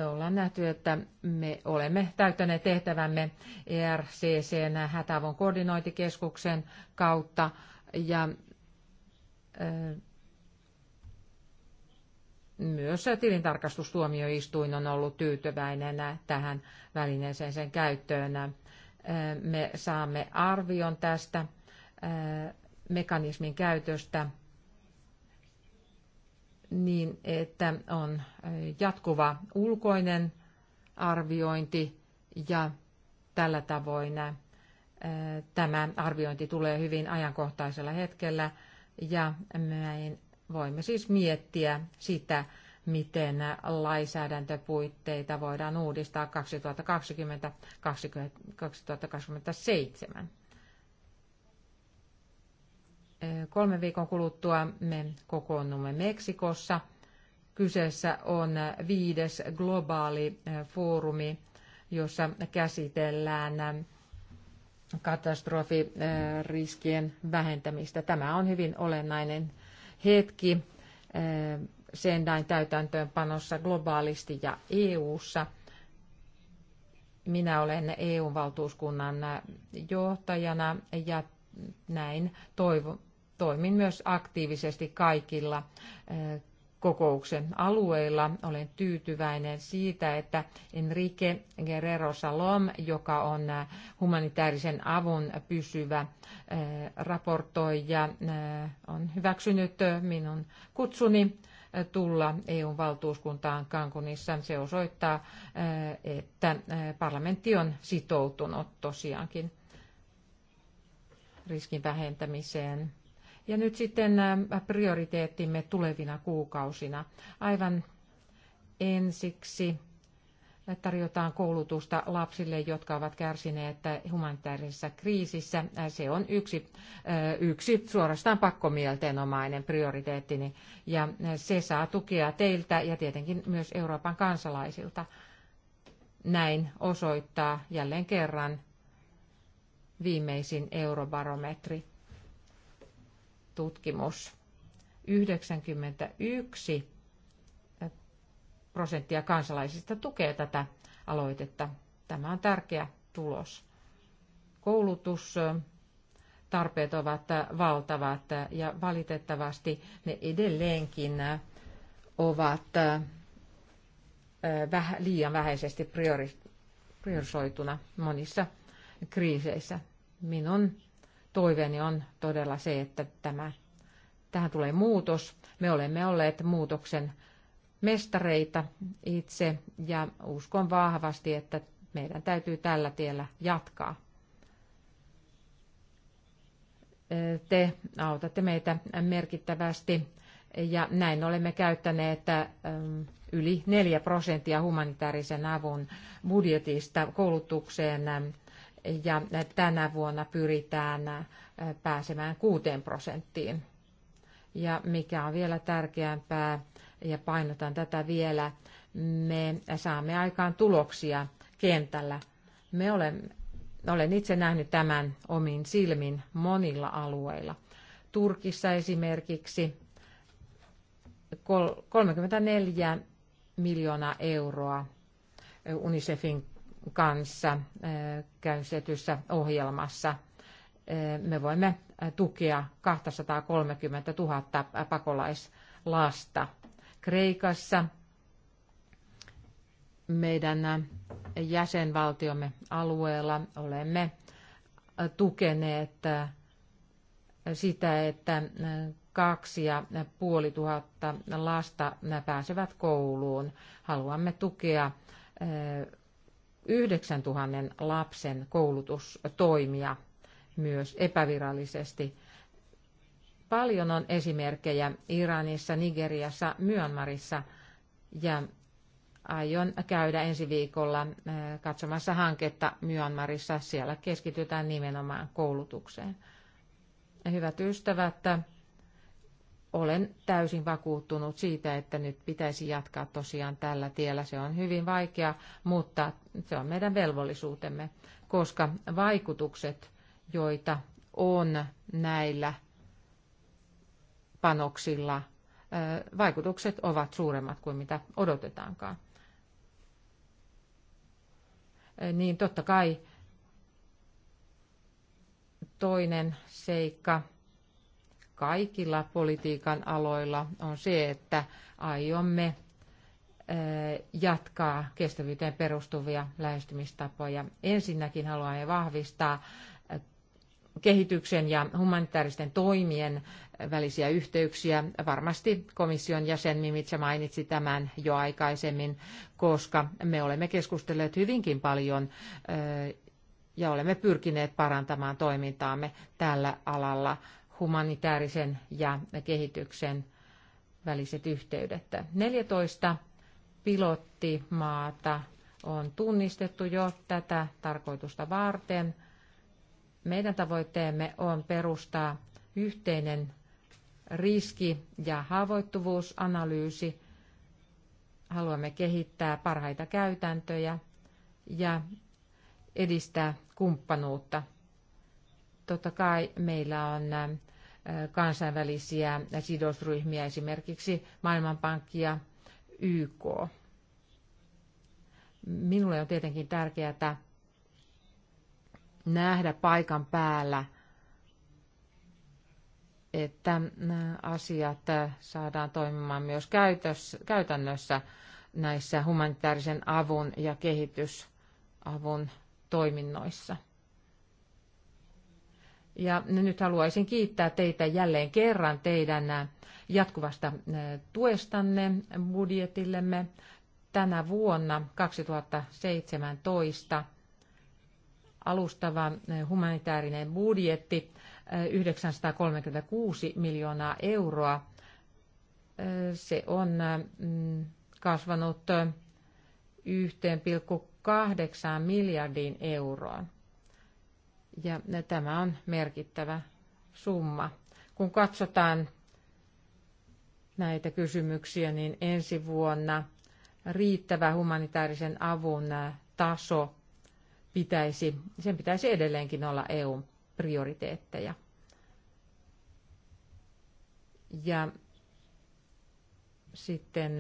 ollaan nähty, että me olemme täyttäneet tehtävämme ERCCn hätäavun koordinointikeskuksen kautta ja myös tilintarkastustuomioistuin on ollut tyytyväinen tähän välineeseen sen käyttöön. Me saamme arvion tästä mekanismin käytöstä niin, että on jatkuva ulkoinen arviointi ja tällä tavoin tämä arviointi tulee hyvin ajankohtaisella hetkellä ja me voimme siis miettiä sitä, miten lainsäädäntöpuitteita voidaan uudistaa 2020-2027. Kolmen viikon kuluttua me kokoonnumme Meksikossa. Kyseessä on viides globaali foorumi, jossa käsitellään katastrofiriskien vähentämistä. Tämä on hyvin olennainen hetki Sendain täytäntöönpanossa globaalisti ja EU:ssa. Minä olen EUn valtuuskunnan johtajana ja näin toivon, toimin myös aktiivisesti kaikilla kokouksen alueilla. Olen tyytyväinen siitä, että Enrique Guerrero Salom, joka on humanitaarisen avun pysyvä raportoija, on hyväksynyt minun kutsuni tulla EU-valtuuskuntaan Kankunissa. Se osoittaa, että parlamentti on sitoutunut tosiaankin riskin vähentämiseen ja nyt sitten prioriteettimme tulevina kuukausina. Aivan ensiksi tarjotaan koulutusta lapsille, jotka ovat kärsineet humanitaarisessa kriisissä. Se on yksi, yksi suorastaan pakkomielteenomainen prioriteettini, ja se saa tukea teiltä ja tietenkin myös Euroopan kansalaisilta. Näin osoittaa jälleen kerran viimeisin eurobarometri tutkimus. 91 prosenttia kansalaisista tukee tätä aloitetta. Tämä on tärkeä tulos. Koulutus tarpeet ovat valtavat ja valitettavasti ne edelleenkin ovat äh, liian vähäisesti priorisoituna monissa kriiseissä. Minun toiveeni on todella se, että tämä, tähän tulee muutos. Me olemme olleet muutoksen mestareita itse ja uskon vahvasti, että meidän täytyy tällä tiellä jatkaa. Te autatte meitä merkittävästi ja näin olemme käyttäneet ähm, yli 4 prosenttia humanitaarisen avun budjetista koulutukseen, ähm, ja tänä vuonna pyritään pääsemään 6 prosenttiin. Ja mikä on vielä tärkeämpää, ja painotan tätä vielä, me saamme aikaan tuloksia kentällä. Me olemme, olen itse nähnyt tämän omin silmin monilla alueilla. Turkissa esimerkiksi 34 miljoonaa euroa UNICEFin kanssa äh, käynnistetyssä ohjelmassa. Äh, me voimme tukea 230 000 pakolaislasta Kreikassa. Meidän jäsenvaltiomme alueella olemme tukeneet sitä, että kaksi ja puoli tuhatta lasta pääsevät kouluun. Haluamme tukea 9000 lapsen koulutustoimia myös epävirallisesti. Paljon on esimerkkejä Iranissa, Nigeriassa, Myanmarissa ja aion käydä ensi viikolla eh, katsomassa hanketta Myanmarissa. Siellä keskitytään nimenomaan koulutukseen. Hyvät ystävät, olen täysin vakuuttunut siitä, että nyt pitäisi jatkaa tosiaan tällä tiellä. Se on hyvin vaikea, mutta se on meidän velvollisuutemme, koska vaikutukset, joita on näillä panoksilla, vaikutukset ovat suuremmat kuin mitä odotetaankaan. Niin totta kai toinen seikka kaikilla politiikan aloilla on se, että aiomme jatkaa kestävyyteen perustuvia lähestymistapoja. Ensinnäkin haluamme vahvistaa kehityksen ja humanitaaristen toimien välisiä yhteyksiä. Varmasti komission jäsen Mimitsä mainitsi tämän jo aikaisemmin, koska me olemme keskustelleet hyvinkin paljon ja olemme pyrkineet parantamaan toimintaamme tällä alalla humanitaarisen ja kehityksen väliset yhteydet. 14 pilottimaata on tunnistettu jo tätä tarkoitusta varten. Meidän tavoitteemme on perustaa yhteinen riski- ja haavoittuvuusanalyysi. Haluamme kehittää parhaita käytäntöjä ja edistää kumppanuutta. Totta kai meillä on kansainvälisiä sidosryhmiä, esimerkiksi Maailmanpankki ja YK. Minulle on tietenkin tärkeää nähdä paikan päällä, että asiat saadaan toimimaan myös käytännössä näissä humanitaarisen avun ja kehitysavun toiminnoissa. Ja nyt haluaisin kiittää teitä jälleen kerran teidän äh, jatkuvasta äh, tuestanne budjetillemme tänä vuonna 2017 alustava äh, humanitaarinen budjetti 936 miljoonaa euroa. Se on mm, kasvanut 1,8 miljardiin euroon. Ja tämä on merkittävä summa. Kun katsotaan näitä kysymyksiä, niin ensi vuonna riittävä humanitaarisen avun taso pitäisi, sen pitäisi edelleenkin olla EUn prioriteetteja. Ja sitten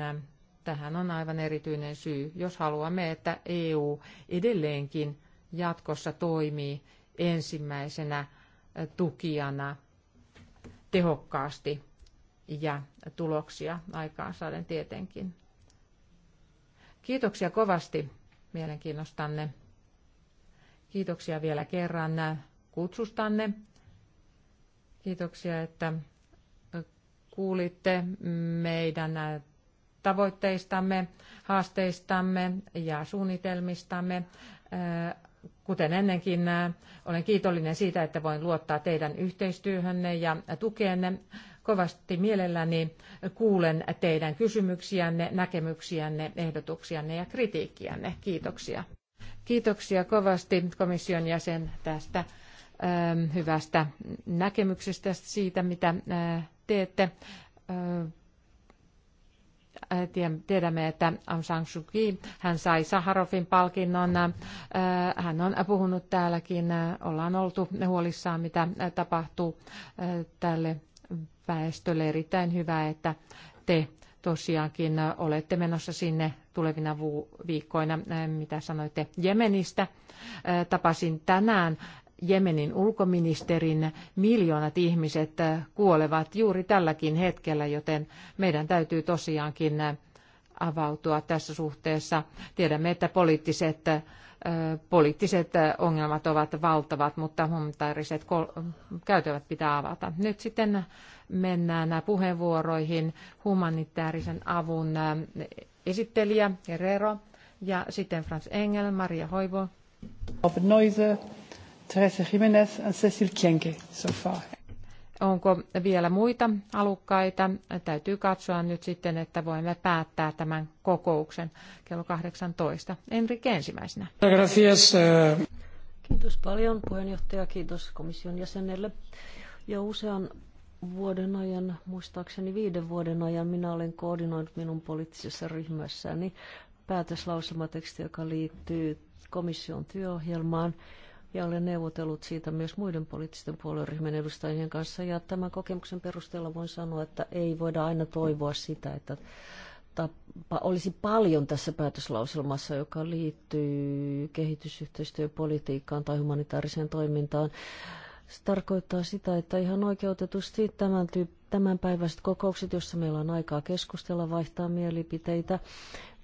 tähän on aivan erityinen syy, jos haluamme, että EU edelleenkin jatkossa toimii ensimmäisenä tukijana tehokkaasti ja tuloksia aikaan saaden tietenkin. Kiitoksia kovasti mielenkiinnostanne. Kiitoksia vielä kerran kutsustanne. Kiitoksia, että kuulitte meidän tavoitteistamme, haasteistamme ja suunnitelmistamme. Kuten ennenkin, äh, olen kiitollinen siitä, että voin luottaa teidän yhteistyöhönne ja tukeenne. Kovasti mielelläni kuulen teidän kysymyksiänne, näkemyksiänne, ehdotuksianne ja kritiikkiänne. Kiitoksia. Kiitoksia kovasti komission jäsen tästä ähm, hyvästä näkemyksestä siitä, mitä äh, teette. Äh, Äh, tiedämme, että Aung San Suu Kyi, hän sai Saharovin palkinnon. Äh, hän on puhunut täälläkin. Äh, ollaan oltu huolissaan, mitä tapahtuu tälle väestölle. Erittäin hyvä, että te tosiaankin olette menossa sinne tulevina viikkoina, mitä sanoitte Jemenistä. Tapasin tänään Jemenin ulkoministerin miljoonat ihmiset kuolevat juuri tälläkin hetkellä, joten meidän täytyy tosiaankin avautua tässä suhteessa. Tiedämme, että poliittiset, poliittiset ongelmat ovat valtavat, mutta humanitaariset käytävät pitää avata. Nyt sitten mennään puheenvuoroihin humanitaarisen avun esittelijä Herrero ja sitten Franz Engel, Maria Hoivo. Teresa Jimenez and Cecil Kienke so far. Onko vielä muita alukkaita? Täytyy katsoa nyt sitten, että voimme päättää tämän kokouksen kello 18. Enrik ensimmäisenä. Gracias. Eh. Kiitos paljon puheenjohtaja, kiitos komission jäsenelle. ja usean vuoden ajan, muistaakseni viiden vuoden ajan, minä olen koordinoinut minun poliittisessa ryhmässäni päätöslausumateksti, joka liittyy komission työohjelmaan – ja olen neuvotellut siitä myös muiden poliittisten puolueryhmien edustajien kanssa. Ja tämän kokemuksen perusteella voin sanoa, että ei voida aina toivoa sitä, että olisi paljon tässä päätöslauselmassa, joka liittyy kehitysyhteistyöpolitiikkaan tai humanitaariseen toimintaan. Se tarkoittaa sitä, että ihan oikeutetusti tämän tyyppi päiväiset kokoukset, jossa meillä on aikaa keskustella, vaihtaa mielipiteitä,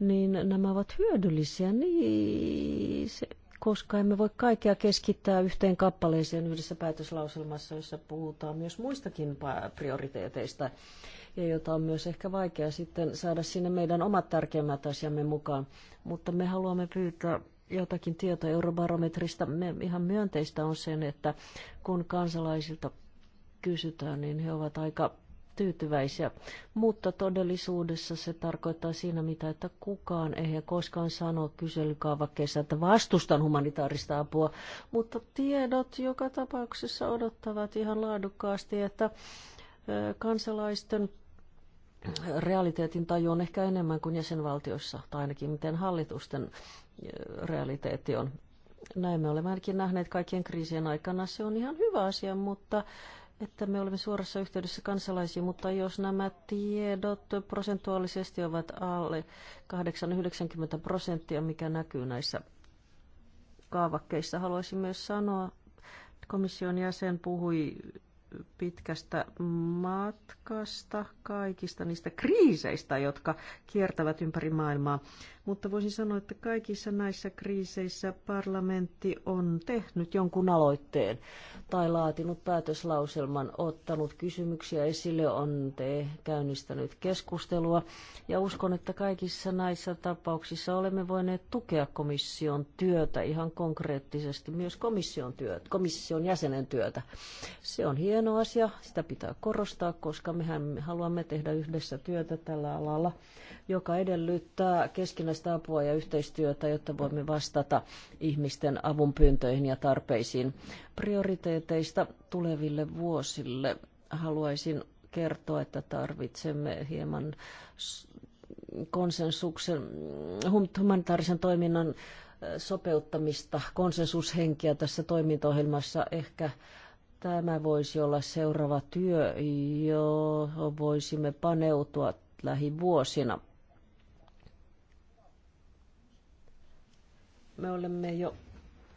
niin nämä ovat hyödyllisiä niin se koska emme voi kaikkea keskittää yhteen kappaleeseen yhdessä päätöslauselmassa, jossa puhutaan myös muistakin prioriteeteista, ja jota on myös ehkä vaikea sitten saada sinne meidän omat tärkeimmät asiamme mukaan. Mutta me haluamme pyytää jotakin tietoa eurobarometrista. Me, ihan myönteistä on sen, että kun kansalaisilta kysytään, niin he ovat aika tyytyväisiä. Mutta todellisuudessa se tarkoittaa siinä mitä, että kukaan ei koskaan sano kyselykaavakkeessa, että vastustan humanitaarista apua. Mutta tiedot joka tapauksessa odottavat ihan laadukkaasti, että kansalaisten realiteetin taju on ehkä enemmän kuin jäsenvaltioissa, tai ainakin miten hallitusten realiteetti on. Näin me olemme ainakin nähneet kaikkien kriisien aikana. Se on ihan hyvä asia, mutta että me olemme suorassa yhteydessä kansalaisiin, mutta jos nämä tiedot prosentuaalisesti ovat alle 8-90 prosenttia, mikä näkyy näissä kaavakkeissa, haluaisin myös sanoa, komission jäsen puhui pitkästä matkasta, kaikista niistä kriiseistä, jotka kiertävät ympäri maailmaa. Mutta voisin sanoa, että kaikissa näissä kriiseissä parlamentti on tehnyt jonkun aloitteen tai laatinut päätöslauselman, ottanut kysymyksiä esille, on te käynnistänyt keskustelua. Ja uskon, että kaikissa näissä tapauksissa olemme voineet tukea komission työtä ihan konkreettisesti, myös komission, työt, komission jäsenen työtä. Se on hieno asia, sitä pitää korostaa, koska mehän haluamme tehdä yhdessä työtä tällä alalla, joka edellyttää keskinäistä kaikenlaista apua ja yhteistyötä, jotta voimme vastata ihmisten avunpyyntöihin ja tarpeisiin. Prioriteeteista tuleville vuosille haluaisin kertoa, että tarvitsemme hieman konsensuksen, humanitaarisen toiminnan sopeuttamista, konsensushenkiä tässä toimintaohjelmassa. Ehkä tämä voisi olla seuraava työ, johon voisimme paneutua lähivuosina. Me olemme jo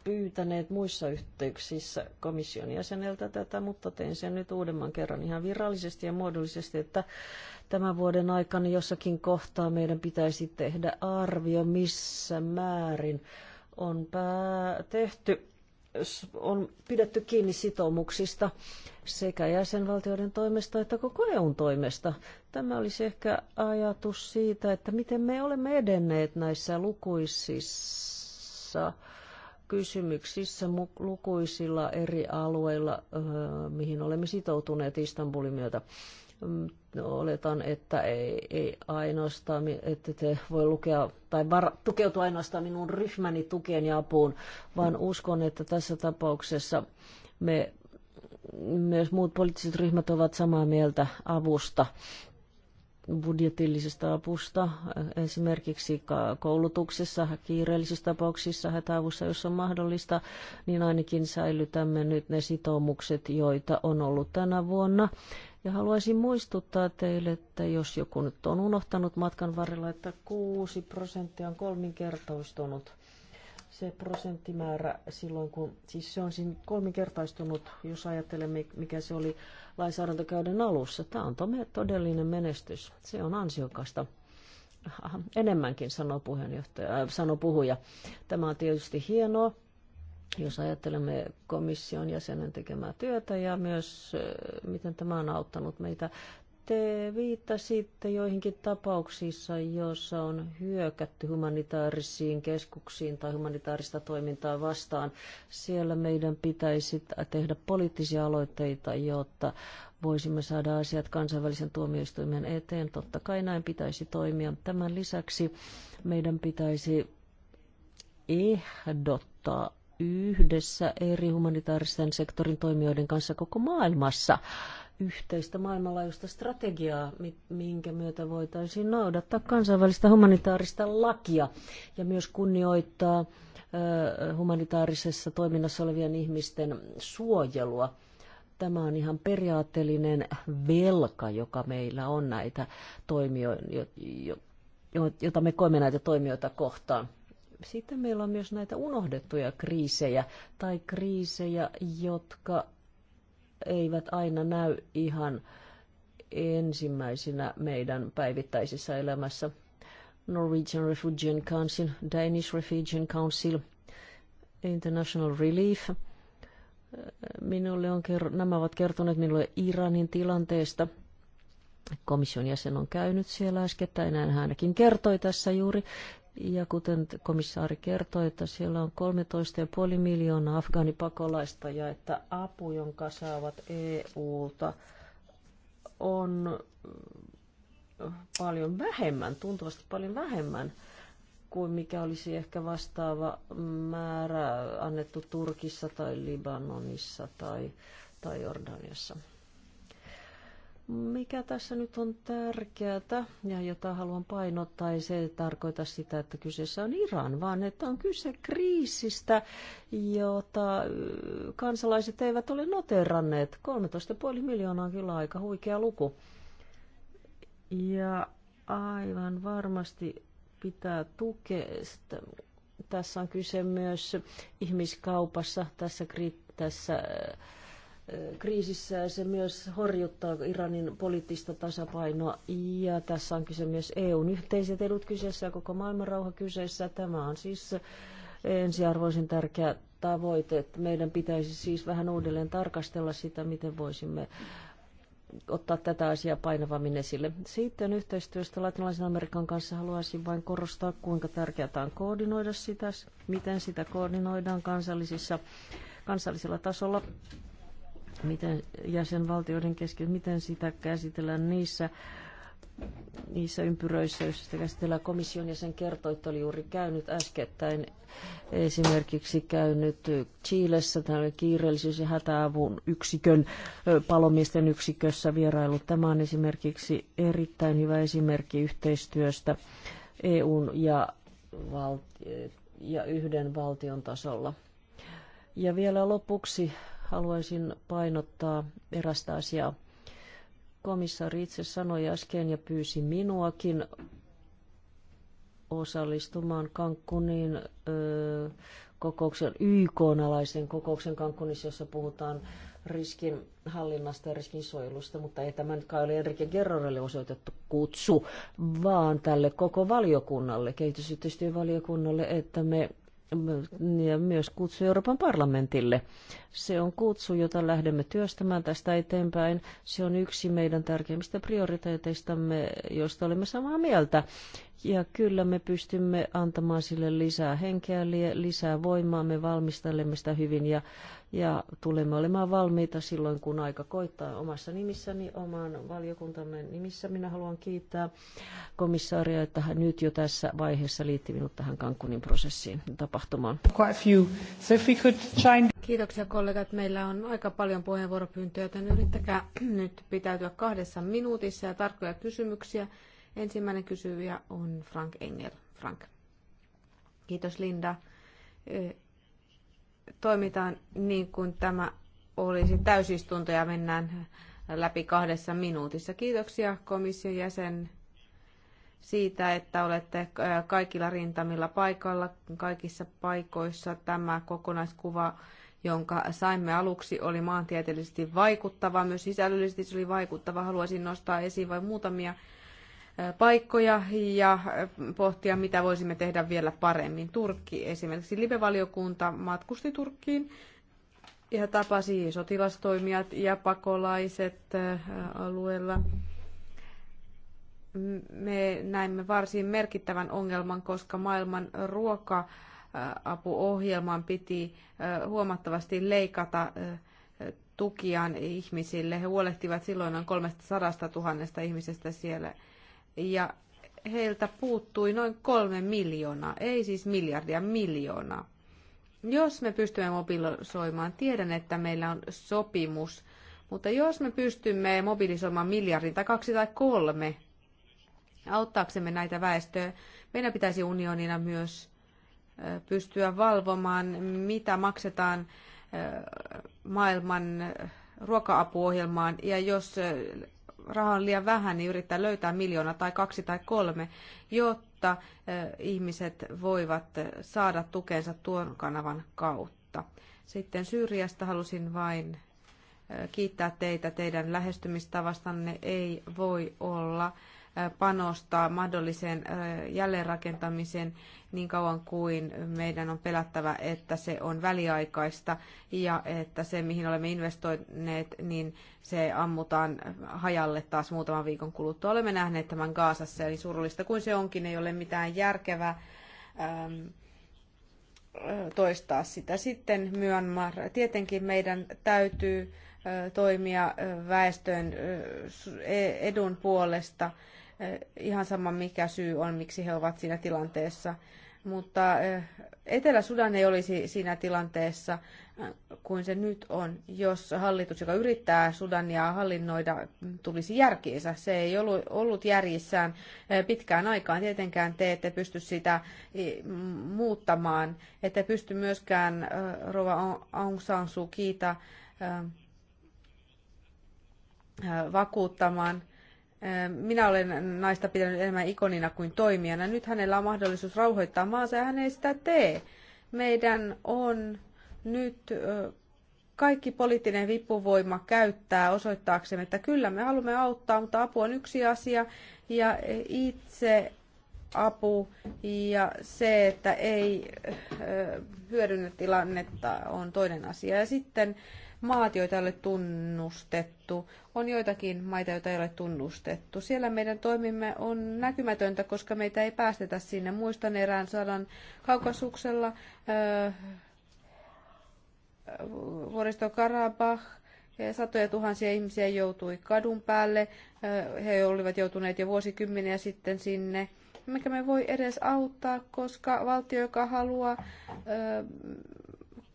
pyytäneet muissa yhteyksissä komission jäseneltä tätä, mutta tein sen nyt uudemman kerran ihan virallisesti ja muodollisesti, että tämän vuoden aikana jossakin kohtaa meidän pitäisi tehdä arvio, missä määrin on tehty on pidetty kiinni sitoumuksista sekä jäsenvaltioiden toimesta että koko EUn toimesta. Tämä olisi ehkä ajatus siitä, että miten me olemme edenneet näissä lukuisissa monissa kysymyksissä lukuisilla eri alueilla, öö, mihin olemme sitoutuneet Istanbulin myötä. Mm, oletan, että ei, ei ainoastaan, että te voi lukea tai var, tukeutua ainoastaan minun ryhmäni tukeen ja apuun, vaan uskon, että tässä tapauksessa me myös muut poliittiset ryhmät ovat samaa mieltä avusta budjetillisesta apusta, esimerkiksi koulutuksessa, kiireellisissä tapauksissa, hätäavussa, jos on mahdollista, niin ainakin säilytämme nyt ne sitoumukset, joita on ollut tänä vuonna. Ja haluaisin muistuttaa teille, että jos joku nyt on unohtanut matkan varrella, että 6 prosenttia on kolminkertaistunut se prosenttimäärä silloin, kun siis se on siinä kolminkertaistunut, jos ajattelemme, mikä se oli lainsäädäntökäyden alussa. Tämä on todellinen menestys. Se on ansiokasta. Enemmänkin sanoo, puheenjohtaja, äh, sanoo puhuja. Tämä on tietysti hienoa, jos ajattelemme komission jäsenen tekemää työtä ja myös äh, miten tämä on auttanut meitä te viittasitte joihinkin tapauksissa, joissa on hyökätty humanitaarisiin keskuksiin tai humanitaarista toimintaa vastaan. Siellä meidän pitäisi tehdä poliittisia aloitteita, jotta voisimme saada asiat kansainvälisen tuomioistuimen eteen. Totta kai näin pitäisi toimia. Tämän lisäksi meidän pitäisi ehdottaa yhdessä eri humanitaaristen sektorin toimijoiden kanssa koko maailmassa yhteistä maailmanlaajuista strategiaa, minkä myötä voitaisiin noudattaa kansainvälistä humanitaarista lakia ja myös kunnioittaa humanitaarisessa toiminnassa olevien ihmisten suojelua. Tämä on ihan periaatteellinen velka, joka meillä on näitä toimijoita, jota me koemme näitä toimijoita kohtaan sitten meillä on myös näitä unohdettuja kriisejä tai kriisejä, jotka eivät aina näy ihan ensimmäisinä meidän päivittäisessä elämässä. Norwegian Refugee Council, Danish Refugee Council, International Relief. Minulle on ker- nämä ovat kertoneet minulle Iranin tilanteesta. Komission jäsen on käynyt siellä äskettäin, hän ainakin kertoi tässä juuri. Ja kuten komissaari kertoi, että siellä on 13,5 miljoonaa afgaanipakolaista ja että apu, jonka saavat EUlta, on paljon vähemmän, tuntuvasti paljon vähemmän kuin mikä olisi ehkä vastaava määrä annettu Turkissa tai Libanonissa tai, tai Jordaniassa. Mikä tässä nyt on tärkeää ja jota haluan painottaa, ei se tarkoita sitä, että kyseessä on Iran, vaan että on kyse kriisistä, jota kansalaiset eivät ole noteranneet. 13,5 miljoonaa on kyllä aika huikea luku. Ja aivan varmasti pitää tukea. Tässä on kyse myös ihmiskaupassa tässä, tässä kriisissä ja se myös horjuttaa Iranin poliittista tasapainoa. Ja tässä on kyse myös EUn yhteiset edut kyseessä ja koko maailman rauha kyseessä. Tämä on siis ensiarvoisen tärkeä tavoite. Meidän pitäisi siis vähän uudelleen tarkastella sitä, miten voisimme ottaa tätä asiaa painavammin esille. Sitten yhteistyöstä Latinalaisen Amerikan kanssa haluaisin vain korostaa, kuinka tärkeää on koordinoida sitä, miten sitä koordinoidaan kansallisissa, kansallisella tasolla miten jäsenvaltioiden kesken, miten sitä käsitellään niissä, niissä ympyröissä, joissa sitä käsitellään komission ja sen kertoi, että oli juuri käynyt äskettäin esimerkiksi käynyt Chiilessä tämmöinen kiireellisyys- ja hätäavun yksikön, palomiesten yksikössä vierailu. Tämä on esimerkiksi erittäin hyvä esimerkki yhteistyöstä EUn ja, valti- ja yhden valtion tasolla. Ja vielä lopuksi haluaisin painottaa erästä asiaa. Komissaari itse sanoi äsken ja pyysi minuakin osallistumaan Kankkunin ö, kokouksen, YK-alaisen kokouksen kankkunissa, jossa puhutaan riskin hallinnasta ja riskin suojelusta, mutta ei tämä nyt kai ole Enrique Gerrorelle osoitettu kutsu, vaan tälle koko valiokunnalle, kehitysyhteistyövaliokunnalle, että me ja myös kutsu Euroopan parlamentille. Se on kutsu, jota lähdemme työstämään tästä eteenpäin. Se on yksi meidän tärkeimmistä prioriteeteistamme, josta olemme samaa mieltä. Ja kyllä me pystymme antamaan sille lisää henkeä, lisää voimaa, me valmistelemme sitä hyvin ja, ja tulemme olemaan valmiita silloin, kun aika koittaa omassa nimissäni, oman valiokuntamme nimissä. Minä haluan kiittää komissaaria, että hän nyt jo tässä vaiheessa liitti minut tähän Kankunin prosessiin tapahtumaan. Kiitoksia kollegat. Meillä on aika paljon puheenvuoropyyntöjä, joten yrittäkää nyt pitäytyä kahdessa minuutissa ja tarkkoja kysymyksiä. Ensimmäinen kysyjä on Frank Engel. Frank. Kiitos Linda. Toimitaan niin kuin tämä olisi täysistunto ja mennään läpi kahdessa minuutissa. Kiitoksia komission jäsen siitä, että olette kaikilla rintamilla paikalla, kaikissa paikoissa. Tämä kokonaiskuva, jonka saimme aluksi, oli maantieteellisesti vaikuttava, myös sisällöllisesti se oli vaikuttava. Haluaisin nostaa esiin vain muutamia paikkoja ja pohtia, mitä voisimme tehdä vielä paremmin. Turkki esimerkiksi. Live-valiokunta matkusti Turkkiin ja tapasi sotilastoimijat ja pakolaiset alueella. Me näimme varsin merkittävän ongelman, koska maailman ruoka-apuohjelman piti huomattavasti leikata tukiaan ihmisille. He huolehtivat silloin noin 300 000 ihmisestä siellä ja heiltä puuttui noin kolme miljoonaa, ei siis miljardia, miljoonaa. Jos me pystymme mobilisoimaan, tiedän, että meillä on sopimus, mutta jos me pystymme mobilisoimaan miljardin tai kaksi tai kolme auttaaksemme näitä väestöä, meidän pitäisi unionina myös pystyä valvomaan, mitä maksetaan maailman ruoka-apuohjelmaan, ja jos raha on liian vähän, niin yrittää löytää miljoona tai kaksi tai kolme, jotta ihmiset voivat saada tukensa tuon kanavan kautta. Sitten Syyriasta halusin vain kiittää teitä teidän lähestymistavastanne. Ei voi olla panostaa mahdolliseen jälleenrakentamiseen niin kauan kuin meidän on pelättävä, että se on väliaikaista ja että se, mihin olemme investoineet, niin se ammutaan hajalle taas muutaman viikon kuluttua. Olemme nähneet tämän Gaasassa, eli surullista kuin se onkin, ei ole mitään järkevää toistaa sitä. Sitten Myanmar. Tietenkin meidän täytyy toimia väestön e-, edun puolesta Eh, ihan sama mikä syy on, miksi he ovat siinä tilanteessa. Mutta eh, Etelä-Sudan ei olisi siinä tilanteessa eh, kuin se nyt on, jos hallitus, joka yrittää Sudania hallinnoida, tulisi järkiinsä. Se ei ollut, ollut järjissään pitkään aikaan. Tietenkään te ette pysty sitä muuttamaan. Ette pysty myöskään Rova Aung San Suu Kiita vakuuttamaan minä olen naista pitänyt enemmän ikonina kuin toimijana. Nyt hänellä on mahdollisuus rauhoittaa maansa ja hän ei sitä tee. Meidän on nyt kaikki poliittinen vipuvoima käyttää osoittaaksemme, että kyllä me haluamme auttaa, mutta apu on yksi asia ja itse apu ja se, että ei hyödynnä tilannetta on toinen asia. Ja sitten maat, joita ei ole tunnustettu. On joitakin maita, joita ei ole tunnustettu. Siellä meidän toimimme on näkymätöntä, koska meitä ei päästetä sinne. Muistan erään sadan kaukasuksella vuoristo Karabah, Satoja tuhansia ihmisiä joutui kadun päälle. He olivat joutuneet jo vuosikymmeniä sitten sinne. Mikä me voi edes auttaa, koska valtio, joka haluaa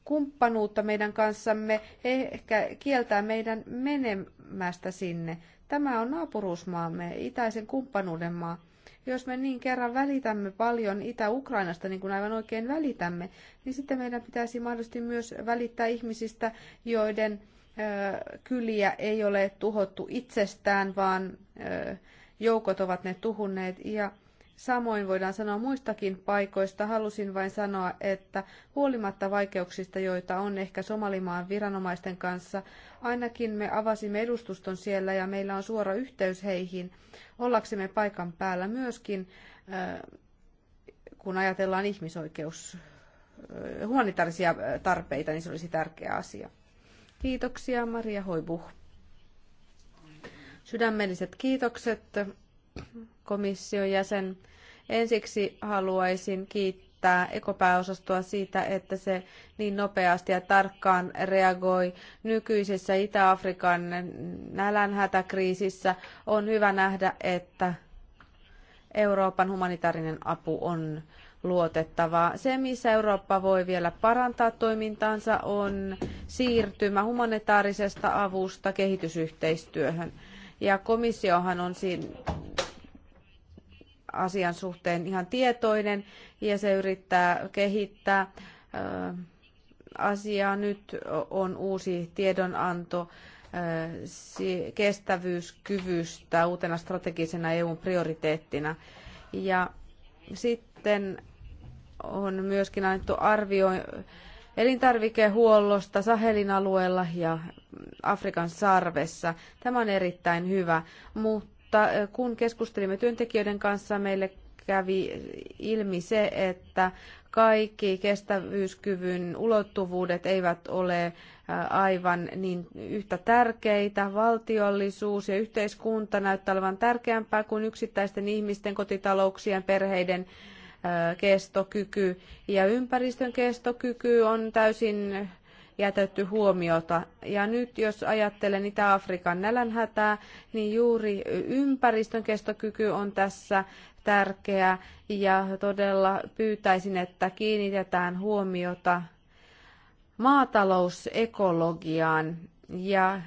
kumppanuutta meidän kanssamme, ehkä kieltää meidän menemästä sinne. Tämä on naapuruusmaamme, itäisen kumppanuuden maa. Jos me niin kerran välitämme paljon Itä-Ukrainasta, niin kuin aivan oikein välitämme, niin sitten meidän pitäisi mahdollisesti myös välittää ihmisistä, joiden ö, kyliä ei ole tuhottu itsestään, vaan ö, joukot ovat ne tuhunneet. Ja Samoin voidaan sanoa muistakin paikoista. Halusin vain sanoa, että huolimatta vaikeuksista, joita on ehkä Somalimaan viranomaisten kanssa, ainakin me avasimme edustuston siellä ja meillä on suora yhteys heihin. Ollaksemme paikan päällä myöskin, äh, kun ajatellaan ihmisoikeus, äh, humanitaarisia äh, tarpeita, niin se olisi tärkeä asia. Kiitoksia Maria Hoibuh. Sydämelliset kiitokset komission jäsen. Ensiksi haluaisin kiittää ekopääosastoa siitä, että se niin nopeasti ja tarkkaan reagoi nykyisessä Itä-Afrikan nälänhätäkriisissä. On hyvä nähdä, että Euroopan humanitaarinen apu on luotettavaa. Se, missä Eurooppa voi vielä parantaa toimintaansa, on siirtymä humanitaarisesta avusta kehitysyhteistyöhön. Ja komissiohan on siinä asian suhteen ihan tietoinen ja se yrittää kehittää asiaa. Nyt on uusi tiedonanto kestävyyskyvystä uutena strategisena EUn prioriteettina. Ja sitten on myöskin annettu arvio elintarvikehuollosta Sahelin alueella ja Afrikan sarvessa. Tämä on erittäin hyvä, mutta mutta kun keskustelimme työntekijöiden kanssa, meille kävi ilmi se, että kaikki kestävyyskyvyn ulottuvuudet eivät ole aivan niin yhtä tärkeitä. Valtiollisuus ja yhteiskunta näyttää olevan tärkeämpää kuin yksittäisten ihmisten, kotitalouksien, perheiden kestokyky. Ja ympäristön kestokyky on täysin jätetty huomiota. Ja nyt jos ajattelen Itä-Afrikan nälänhätää, niin juuri ympäristön kestokyky on tässä tärkeä ja todella pyytäisin, että kiinnitetään huomiota maatalousekologiaan ja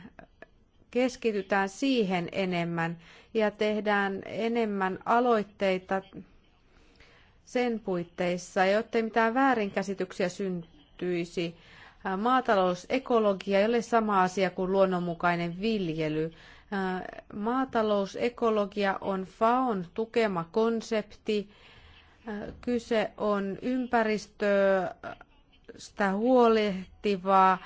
keskitytään siihen enemmän ja tehdään enemmän aloitteita sen puitteissa, jottei mitään väärinkäsityksiä syntyisi Maatalousekologia ei ole sama asia kuin luonnonmukainen viljely. Maatalousekologia on FAON tukema konsepti. Kyse on ympäristöstä huolehtivaa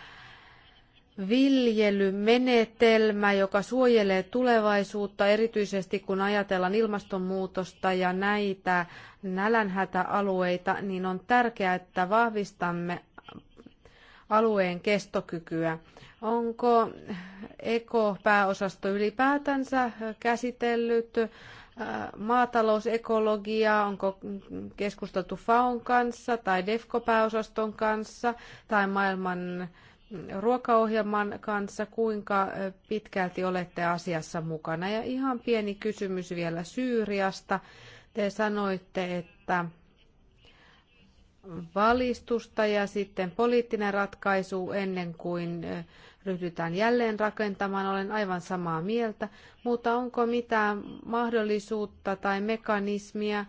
viljelymenetelmä, joka suojelee tulevaisuutta, erityisesti kun ajatellaan ilmastonmuutosta ja näitä nälänhätäalueita, niin on tärkeää, että vahvistamme alueen kestokykyä. Onko ekopääosasto ylipäätänsä käsitellyt äh, maatalousekologiaa, onko keskusteltu FAON kanssa tai DEFCO-pääosaston kanssa tai maailman ruokaohjelman kanssa, kuinka äh, pitkälti olette asiassa mukana. Ja ihan pieni kysymys vielä Syyriasta. Te sanoitte, että valistusta ja sitten poliittinen ratkaisu ennen kuin ryhdytään jälleen rakentamaan. Olen aivan samaa mieltä, mutta onko mitään mahdollisuutta tai mekanismia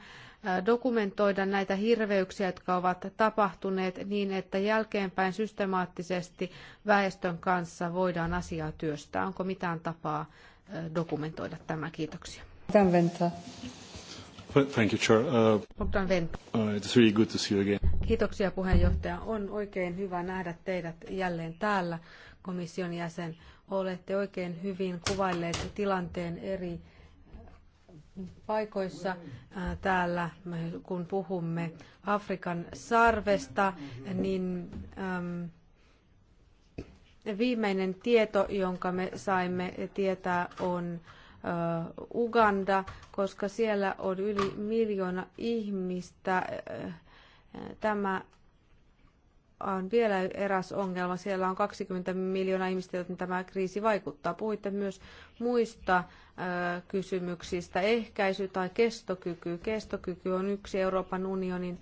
dokumentoida näitä hirveyksiä, jotka ovat tapahtuneet niin, että jälkeenpäin systemaattisesti väestön kanssa voidaan asiaa työstää. Onko mitään tapaa dokumentoida tämä? Kiitoksia. Thank you, Chair. Uh, uh, it's really good to see you again. Kiitoksia puheenjohtaja. On oikein hyvä nähdä teidät jälleen täällä, komission jäsen. Olette oikein hyvin kuvailleet tilanteen eri paikoissa täällä, kun puhumme Afrikan sarvesta, niin viimeinen tieto, jonka me saimme tietää, on Uganda, koska siellä on yli miljoona ihmistä Tämä on vielä eräs ongelma. Siellä on 20 miljoonaa ihmistä, joten tämä kriisi vaikuttaa. Puhuitte myös muista kysymyksistä. Ehkäisy tai kestokyky. Kestokyky on yksi Euroopan unionin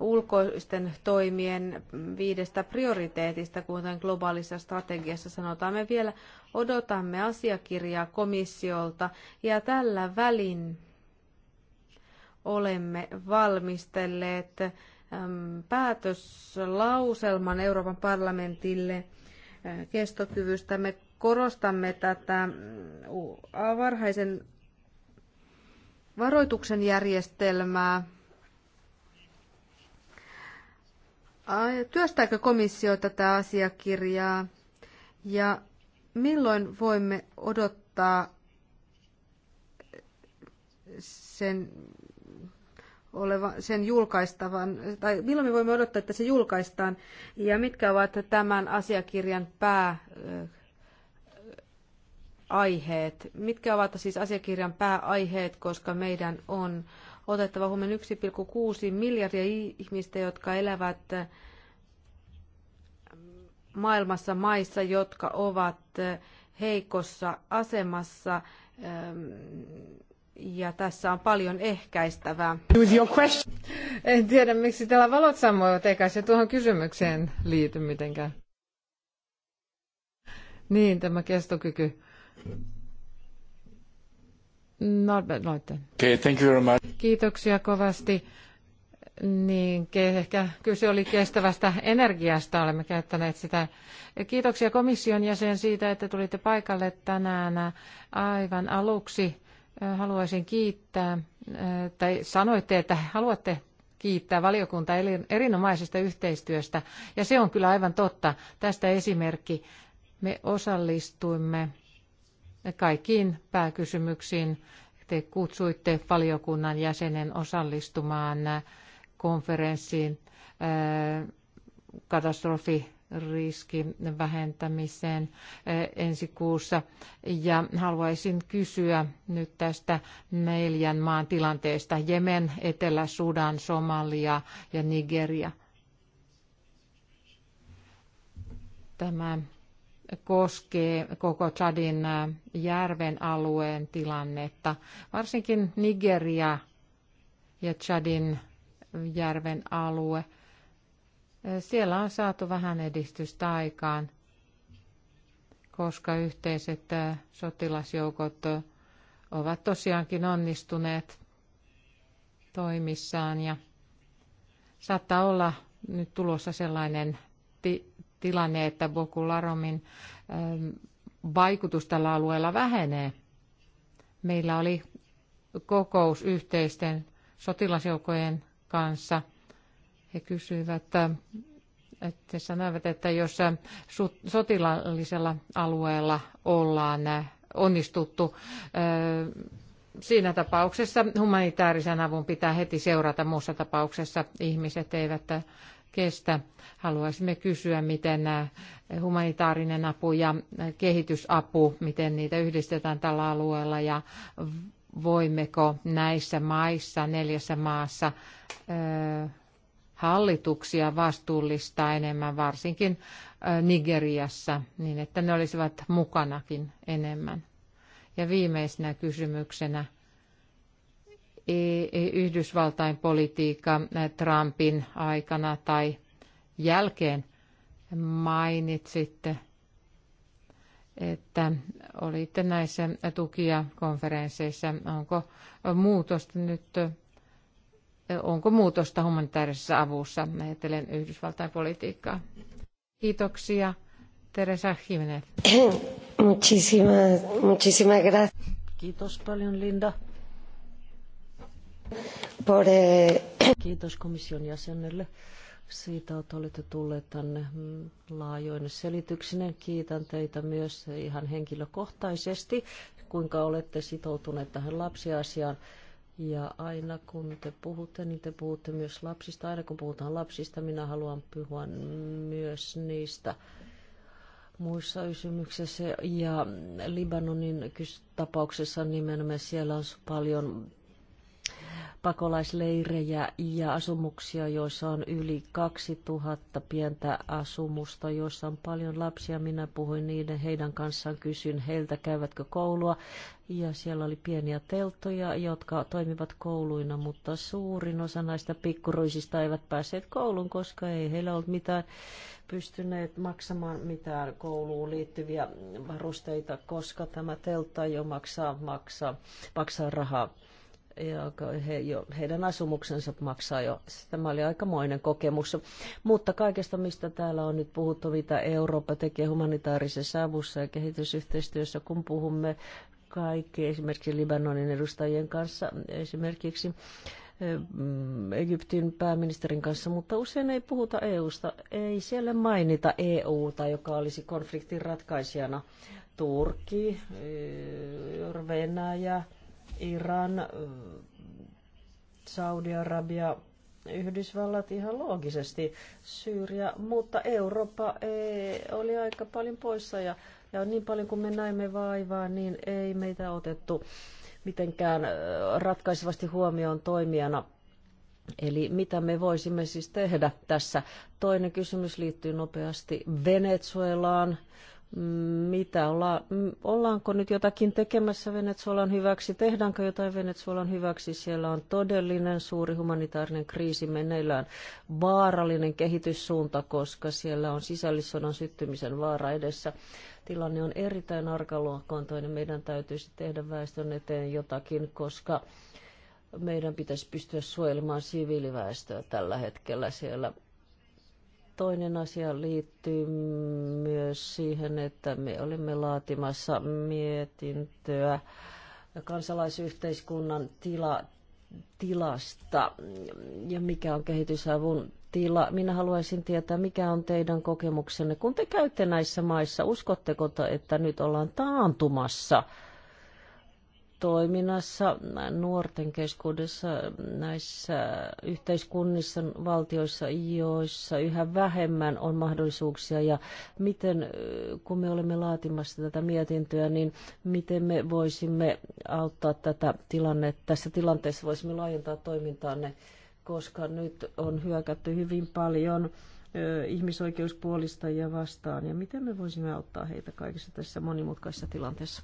ulkoisten toimien viidestä prioriteetista, kuten globaalissa strategiassa sanotaan. Me vielä odotamme asiakirjaa komissiolta ja tällä välin olemme valmistelleet päätöslauselman Euroopan parlamentille äh, kestokyvystä. Me korostamme tätä mm, varhaisen varoituksen järjestelmää. Työstääkö komissio tätä asiakirjaa ja milloin voimme odottaa sen oleva, sen julkaistavan, tai milloin me voimme odottaa, että se julkaistaan, ja mitkä ovat tämän asiakirjan pääaiheet? Äh, mitkä ovat siis asiakirjan pääaiheet, koska meidän on otettava huomioon 1,6 miljardia ihmistä, jotka elävät äh, maailmassa maissa, jotka ovat äh, heikossa asemassa ähm, ja tässä on paljon ehkäistävää. En tiedä, miksi täällä valot sammuivat, eikä se tuohon kysymykseen liity mitenkään. Niin, tämä kestokyky. Norbert Loitten. Okay, thank you very much. Kiitoksia kovasti. Niin, ehkä kyse oli kestävästä energiasta, olemme käyttäneet sitä. Kiitoksia komission jäsen siitä, että tulitte paikalle tänään aivan aluksi haluaisin kiittää, tai sanoitte, että haluatte kiittää valiokunta erinomaisesta yhteistyöstä. Ja se on kyllä aivan totta. Tästä esimerkki. Me osallistuimme kaikkiin pääkysymyksiin. Te kutsuitte valiokunnan jäsenen osallistumaan konferenssiin katastrofi riskin vähentämiseen eh, ensi kuussa. Ja haluaisin kysyä nyt tästä neljän maan tilanteesta. Jemen, Etelä-Sudan, Somalia ja Nigeria. Tämä koskee koko Chadin eh, järven alueen tilannetta, varsinkin Nigeria ja Chadin järven alue – siellä on saatu vähän edistystä aikaan, koska yhteiset sotilasjoukot ovat tosiaankin onnistuneet toimissaan ja saattaa olla nyt tulossa sellainen ti- tilanne, että Bokularomin vaikutus tällä alueella vähenee. Meillä oli kokous yhteisten sotilasjoukojen kanssa he kysyivät, että sanoivat, että jos sotilaallisella alueella ollaan onnistuttu, siinä tapauksessa humanitaarisen avun pitää heti seurata, muussa tapauksessa ihmiset eivät kestä. Haluaisimme kysyä, miten humanitaarinen apu ja kehitysapu, miten niitä yhdistetään tällä alueella ja voimmeko näissä maissa, neljässä maassa, hallituksia vastuullista enemmän, varsinkin Nigeriassa, niin että ne olisivat mukanakin enemmän. Ja viimeisenä kysymyksenä e, e, Yhdysvaltain politiikka Trumpin aikana tai jälkeen mainitsitte, että olitte näissä tukia konferensseissa. Onko muutosta nyt onko muutosta humanitaarisessa avussa, ajatellen Yhdysvaltain politiikkaa. Kiitoksia. Teresa Jimenez. Muchísimas gracias. Kiitos paljon Linda. Por, eh, Kiitos komission jäsenelle siitä, että olette tulleet tänne laajoin selityksinen. Kiitän teitä myös ihan henkilökohtaisesti, kuinka olette sitoutuneet tähän lapsiasiaan. Ja aina kun te puhutte, niin te puhutte myös lapsista. Aina kun puhutaan lapsista, minä haluan puhua myös niistä muissa kysymyksissä. Ja Libanonin tapauksessa nimenomaan siellä on paljon pakolaisleirejä ja asumuksia, joissa on yli 2000 pientä asumusta, joissa on paljon lapsia. Minä puhuin niiden, heidän kanssaan kysyin heiltä, käyvätkö koulua. Ja siellä oli pieniä teltoja, jotka toimivat kouluina, mutta suurin osa näistä pikkuruisista eivät päässeet kouluun, koska ei heillä ollut mitään pystyneet maksamaan mitään kouluun liittyviä varusteita, koska tämä teltta jo maksaa, maksaa, maksaa rahaa ja he, jo, heidän asumuksensa maksaa jo. Tämä oli aikamoinen kokemus. Mutta kaikesta, mistä täällä on nyt puhuttu, mitä Eurooppa tekee humanitaarisessa avussa ja kehitysyhteistyössä, kun puhumme kaikki esimerkiksi Libanonin edustajien kanssa, esimerkiksi mm, Egyptin pääministerin kanssa, mutta usein ei puhuta EUsta. Ei siellä mainita EUta, joka olisi konfliktin ratkaisijana. Turkki, eh, Venäjä, Iran, Saudi-Arabia, Yhdysvallat ihan loogisesti, Syyria, mutta Eurooppa ei, oli aika paljon poissa ja, ja niin paljon kuin me näimme vaivaa, niin ei meitä otettu mitenkään ratkaisevasti huomioon toimijana. Eli mitä me voisimme siis tehdä tässä? Toinen kysymys liittyy nopeasti Venezuelaan mitä olla, ollaanko nyt jotakin tekemässä Venezuelan hyväksi, tehdäänkö jotain Venezuelan hyväksi, siellä on todellinen suuri humanitaarinen kriisi meneillään, vaarallinen kehityssuunta, koska siellä on sisällissodan syttymisen vaara edessä. Tilanne on erittäin arkaluokkaantoinen. meidän täytyisi tehdä väestön eteen jotakin, koska meidän pitäisi pystyä suojelemaan siviiliväestöä tällä hetkellä siellä Toinen asia liittyy myös siihen, että me olimme laatimassa mietintöä kansalaisyhteiskunnan tila, tilasta ja mikä on kehitysavun tila. Minä haluaisin tietää, mikä on teidän kokemuksenne, kun te käytte näissä maissa. Uskotteko, että nyt ollaan taantumassa? toiminnassa nuorten keskuudessa näissä yhteiskunnissa, valtioissa, joissa yhä vähemmän on mahdollisuuksia ja miten, kun me olemme laatimassa tätä mietintöä, niin miten me voisimme auttaa tätä tilannetta, tässä tilanteessa voisimme laajentaa toimintaanne, koska nyt on hyökätty hyvin paljon ihmisoikeuspuolista ja vastaan ja miten me voisimme auttaa heitä kaikessa tässä monimutkaisessa tilanteessa.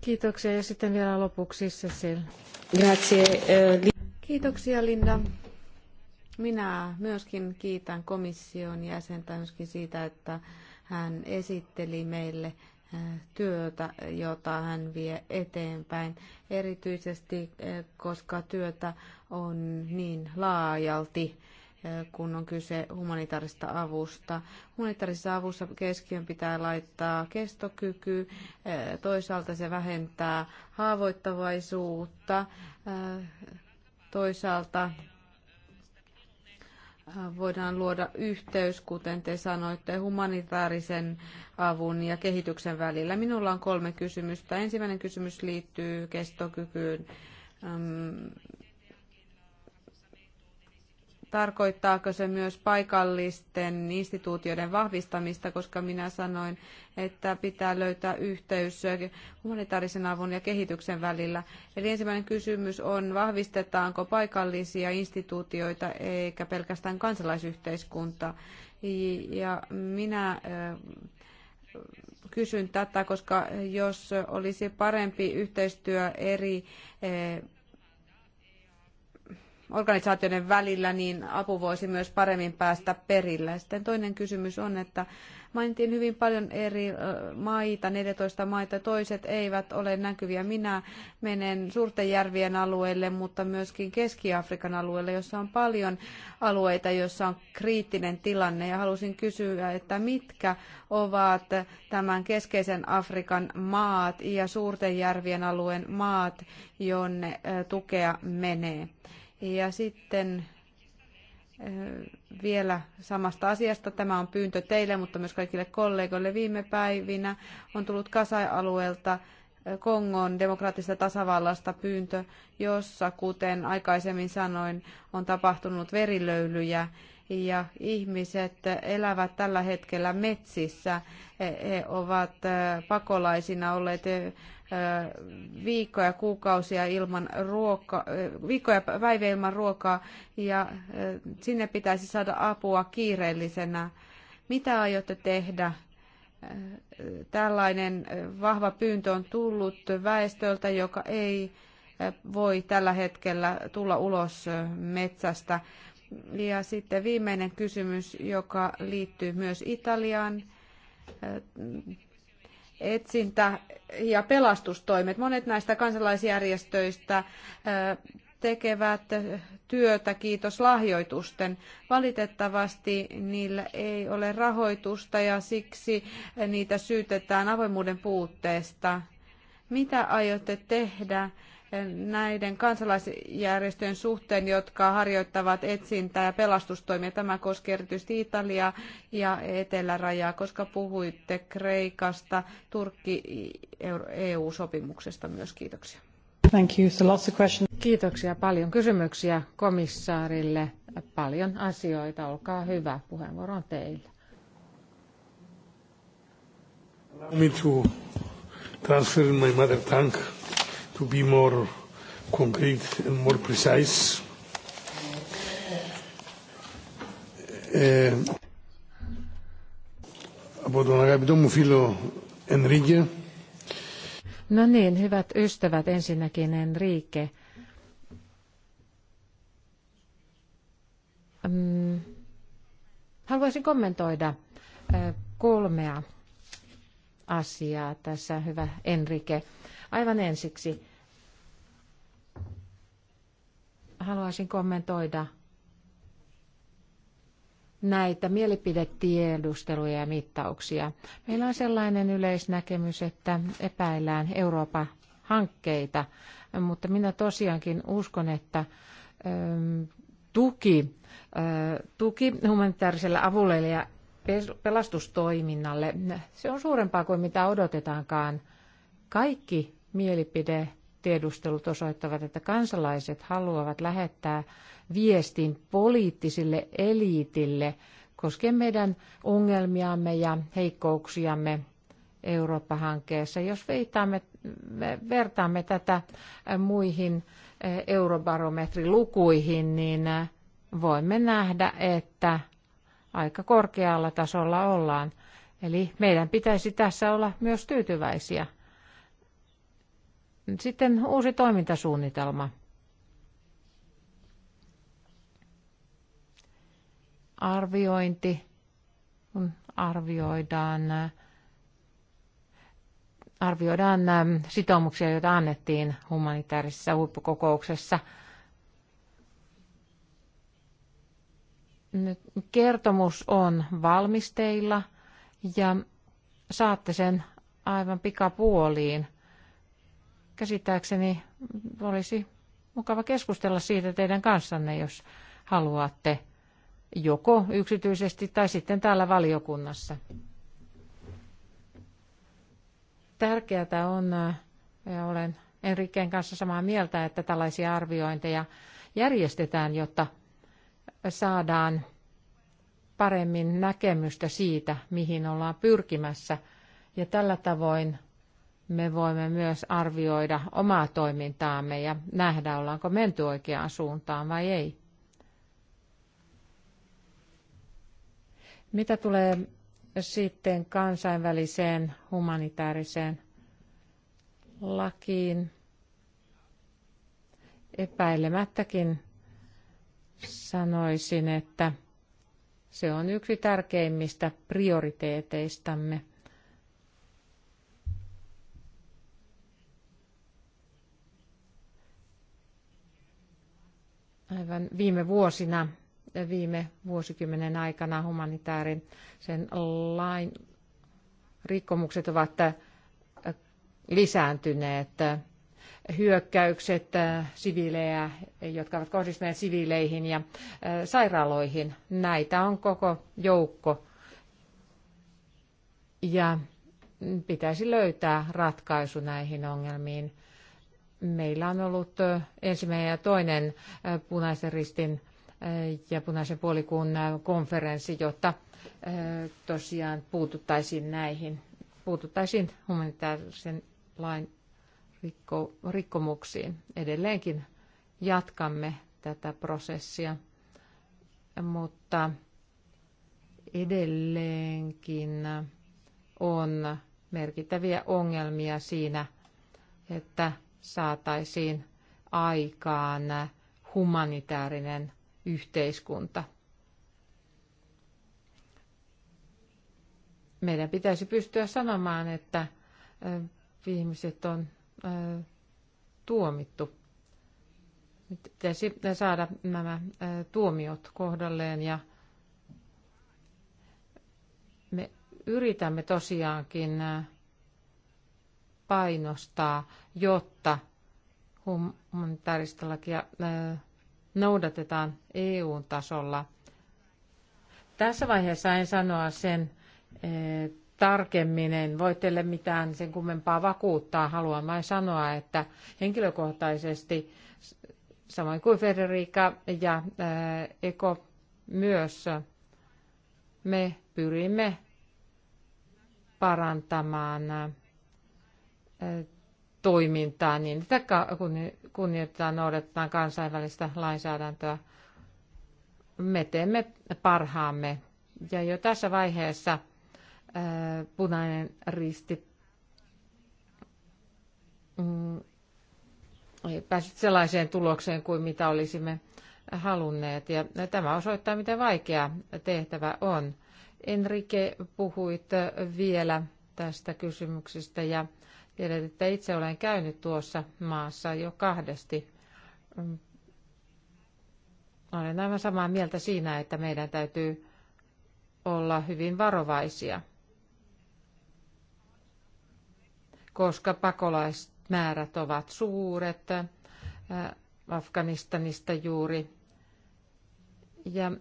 Kiitoksia ja sitten vielä lopuksi Cecil. Grazie. Kiitoksia Linda. Minä myöskin kiitän komission jäsentä myöskin siitä, että hän esitteli meille työtä, jota hän vie eteenpäin, erityisesti koska työtä on niin laajalti kun on kyse humanitaarista avusta. Humanitaarisessa avussa keskiön pitää laittaa kestokyky, toisaalta se vähentää haavoittavaisuutta, toisaalta voidaan luoda yhteys, kuten te sanoitte, humanitaarisen avun ja kehityksen välillä. Minulla on kolme kysymystä. Ensimmäinen kysymys liittyy kestokykyyn Tarkoittaako se myös paikallisten instituutioiden vahvistamista, koska minä sanoin, että pitää löytää yhteys humanitaarisen avun ja kehityksen välillä. Eli ensimmäinen kysymys on, vahvistetaanko paikallisia instituutioita eikä pelkästään kansalaisyhteiskuntaa. Ja minä kysyn tätä, koska jos olisi parempi yhteistyö eri organisaatioiden välillä, niin apu voisi myös paremmin päästä perille. Sitten toinen kysymys on, että mainittiin hyvin paljon eri maita, 14 maita, toiset eivät ole näkyviä. Minä menen suurten järvien alueelle, mutta myöskin Keski-Afrikan alueelle, jossa on paljon alueita, joissa on kriittinen tilanne. Ja halusin kysyä, että mitkä ovat tämän keskeisen Afrikan maat ja suurten järvien alueen maat, jonne tukea menee. Ja sitten vielä samasta asiasta. Tämä on pyyntö teille, mutta myös kaikille kollegoille. Viime päivinä on tullut Kasai-alueelta Kongon demokraattisesta tasavallasta pyyntö, jossa, kuten aikaisemmin sanoin, on tapahtunut verilöylyjä ja ihmiset elävät tällä hetkellä metsissä. He ovat pakolaisina olleet viikkoja, kuukausia ilman ruokaa, viikkoja päiviä ilman ruokaa ja sinne pitäisi saada apua kiireellisenä. Mitä aiotte tehdä, tällainen vahva pyyntö on tullut väestöltä, joka ei voi tällä hetkellä tulla ulos metsästä. Ja sitten viimeinen kysymys, joka liittyy myös Italiaan. Etsintä ja pelastustoimet. Monet näistä kansalaisjärjestöistä tekevät työtä kiitos lahjoitusten. Valitettavasti niillä ei ole rahoitusta ja siksi niitä syytetään avoimuuden puutteesta. Mitä aiotte tehdä näiden kansalaisjärjestöjen suhteen, jotka harjoittavat etsintää ja pelastustoimia? Tämä koskee erityisesti Italiaa ja Etelärajaa, koska puhuitte Kreikasta, Turkki EU-sopimuksesta e myös. Kiitoksia. Kiitoksia paljon kysymyksiä komissaarille. Paljon asioita. Olkaa hyvä. Puheenvuoro on teillä. Me to transfer my mother tongue to be more concrete and more precise. Eh, από τον αγαπητό μου φίλο No niin, hyvät ystävät, ensinnäkin Enrique. Mm, haluaisin kommentoida kolmea asiaa tässä, hyvä Enrique. Aivan ensiksi haluaisin kommentoida näitä mielipidetiedusteluja ja mittauksia. Meillä on sellainen yleisnäkemys, että epäillään Euroopan hankkeita, mutta minä tosiaankin uskon, että ähm, tuki, äh, tuki humanitaariselle avulle ja pelastustoiminnalle, se on suurempaa kuin mitä odotetaankaan. Kaikki mielipide tiedustelut osoittavat, että kansalaiset haluavat lähettää viestin poliittisille eliitille koskien meidän ongelmiamme ja heikkouksiamme Eurooppa-hankkeessa. Jos veitaamme, vertaamme tätä muihin eh, eurobarometrilukuihin, niin eh, voimme nähdä, että aika korkealla tasolla ollaan. Eli meidän pitäisi tässä olla myös tyytyväisiä. Sitten uusi toimintasuunnitelma. arviointi, kun arvioidaan, arvioidaan sitoumuksia, joita annettiin humanitaarisessa huippukokouksessa. Nyt kertomus on valmisteilla ja saatte sen aivan pikapuoliin. Käsittääkseni olisi mukava keskustella siitä teidän kanssanne, jos haluatte joko yksityisesti tai sitten täällä valiokunnassa. Tärkeää on, ja olen Enrikkeen kanssa samaa mieltä, että tällaisia arviointeja järjestetään, jotta saadaan paremmin näkemystä siitä, mihin ollaan pyrkimässä. Ja tällä tavoin me voimme myös arvioida omaa toimintaamme ja nähdä, ollaanko menty oikeaan suuntaan vai ei. Mitä tulee sitten kansainväliseen humanitaariseen lakiin, epäilemättäkin sanoisin, että se on yksi tärkeimmistä prioriteeteistamme. Aivan viime vuosina viime vuosikymmenen aikana humanitaarisen lain rikkomukset ovat äh, lisääntyneet. Hyökkäykset äh, siviilejä, jotka ovat kohdistuneet siviileihin ja äh, sairaaloihin, näitä on koko joukko. Ja pitäisi löytää ratkaisu näihin ongelmiin. Meillä on ollut ensimmäinen ja toinen punaisen ristin Eh, ja punaisen puolikuun konferenssi, jotta eh, tosiaan puututtaisiin näihin, puututtaisiin humanitaarisen lain rikko, rikkomuksiin. Edelleenkin jatkamme tätä prosessia, mutta edelleenkin on merkittäviä ongelmia siinä, että saataisiin aikaan humanitaarinen yhteiskunta. Meidän pitäisi pystyä sanomaan, että ihmiset on tuomittu. Pitäisi saada nämä tuomiot kohdalleen ja me yritämme tosiaankin painostaa, jotta humanitaarista lakia noudatetaan EU-tasolla. Tässä vaiheessa en sanoa sen eh, tarkemmin, en voi teille mitään sen kummempaa vakuuttaa. Haluan vain sanoa, että henkilökohtaisesti, samoin kuin Federica ja eh, Eko myös, me pyrimme parantamaan eh, toimintaa niin, että kun kunnioitetaan, noudatetaan kansainvälistä lainsäädäntöä. Me teemme parhaamme. Ja jo tässä vaiheessa äh, punainen risti mm, ei päässyt sellaiseen tulokseen kuin mitä olisimme halunneet. Ja tämä osoittaa, miten vaikea tehtävä on. Enrique, puhuit vielä tästä kysymyksestä ja Tiedät, että itse olen käynyt tuossa maassa jo kahdesti. Olen aivan samaa mieltä siinä, että meidän täytyy olla hyvin varovaisia, koska pakolaismäärät ovat suuret Afganistanista juuri. Ja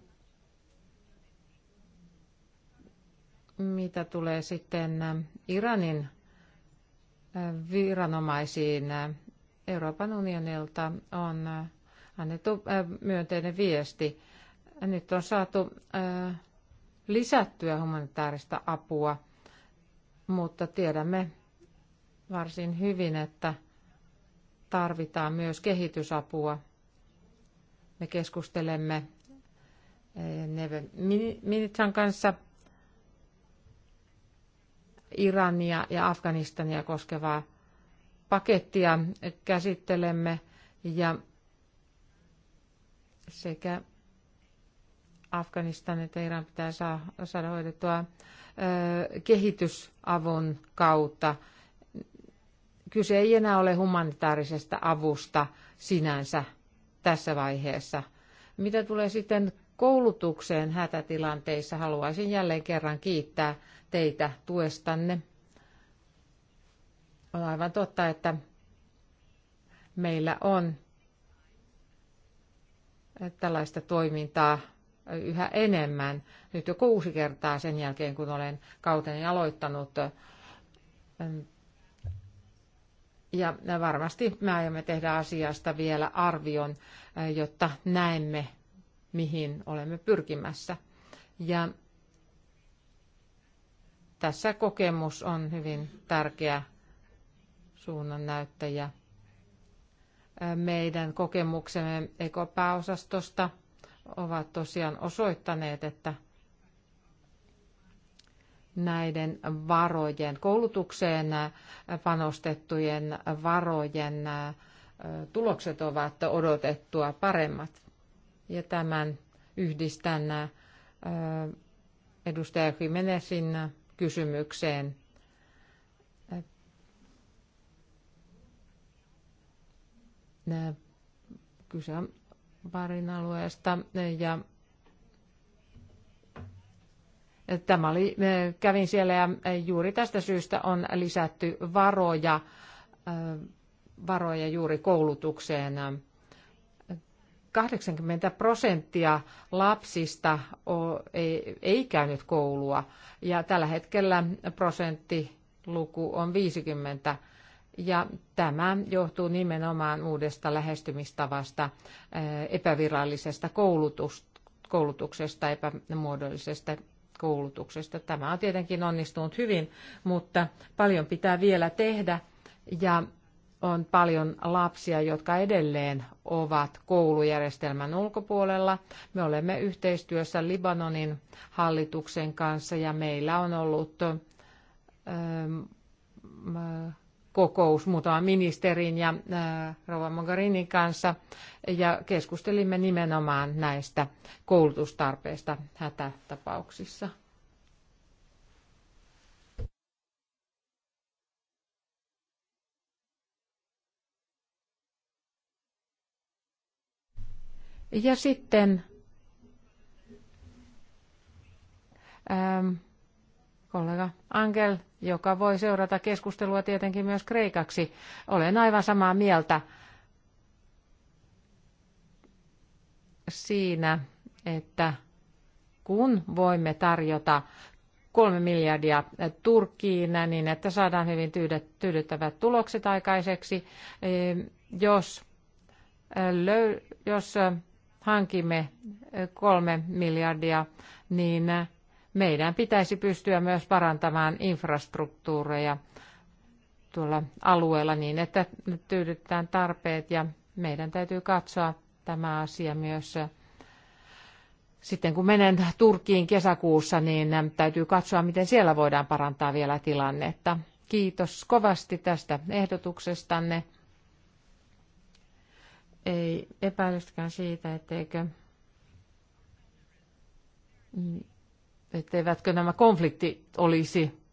mitä tulee sitten Iranin viranomaisiin Euroopan unionilta on annettu äh, myönteinen viesti. Nyt on saatu äh, lisättyä humanitaarista apua, mutta tiedämme varsin hyvin, että tarvitaan myös kehitysapua. Me keskustelemme äh, Neve Minitsan kanssa Irania ja Afganistania koskevaa pakettia käsittelemme ja sekä Afganistan että Iran pitää saa, saada hoidettua kehitysavun kautta. Kyse ei enää ole humanitaarisesta avusta sinänsä tässä vaiheessa. Mitä tulee sitten koulutukseen hätätilanteissa, haluaisin jälleen kerran kiittää teitä tuestanne. On aivan totta, että meillä on tällaista toimintaa yhä enemmän. Nyt jo kuusi kertaa sen jälkeen, kun olen kauteni aloittanut. Ja varmasti me aiomme tehdä asiasta vielä arvion, jotta näemme, mihin olemme pyrkimässä. Ja tässä kokemus on hyvin tärkeä suunnannäyttäjä. Meidän kokemuksemme ekopääosastosta ovat tosiaan osoittaneet, että näiden varojen, koulutukseen panostettujen varojen tulokset ovat odotettua paremmat. Ja tämän yhdistän edustaja Jimenezin kysymykseen. Kyse on Varin alueesta ja Tämä oli, kävin siellä ja juuri tästä syystä on lisätty varoja, varoja juuri koulutukseen 80 prosenttia lapsista ei käynyt koulua ja tällä hetkellä prosenttiluku on 50. Ja tämä johtuu nimenomaan uudesta lähestymistavasta, eh, epävirallisesta koulutuksesta, epämuodollisesta koulutuksesta. Tämä on tietenkin onnistunut hyvin, mutta paljon pitää vielä tehdä ja on paljon lapsia, jotka edelleen ovat koulujärjestelmän ulkopuolella. Me olemme yhteistyössä Libanonin hallituksen kanssa ja meillä on ollut ähm, äh, kokous muutaman ministerin ja äh, Rova Mogherinin kanssa ja keskustelimme nimenomaan näistä koulutustarpeista hätätapauksissa. Ja sitten ähm, kollega Angel, joka voi seurata keskustelua tietenkin myös kreikaksi. Olen aivan samaa mieltä siinä, että kun voimme tarjota kolme miljardia Turkkiin niin, että saadaan hyvin tyydyttävät tulokset aikaiseksi, jos, jos hankimme kolme miljardia, niin meidän pitäisi pystyä myös parantamaan infrastruktuureja tuolla alueella niin, että tyydytetään tarpeet ja meidän täytyy katsoa tämä asia myös sitten kun menen Turkkiin kesäkuussa, niin täytyy katsoa, miten siellä voidaan parantaa vielä tilannetta. Kiitos kovasti tästä ehdotuksestanne ei epäilystäkään siitä, etteikö mm, etteivätkö nämä konfliktit olisi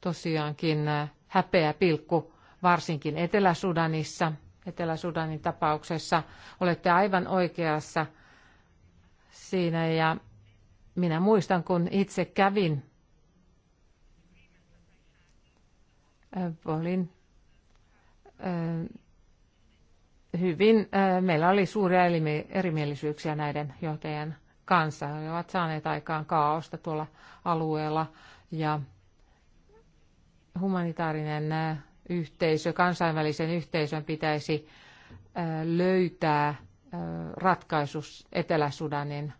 tosiaankin äh, häpeä pilkku, varsinkin Etelä-Sudanissa, Etelä-Sudanin tapauksessa. Olette aivan oikeassa siinä ja minä muistan, kun itse kävin äh, olin äh, hyvin, äh, meillä oli suuria erimielisyyksiä näiden johtajien kanssa. He ovat saaneet aikaan kaaosta tuolla alueella ja humanitaarinen äh, yhteisö, kansainvälisen yhteisön pitäisi äh, löytää ratkaisu Etelä-Sudanin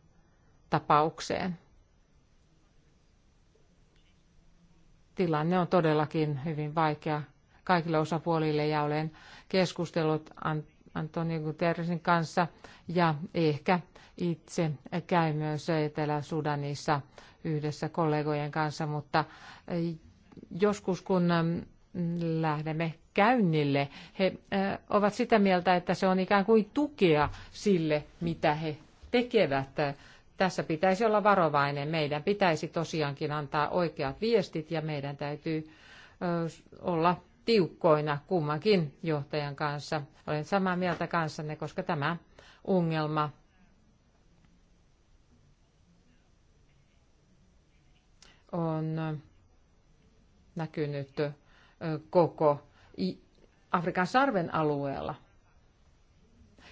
tapaukseen. Tilanne on todellakin hyvin vaikea kaikille osapuolille ja olen keskustellut Antonio Guterresin kanssa ja ehkä itse käy myös Etelä-Sudanissa yhdessä kollegojen kanssa, mutta eh, joskus kun mm, lähdemme käynnille, he eh, ovat sitä mieltä, että se on ikään kuin tukea sille, mitä he tekevät. Tässä pitäisi olla varovainen. Meidän pitäisi tosiaankin antaa oikeat viestit ja meidän täytyy eh, olla tiukkoina kummankin johtajan kanssa. Olen samaa mieltä kanssanne, koska tämä ongelma on näkynyt koko Afrikan sarven alueella.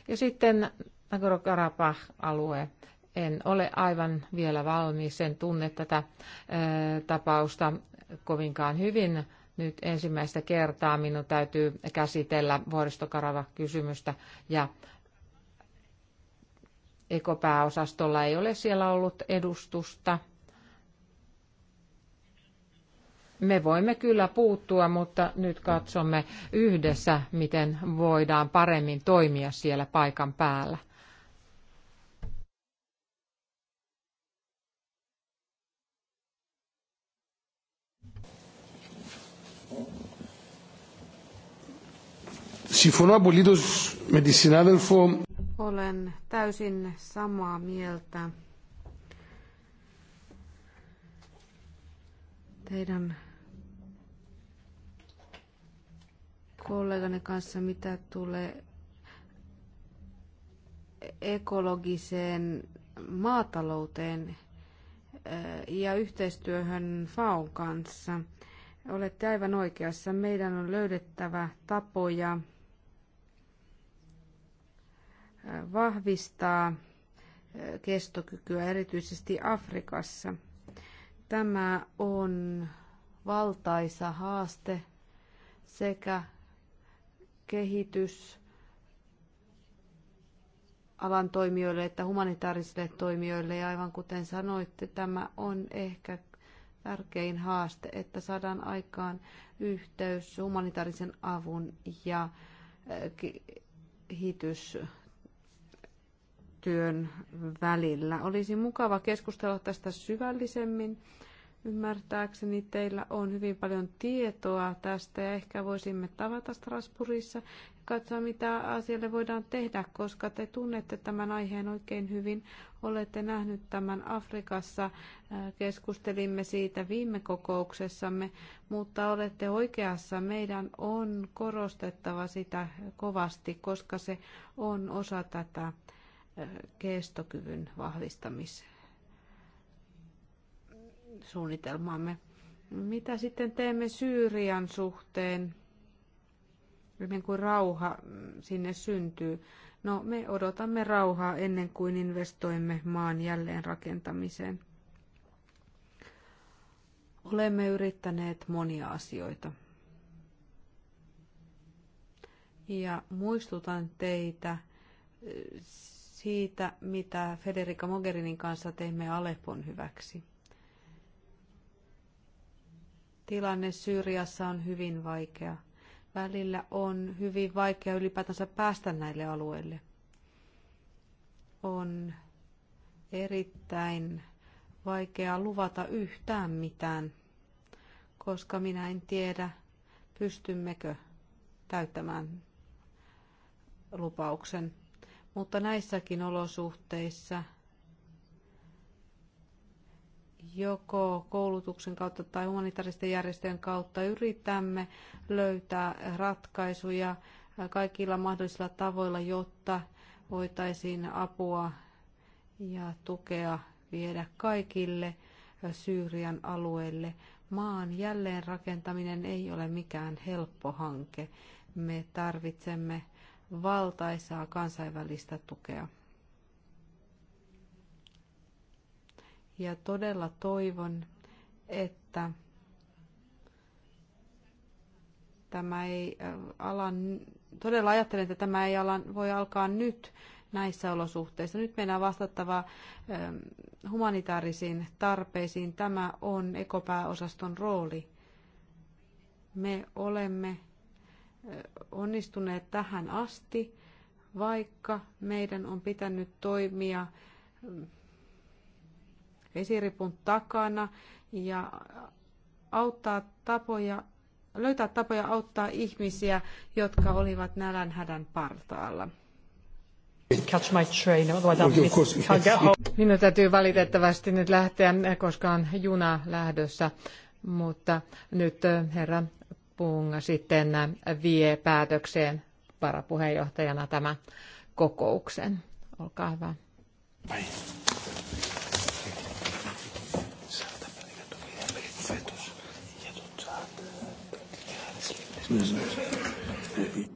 Ja sitten Nagorno-Karabakh-alue. En ole aivan vielä valmis, en tunne tätä tapausta kovinkaan hyvin, nyt ensimmäistä kertaa minun täytyy käsitellä vuoristokarava-kysymystä ja ekopääosastolla ei ole siellä ollut edustusta. Me voimme kyllä puuttua, mutta nyt katsomme yhdessä, miten voidaan paremmin toimia siellä paikan päällä. Συμφωνώ απολύτως με τη συνάδελφο. Olen täysin samaa mieltä teidän kollegani kanssa, mitä tulee ekologiseen maatalouteen eh, ja yhteistyöhön faun kanssa. Olette aivan oikeassa. Meidän on löydettävä tapoja vahvistaa kestokykyä erityisesti Afrikassa. Tämä on valtaisa haaste sekä kehitys alan toimijoille että humanitaarisille toimijoille. Ja aivan kuten sanoitte, tämä on ehkä tärkein haaste, että saadaan aikaan yhteys humanitaarisen avun ja kehitys työn välillä. Olisi mukava keskustella tästä syvällisemmin. Ymmärtääkseni teillä on hyvin paljon tietoa tästä ja ehkä voisimme tavata Strasbourgissa ja katsoa, mitä asialle voidaan tehdä, koska te tunnette tämän aiheen oikein hyvin. Olette nähnyt tämän Afrikassa, äh, keskustelimme siitä viime kokouksessamme, mutta olette oikeassa. Meidän on korostettava sitä kovasti, koska se on osa tätä kestokyvyn vahvistamissuunnitelmaamme. Mitä sitten teemme Syyrian suhteen, ennen kuin rauha sinne syntyy? No, me odotamme rauhaa ennen kuin investoimme maan jälleenrakentamiseen. Olemme yrittäneet monia asioita. Ja muistutan teitä siitä, mitä Federica Mogherinin kanssa teimme Aleppon hyväksi. Tilanne Syyriassa on hyvin vaikea. Välillä on hyvin vaikea ylipäätänsä päästä näille alueille. On erittäin vaikea luvata yhtään mitään, koska minä en tiedä, pystymmekö täyttämään lupauksen. Mutta näissäkin olosuhteissa joko koulutuksen kautta tai humanitaaristen järjestöjen kautta yritämme löytää ratkaisuja kaikilla mahdollisilla tavoilla, jotta voitaisiin apua ja tukea viedä kaikille Syyrian alueelle. Maan jälleenrakentaminen ei ole mikään helppo hanke. Me tarvitsemme valtaisaa kansainvälistä tukea. Ja todella toivon, että tämä ei äh, alan, todella ajattelen, että tämä ei alan, voi alkaa nyt näissä olosuhteissa. Nyt meidän on vastattava ähm, humanitaarisiin tarpeisiin. Tämä on ekopääosaston rooli. Me olemme onnistuneet tähän asti, vaikka meidän on pitänyt toimia esiripun takana ja auttaa tapoja, löytää tapoja auttaa ihmisiä, jotka olivat nälänhädän partaalla. Catch my train, Minun täytyy valitettavasti nyt lähteä, koska on juna lähdössä. Mutta nyt eh, herra Pung sitten vie päätökseen varapuheenjohtajana tämä kokouksen. Olkaa hyvä. Mm.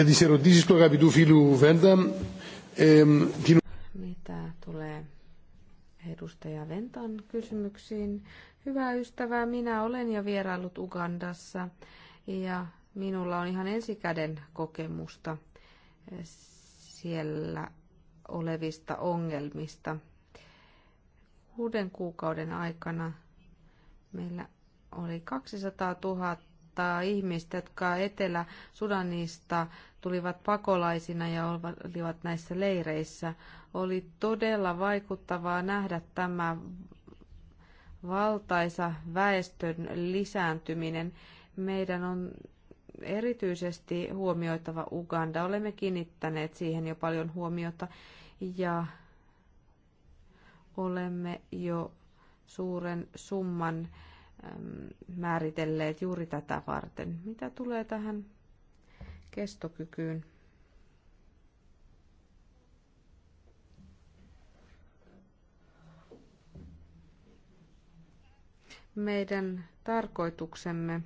Για τις ερωτήσεις του αγαπητού φίλου Βέντα, Mitä tulee edustaja Ventan kysymyksiin? Hyvä ystävä, minä olen ja vierailut Ugandassa ja minulla on ihan ensikäden kokemusta siellä olevista ongelmista. Kuuden kuukauden aikana meillä oli 200 000 ihmistä, jotka Etelä-Sudanista tulivat pakolaisina ja olivat näissä leireissä. Oli todella vaikuttavaa nähdä tämä valtaisa väestön lisääntyminen. Meidän on erityisesti huomioitava Uganda. Olemme kiinnittäneet siihen jo paljon huomiota ja olemme jo suuren summan määritelleet juuri tätä varten. Mitä tulee tähän kestokykyyn. Meidän tarkoituksemme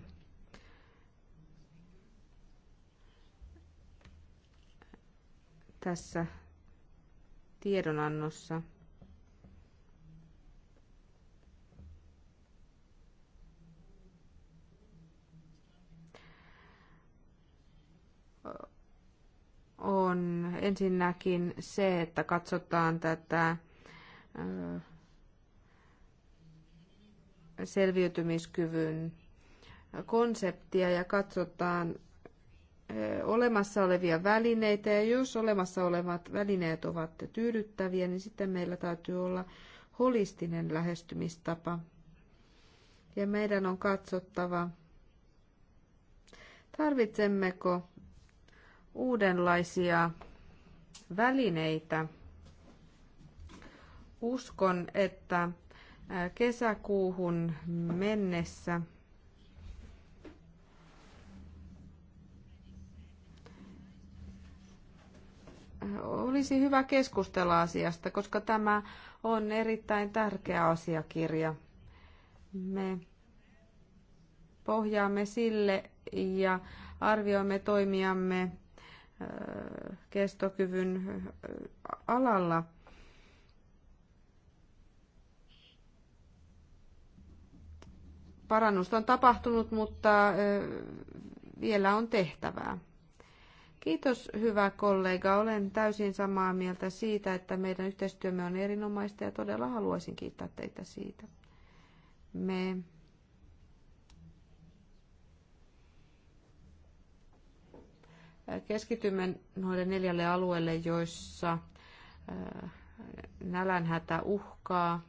tässä tiedonannossa – on ensinnäkin se, että katsotaan tätä selviytymiskyvyn konseptia ja katsotaan olemassa olevia välineitä. Ja jos olemassa olevat välineet ovat tyydyttäviä, niin sitten meillä täytyy olla holistinen lähestymistapa. Ja meidän on katsottava, tarvitsemmeko uudenlaisia välineitä. Uskon, että kesäkuuhun mennessä olisi hyvä keskustella asiasta, koska tämä on erittäin tärkeä asiakirja. Me pohjaamme sille ja arvioimme toimiamme kestokyvyn alalla. Parannusta on tapahtunut, mutta vielä on tehtävää. Kiitos, hyvä kollega. Olen täysin samaa mieltä siitä, että meidän yhteistyömme on erinomaista ja todella haluaisin kiittää teitä siitä. Me Keskitymme noille neljälle alueelle, joissa nälänhätä uhkaa.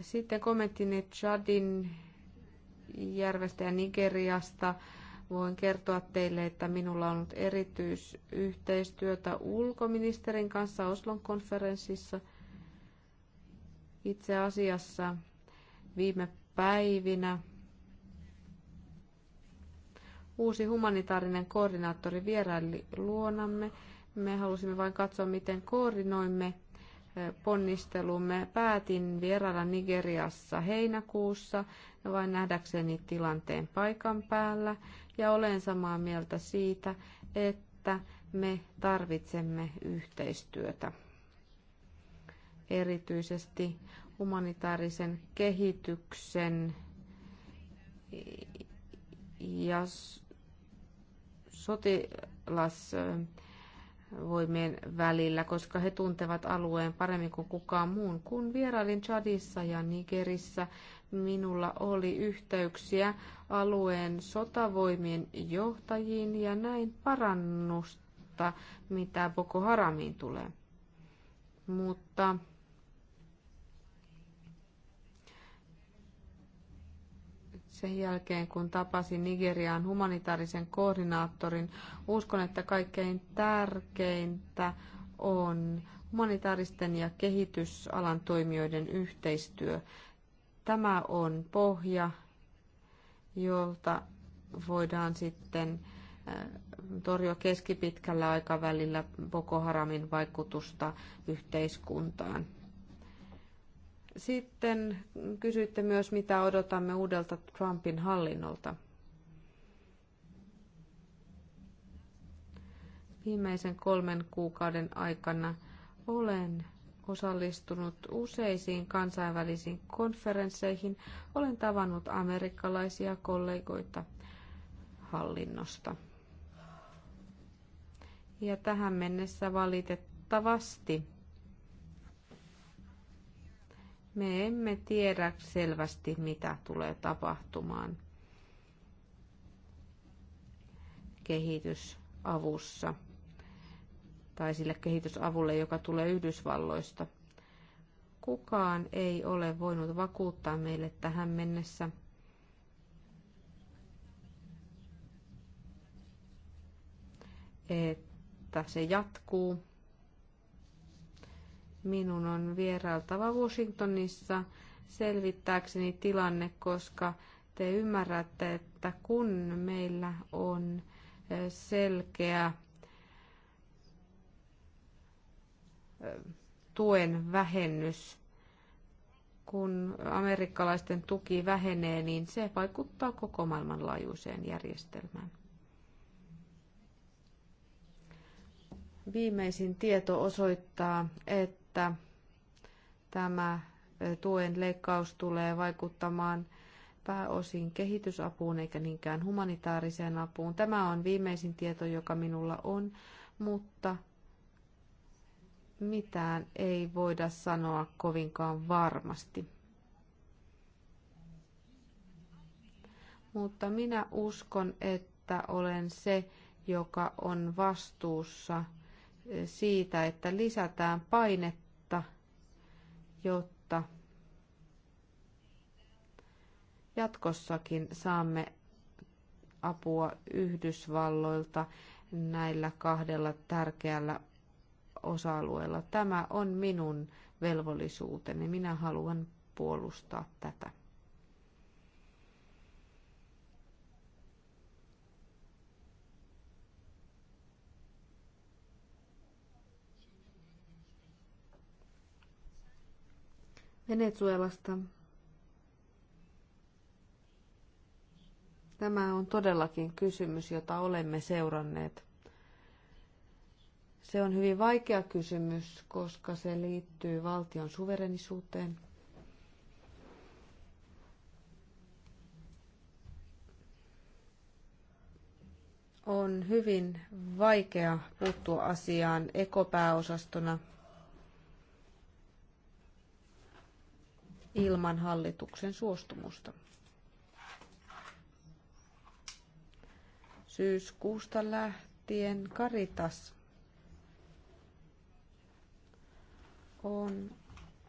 Sitten kommenttini Chadin järvestä ja Nigeriasta. Voin kertoa teille, että minulla on ollut erityisyhteistyötä ulkoministerin kanssa Oslon konferenssissa. Itse asiassa viime päivinä Uusi humanitaarinen koordinaattori vieraili luonamme. Me halusimme vain katsoa, miten koordinoimme ponnistelumme. Päätin vierailla Nigeriassa heinäkuussa vain nähdäkseni tilanteen paikan päällä ja olen samaa mieltä siitä, että me tarvitsemme yhteistyötä. Erityisesti humanitaarisen kehityksen ja sotilasvoimien välillä, koska he tuntevat alueen paremmin kuin kukaan muun. Kun vierailin Chadissa ja Nigerissä, minulla oli yhteyksiä alueen sotavoimien johtajiin ja näin parannusta, mitä Boko Haramiin tulee. Mutta sen jälkeen, kun tapasin Nigerian humanitaarisen koordinaattorin. Uskon, että kaikkein tärkeintä on humanitaaristen ja kehitysalan toimijoiden yhteistyö. Tämä on pohja, jolta voidaan sitten äh, torjua keskipitkällä aikavälillä Boko Haramin vaikutusta yhteiskuntaan. Sitten kysyitte myös, mitä odotamme uudelta Trumpin hallinnolta. Viimeisen kolmen kuukauden aikana olen osallistunut useisiin kansainvälisiin konferensseihin. Olen tavannut amerikkalaisia kollegoita hallinnosta. Ja tähän mennessä valitettavasti me emme tiedä selvästi, mitä tulee tapahtumaan kehitysavussa tai sille kehitysavulle, joka tulee Yhdysvalloista. Kukaan ei ole voinut vakuuttaa meille tähän mennessä, että se jatkuu Minun on vierailtava Washingtonissa selvittääkseni tilanne, koska te ymmärrätte, että kun meillä on selkeä tuen vähennys, kun amerikkalaisten tuki vähenee, niin se vaikuttaa koko maailmanlaajuiseen järjestelmään. Viimeisin tieto osoittaa, että että tämä tuen leikkaus tulee vaikuttamaan pääosin kehitysapuun eikä niinkään humanitaariseen apuun. Tämä on viimeisin tieto, joka minulla on, mutta mitään ei voida sanoa kovinkaan varmasti. Mutta minä uskon, että olen se, joka on vastuussa siitä, että lisätään painetta jotta jatkossakin saamme apua Yhdysvalloilta näillä kahdella tärkeällä osa-alueella. Tämä on minun velvollisuuteni. Minä haluan puolustaa tätä. Venezuelasta. Tämä on todellakin kysymys, jota olemme seuranneet. Se on hyvin vaikea kysymys, koska se liittyy valtion suverenisuuteen. On hyvin vaikea puuttua asiaan ekopääosastona – ilman hallituksen suostumusta. Syyskuusta lähtien Karitas on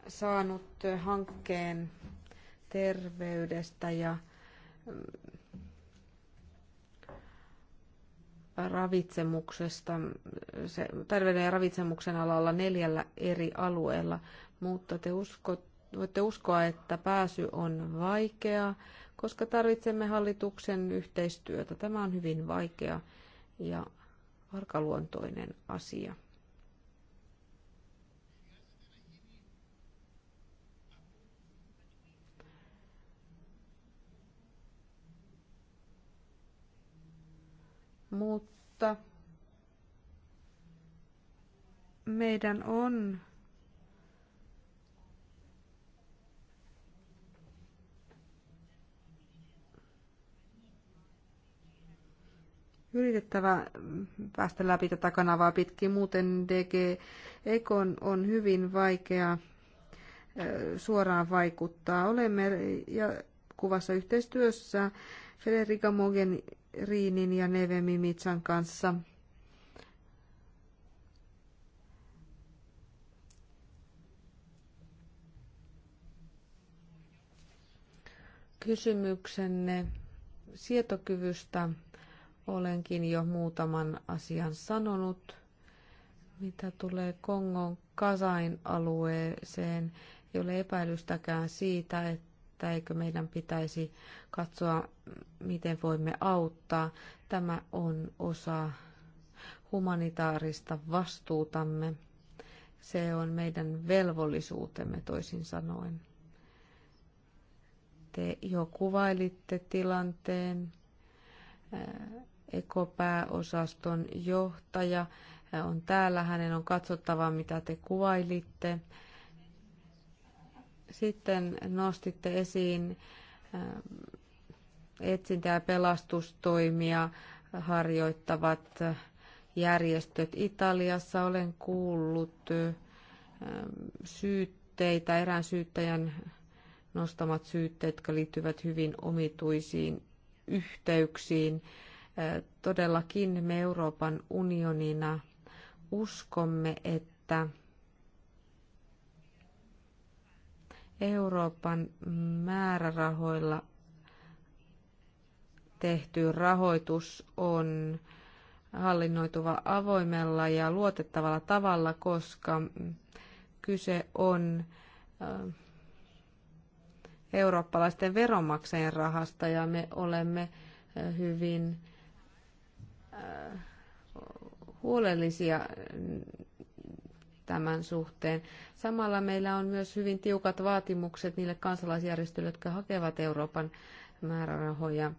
saanut hankkeen terveydestä ja mm, ravitsemuksesta, se, terveyden ja ravitsemuksen alalla neljällä eri alueella, mutta te uskot, voitte uskoa, että pääsy on vaikea, koska tarvitsemme hallituksen yhteistyötä. Tämä on hyvin vaikea ja arkaluontoinen asia. Mutta meidän on yritettävä päästä läpi tätä kanavaa pitkin, muuten DG Ekon on hyvin vaikea suoraan vaikuttaa. Olemme ja kuvassa yhteistyössä Federica Mogherinin ja Neve Mimitsan kanssa. Kysymyksenne sietokyvystä Olenkin jo muutaman asian sanonut, mitä tulee Kongon Kasain alueeseen. Ei ole epäilystäkään siitä, että eikö meidän pitäisi katsoa, miten voimme auttaa. Tämä on osa humanitaarista vastuutamme. Se on meidän velvollisuutemme toisin sanoen. Te jo kuvailitte tilanteen ekopääosaston johtaja on täällä. Hänen on katsottava, mitä te kuvailitte. Sitten nostitte esiin ähm, etsintä- ja pelastustoimia harjoittavat järjestöt Italiassa. Olen kuullut ähm, syytteitä, erään syyttäjän nostamat syytteet, jotka liittyvät hyvin omituisiin yhteyksiin Todellakin me Euroopan unionina uskomme, että Euroopan määrärahoilla tehty rahoitus on hallinnoituva avoimella ja luotettavalla tavalla, koska kyse on eurooppalaisten veronmaksajien rahasta ja me olemme hyvin Äh, huolellisia tämän suhteen. Samalla meillä on myös hyvin tiukat vaatimukset niille kansalaisjärjestöille, jotka hakevat Euroopan määrärahoja. Äh,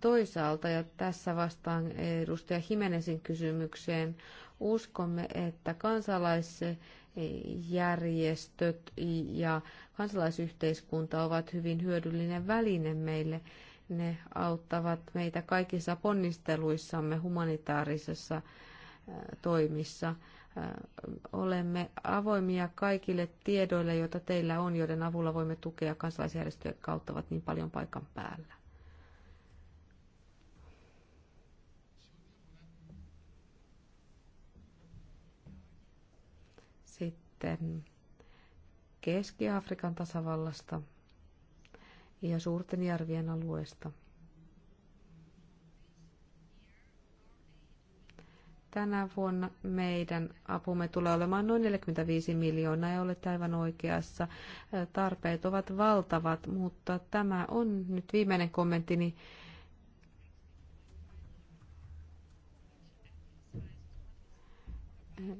toisaalta, ja tässä vastaan edustaja Himenesin kysymykseen, uskomme, että kansalaisjärjestöt ja kansalaisyhteiskunta ovat hyvin hyödyllinen väline meille ne auttavat meitä kaikissa ponnisteluissamme humanitaarisessa toimissa. Olemme avoimia kaikille tiedoille, joita teillä on, joiden avulla voimme tukea kansalaisjärjestöjä, jotka auttavat niin paljon paikan päällä. Sitten Keski-Afrikan tasavallasta – ja suurten järvien alueesta. Tänä vuonna meidän apumme tulee olemaan noin 45 miljoonaa ja olet aivan oikeassa. Tarpeet ovat valtavat, mutta tämä on nyt viimeinen kommenttini.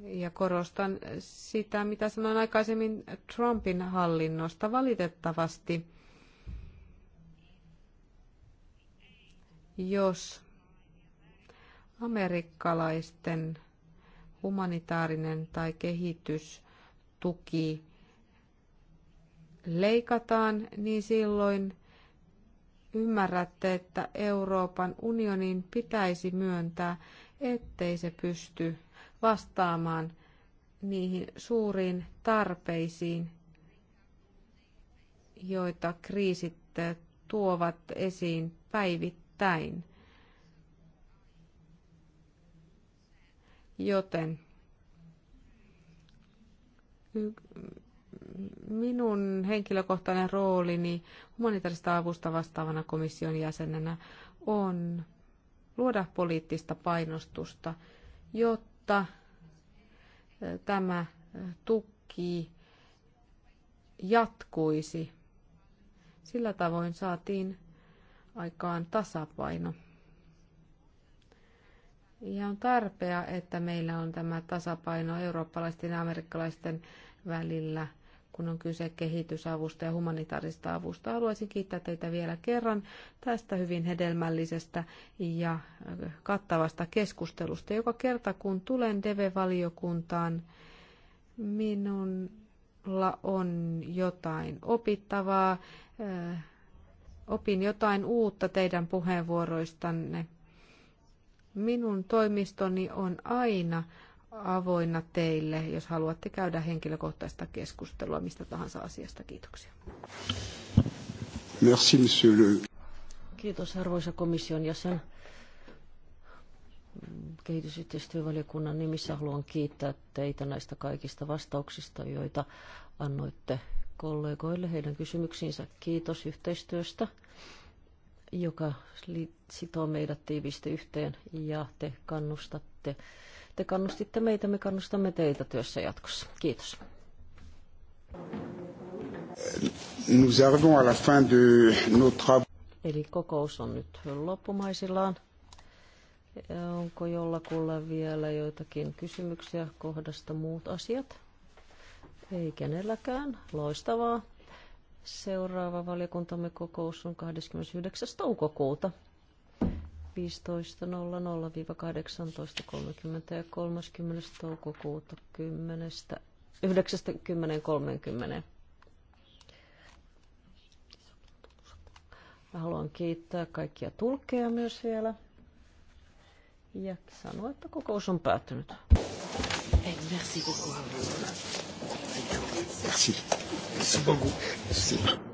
Ja korostan sitä, mitä sanoin aikaisemmin Trumpin hallinnosta. Valitettavasti jos amerikkalaisten humanitaarinen tai kehitystuki leikataan, niin silloin ymmärrätte, että Euroopan unionin pitäisi myöntää, ettei se pysty vastaamaan niihin suuriin tarpeisiin, joita kriisit tuovat esiin päivittäin päin. Joten minun henkilökohtainen roolini humanitaarista avusta vastaavana komission jäsenenä on luoda poliittista painostusta, jotta e, tämä e, tuki jatkuisi. Sillä tavoin saatiin aikaan tasapaino. Ja on tärkeää, että meillä on tämä tasapaino eurooppalaisten ja amerikkalaisten välillä, kun on kyse kehitysavusta ja humanitaarista avusta. Haluaisin kiittää teitä vielä kerran tästä hyvin hedelmällisestä ja kattavasta keskustelusta. Joka kerta, kun tulen DEVE-valiokuntaan, minulla on jotain opittavaa opin jotain uutta teidän puheenvuoroistanne. Minun toimistoni on aina avoinna teille, jos haluatte käydä henkilökohtaista keskustelua mistä tahansa asiasta. Kiitoksia. Merci, monsieur le... Kiitos arvoisa komission jäsen. Kehitysyhteistyövaliokunnan nimissä haluan kiittää teitä näistä kaikista vastauksista, joita annoitte kollegoille heidän kysymyksiinsä. Kiitos yhteistyöstä, joka sitoo meidät tiivisti yhteen ja te kannustatte. Te kannustitte meitä, me kannustamme teitä työssä jatkossa. Kiitos. Nous arrivons à la fin de Eli kokous on nyt loppumaisillaan. Onko jollakulla vielä joitakin kysymyksiä kohdasta muut asiat? Ei kenelläkään. Loistavaa. Seuraava valiokuntamme kokous on 29. toukokuuta 15.00-18.30 ja 30. toukokuuta 10. haluan kiittää kaikkia tulkkeja myös vielä. Ja sanoa, että kokous on päättynyt. Merci beaucoup. Merci. Merci beaucoup. Merci.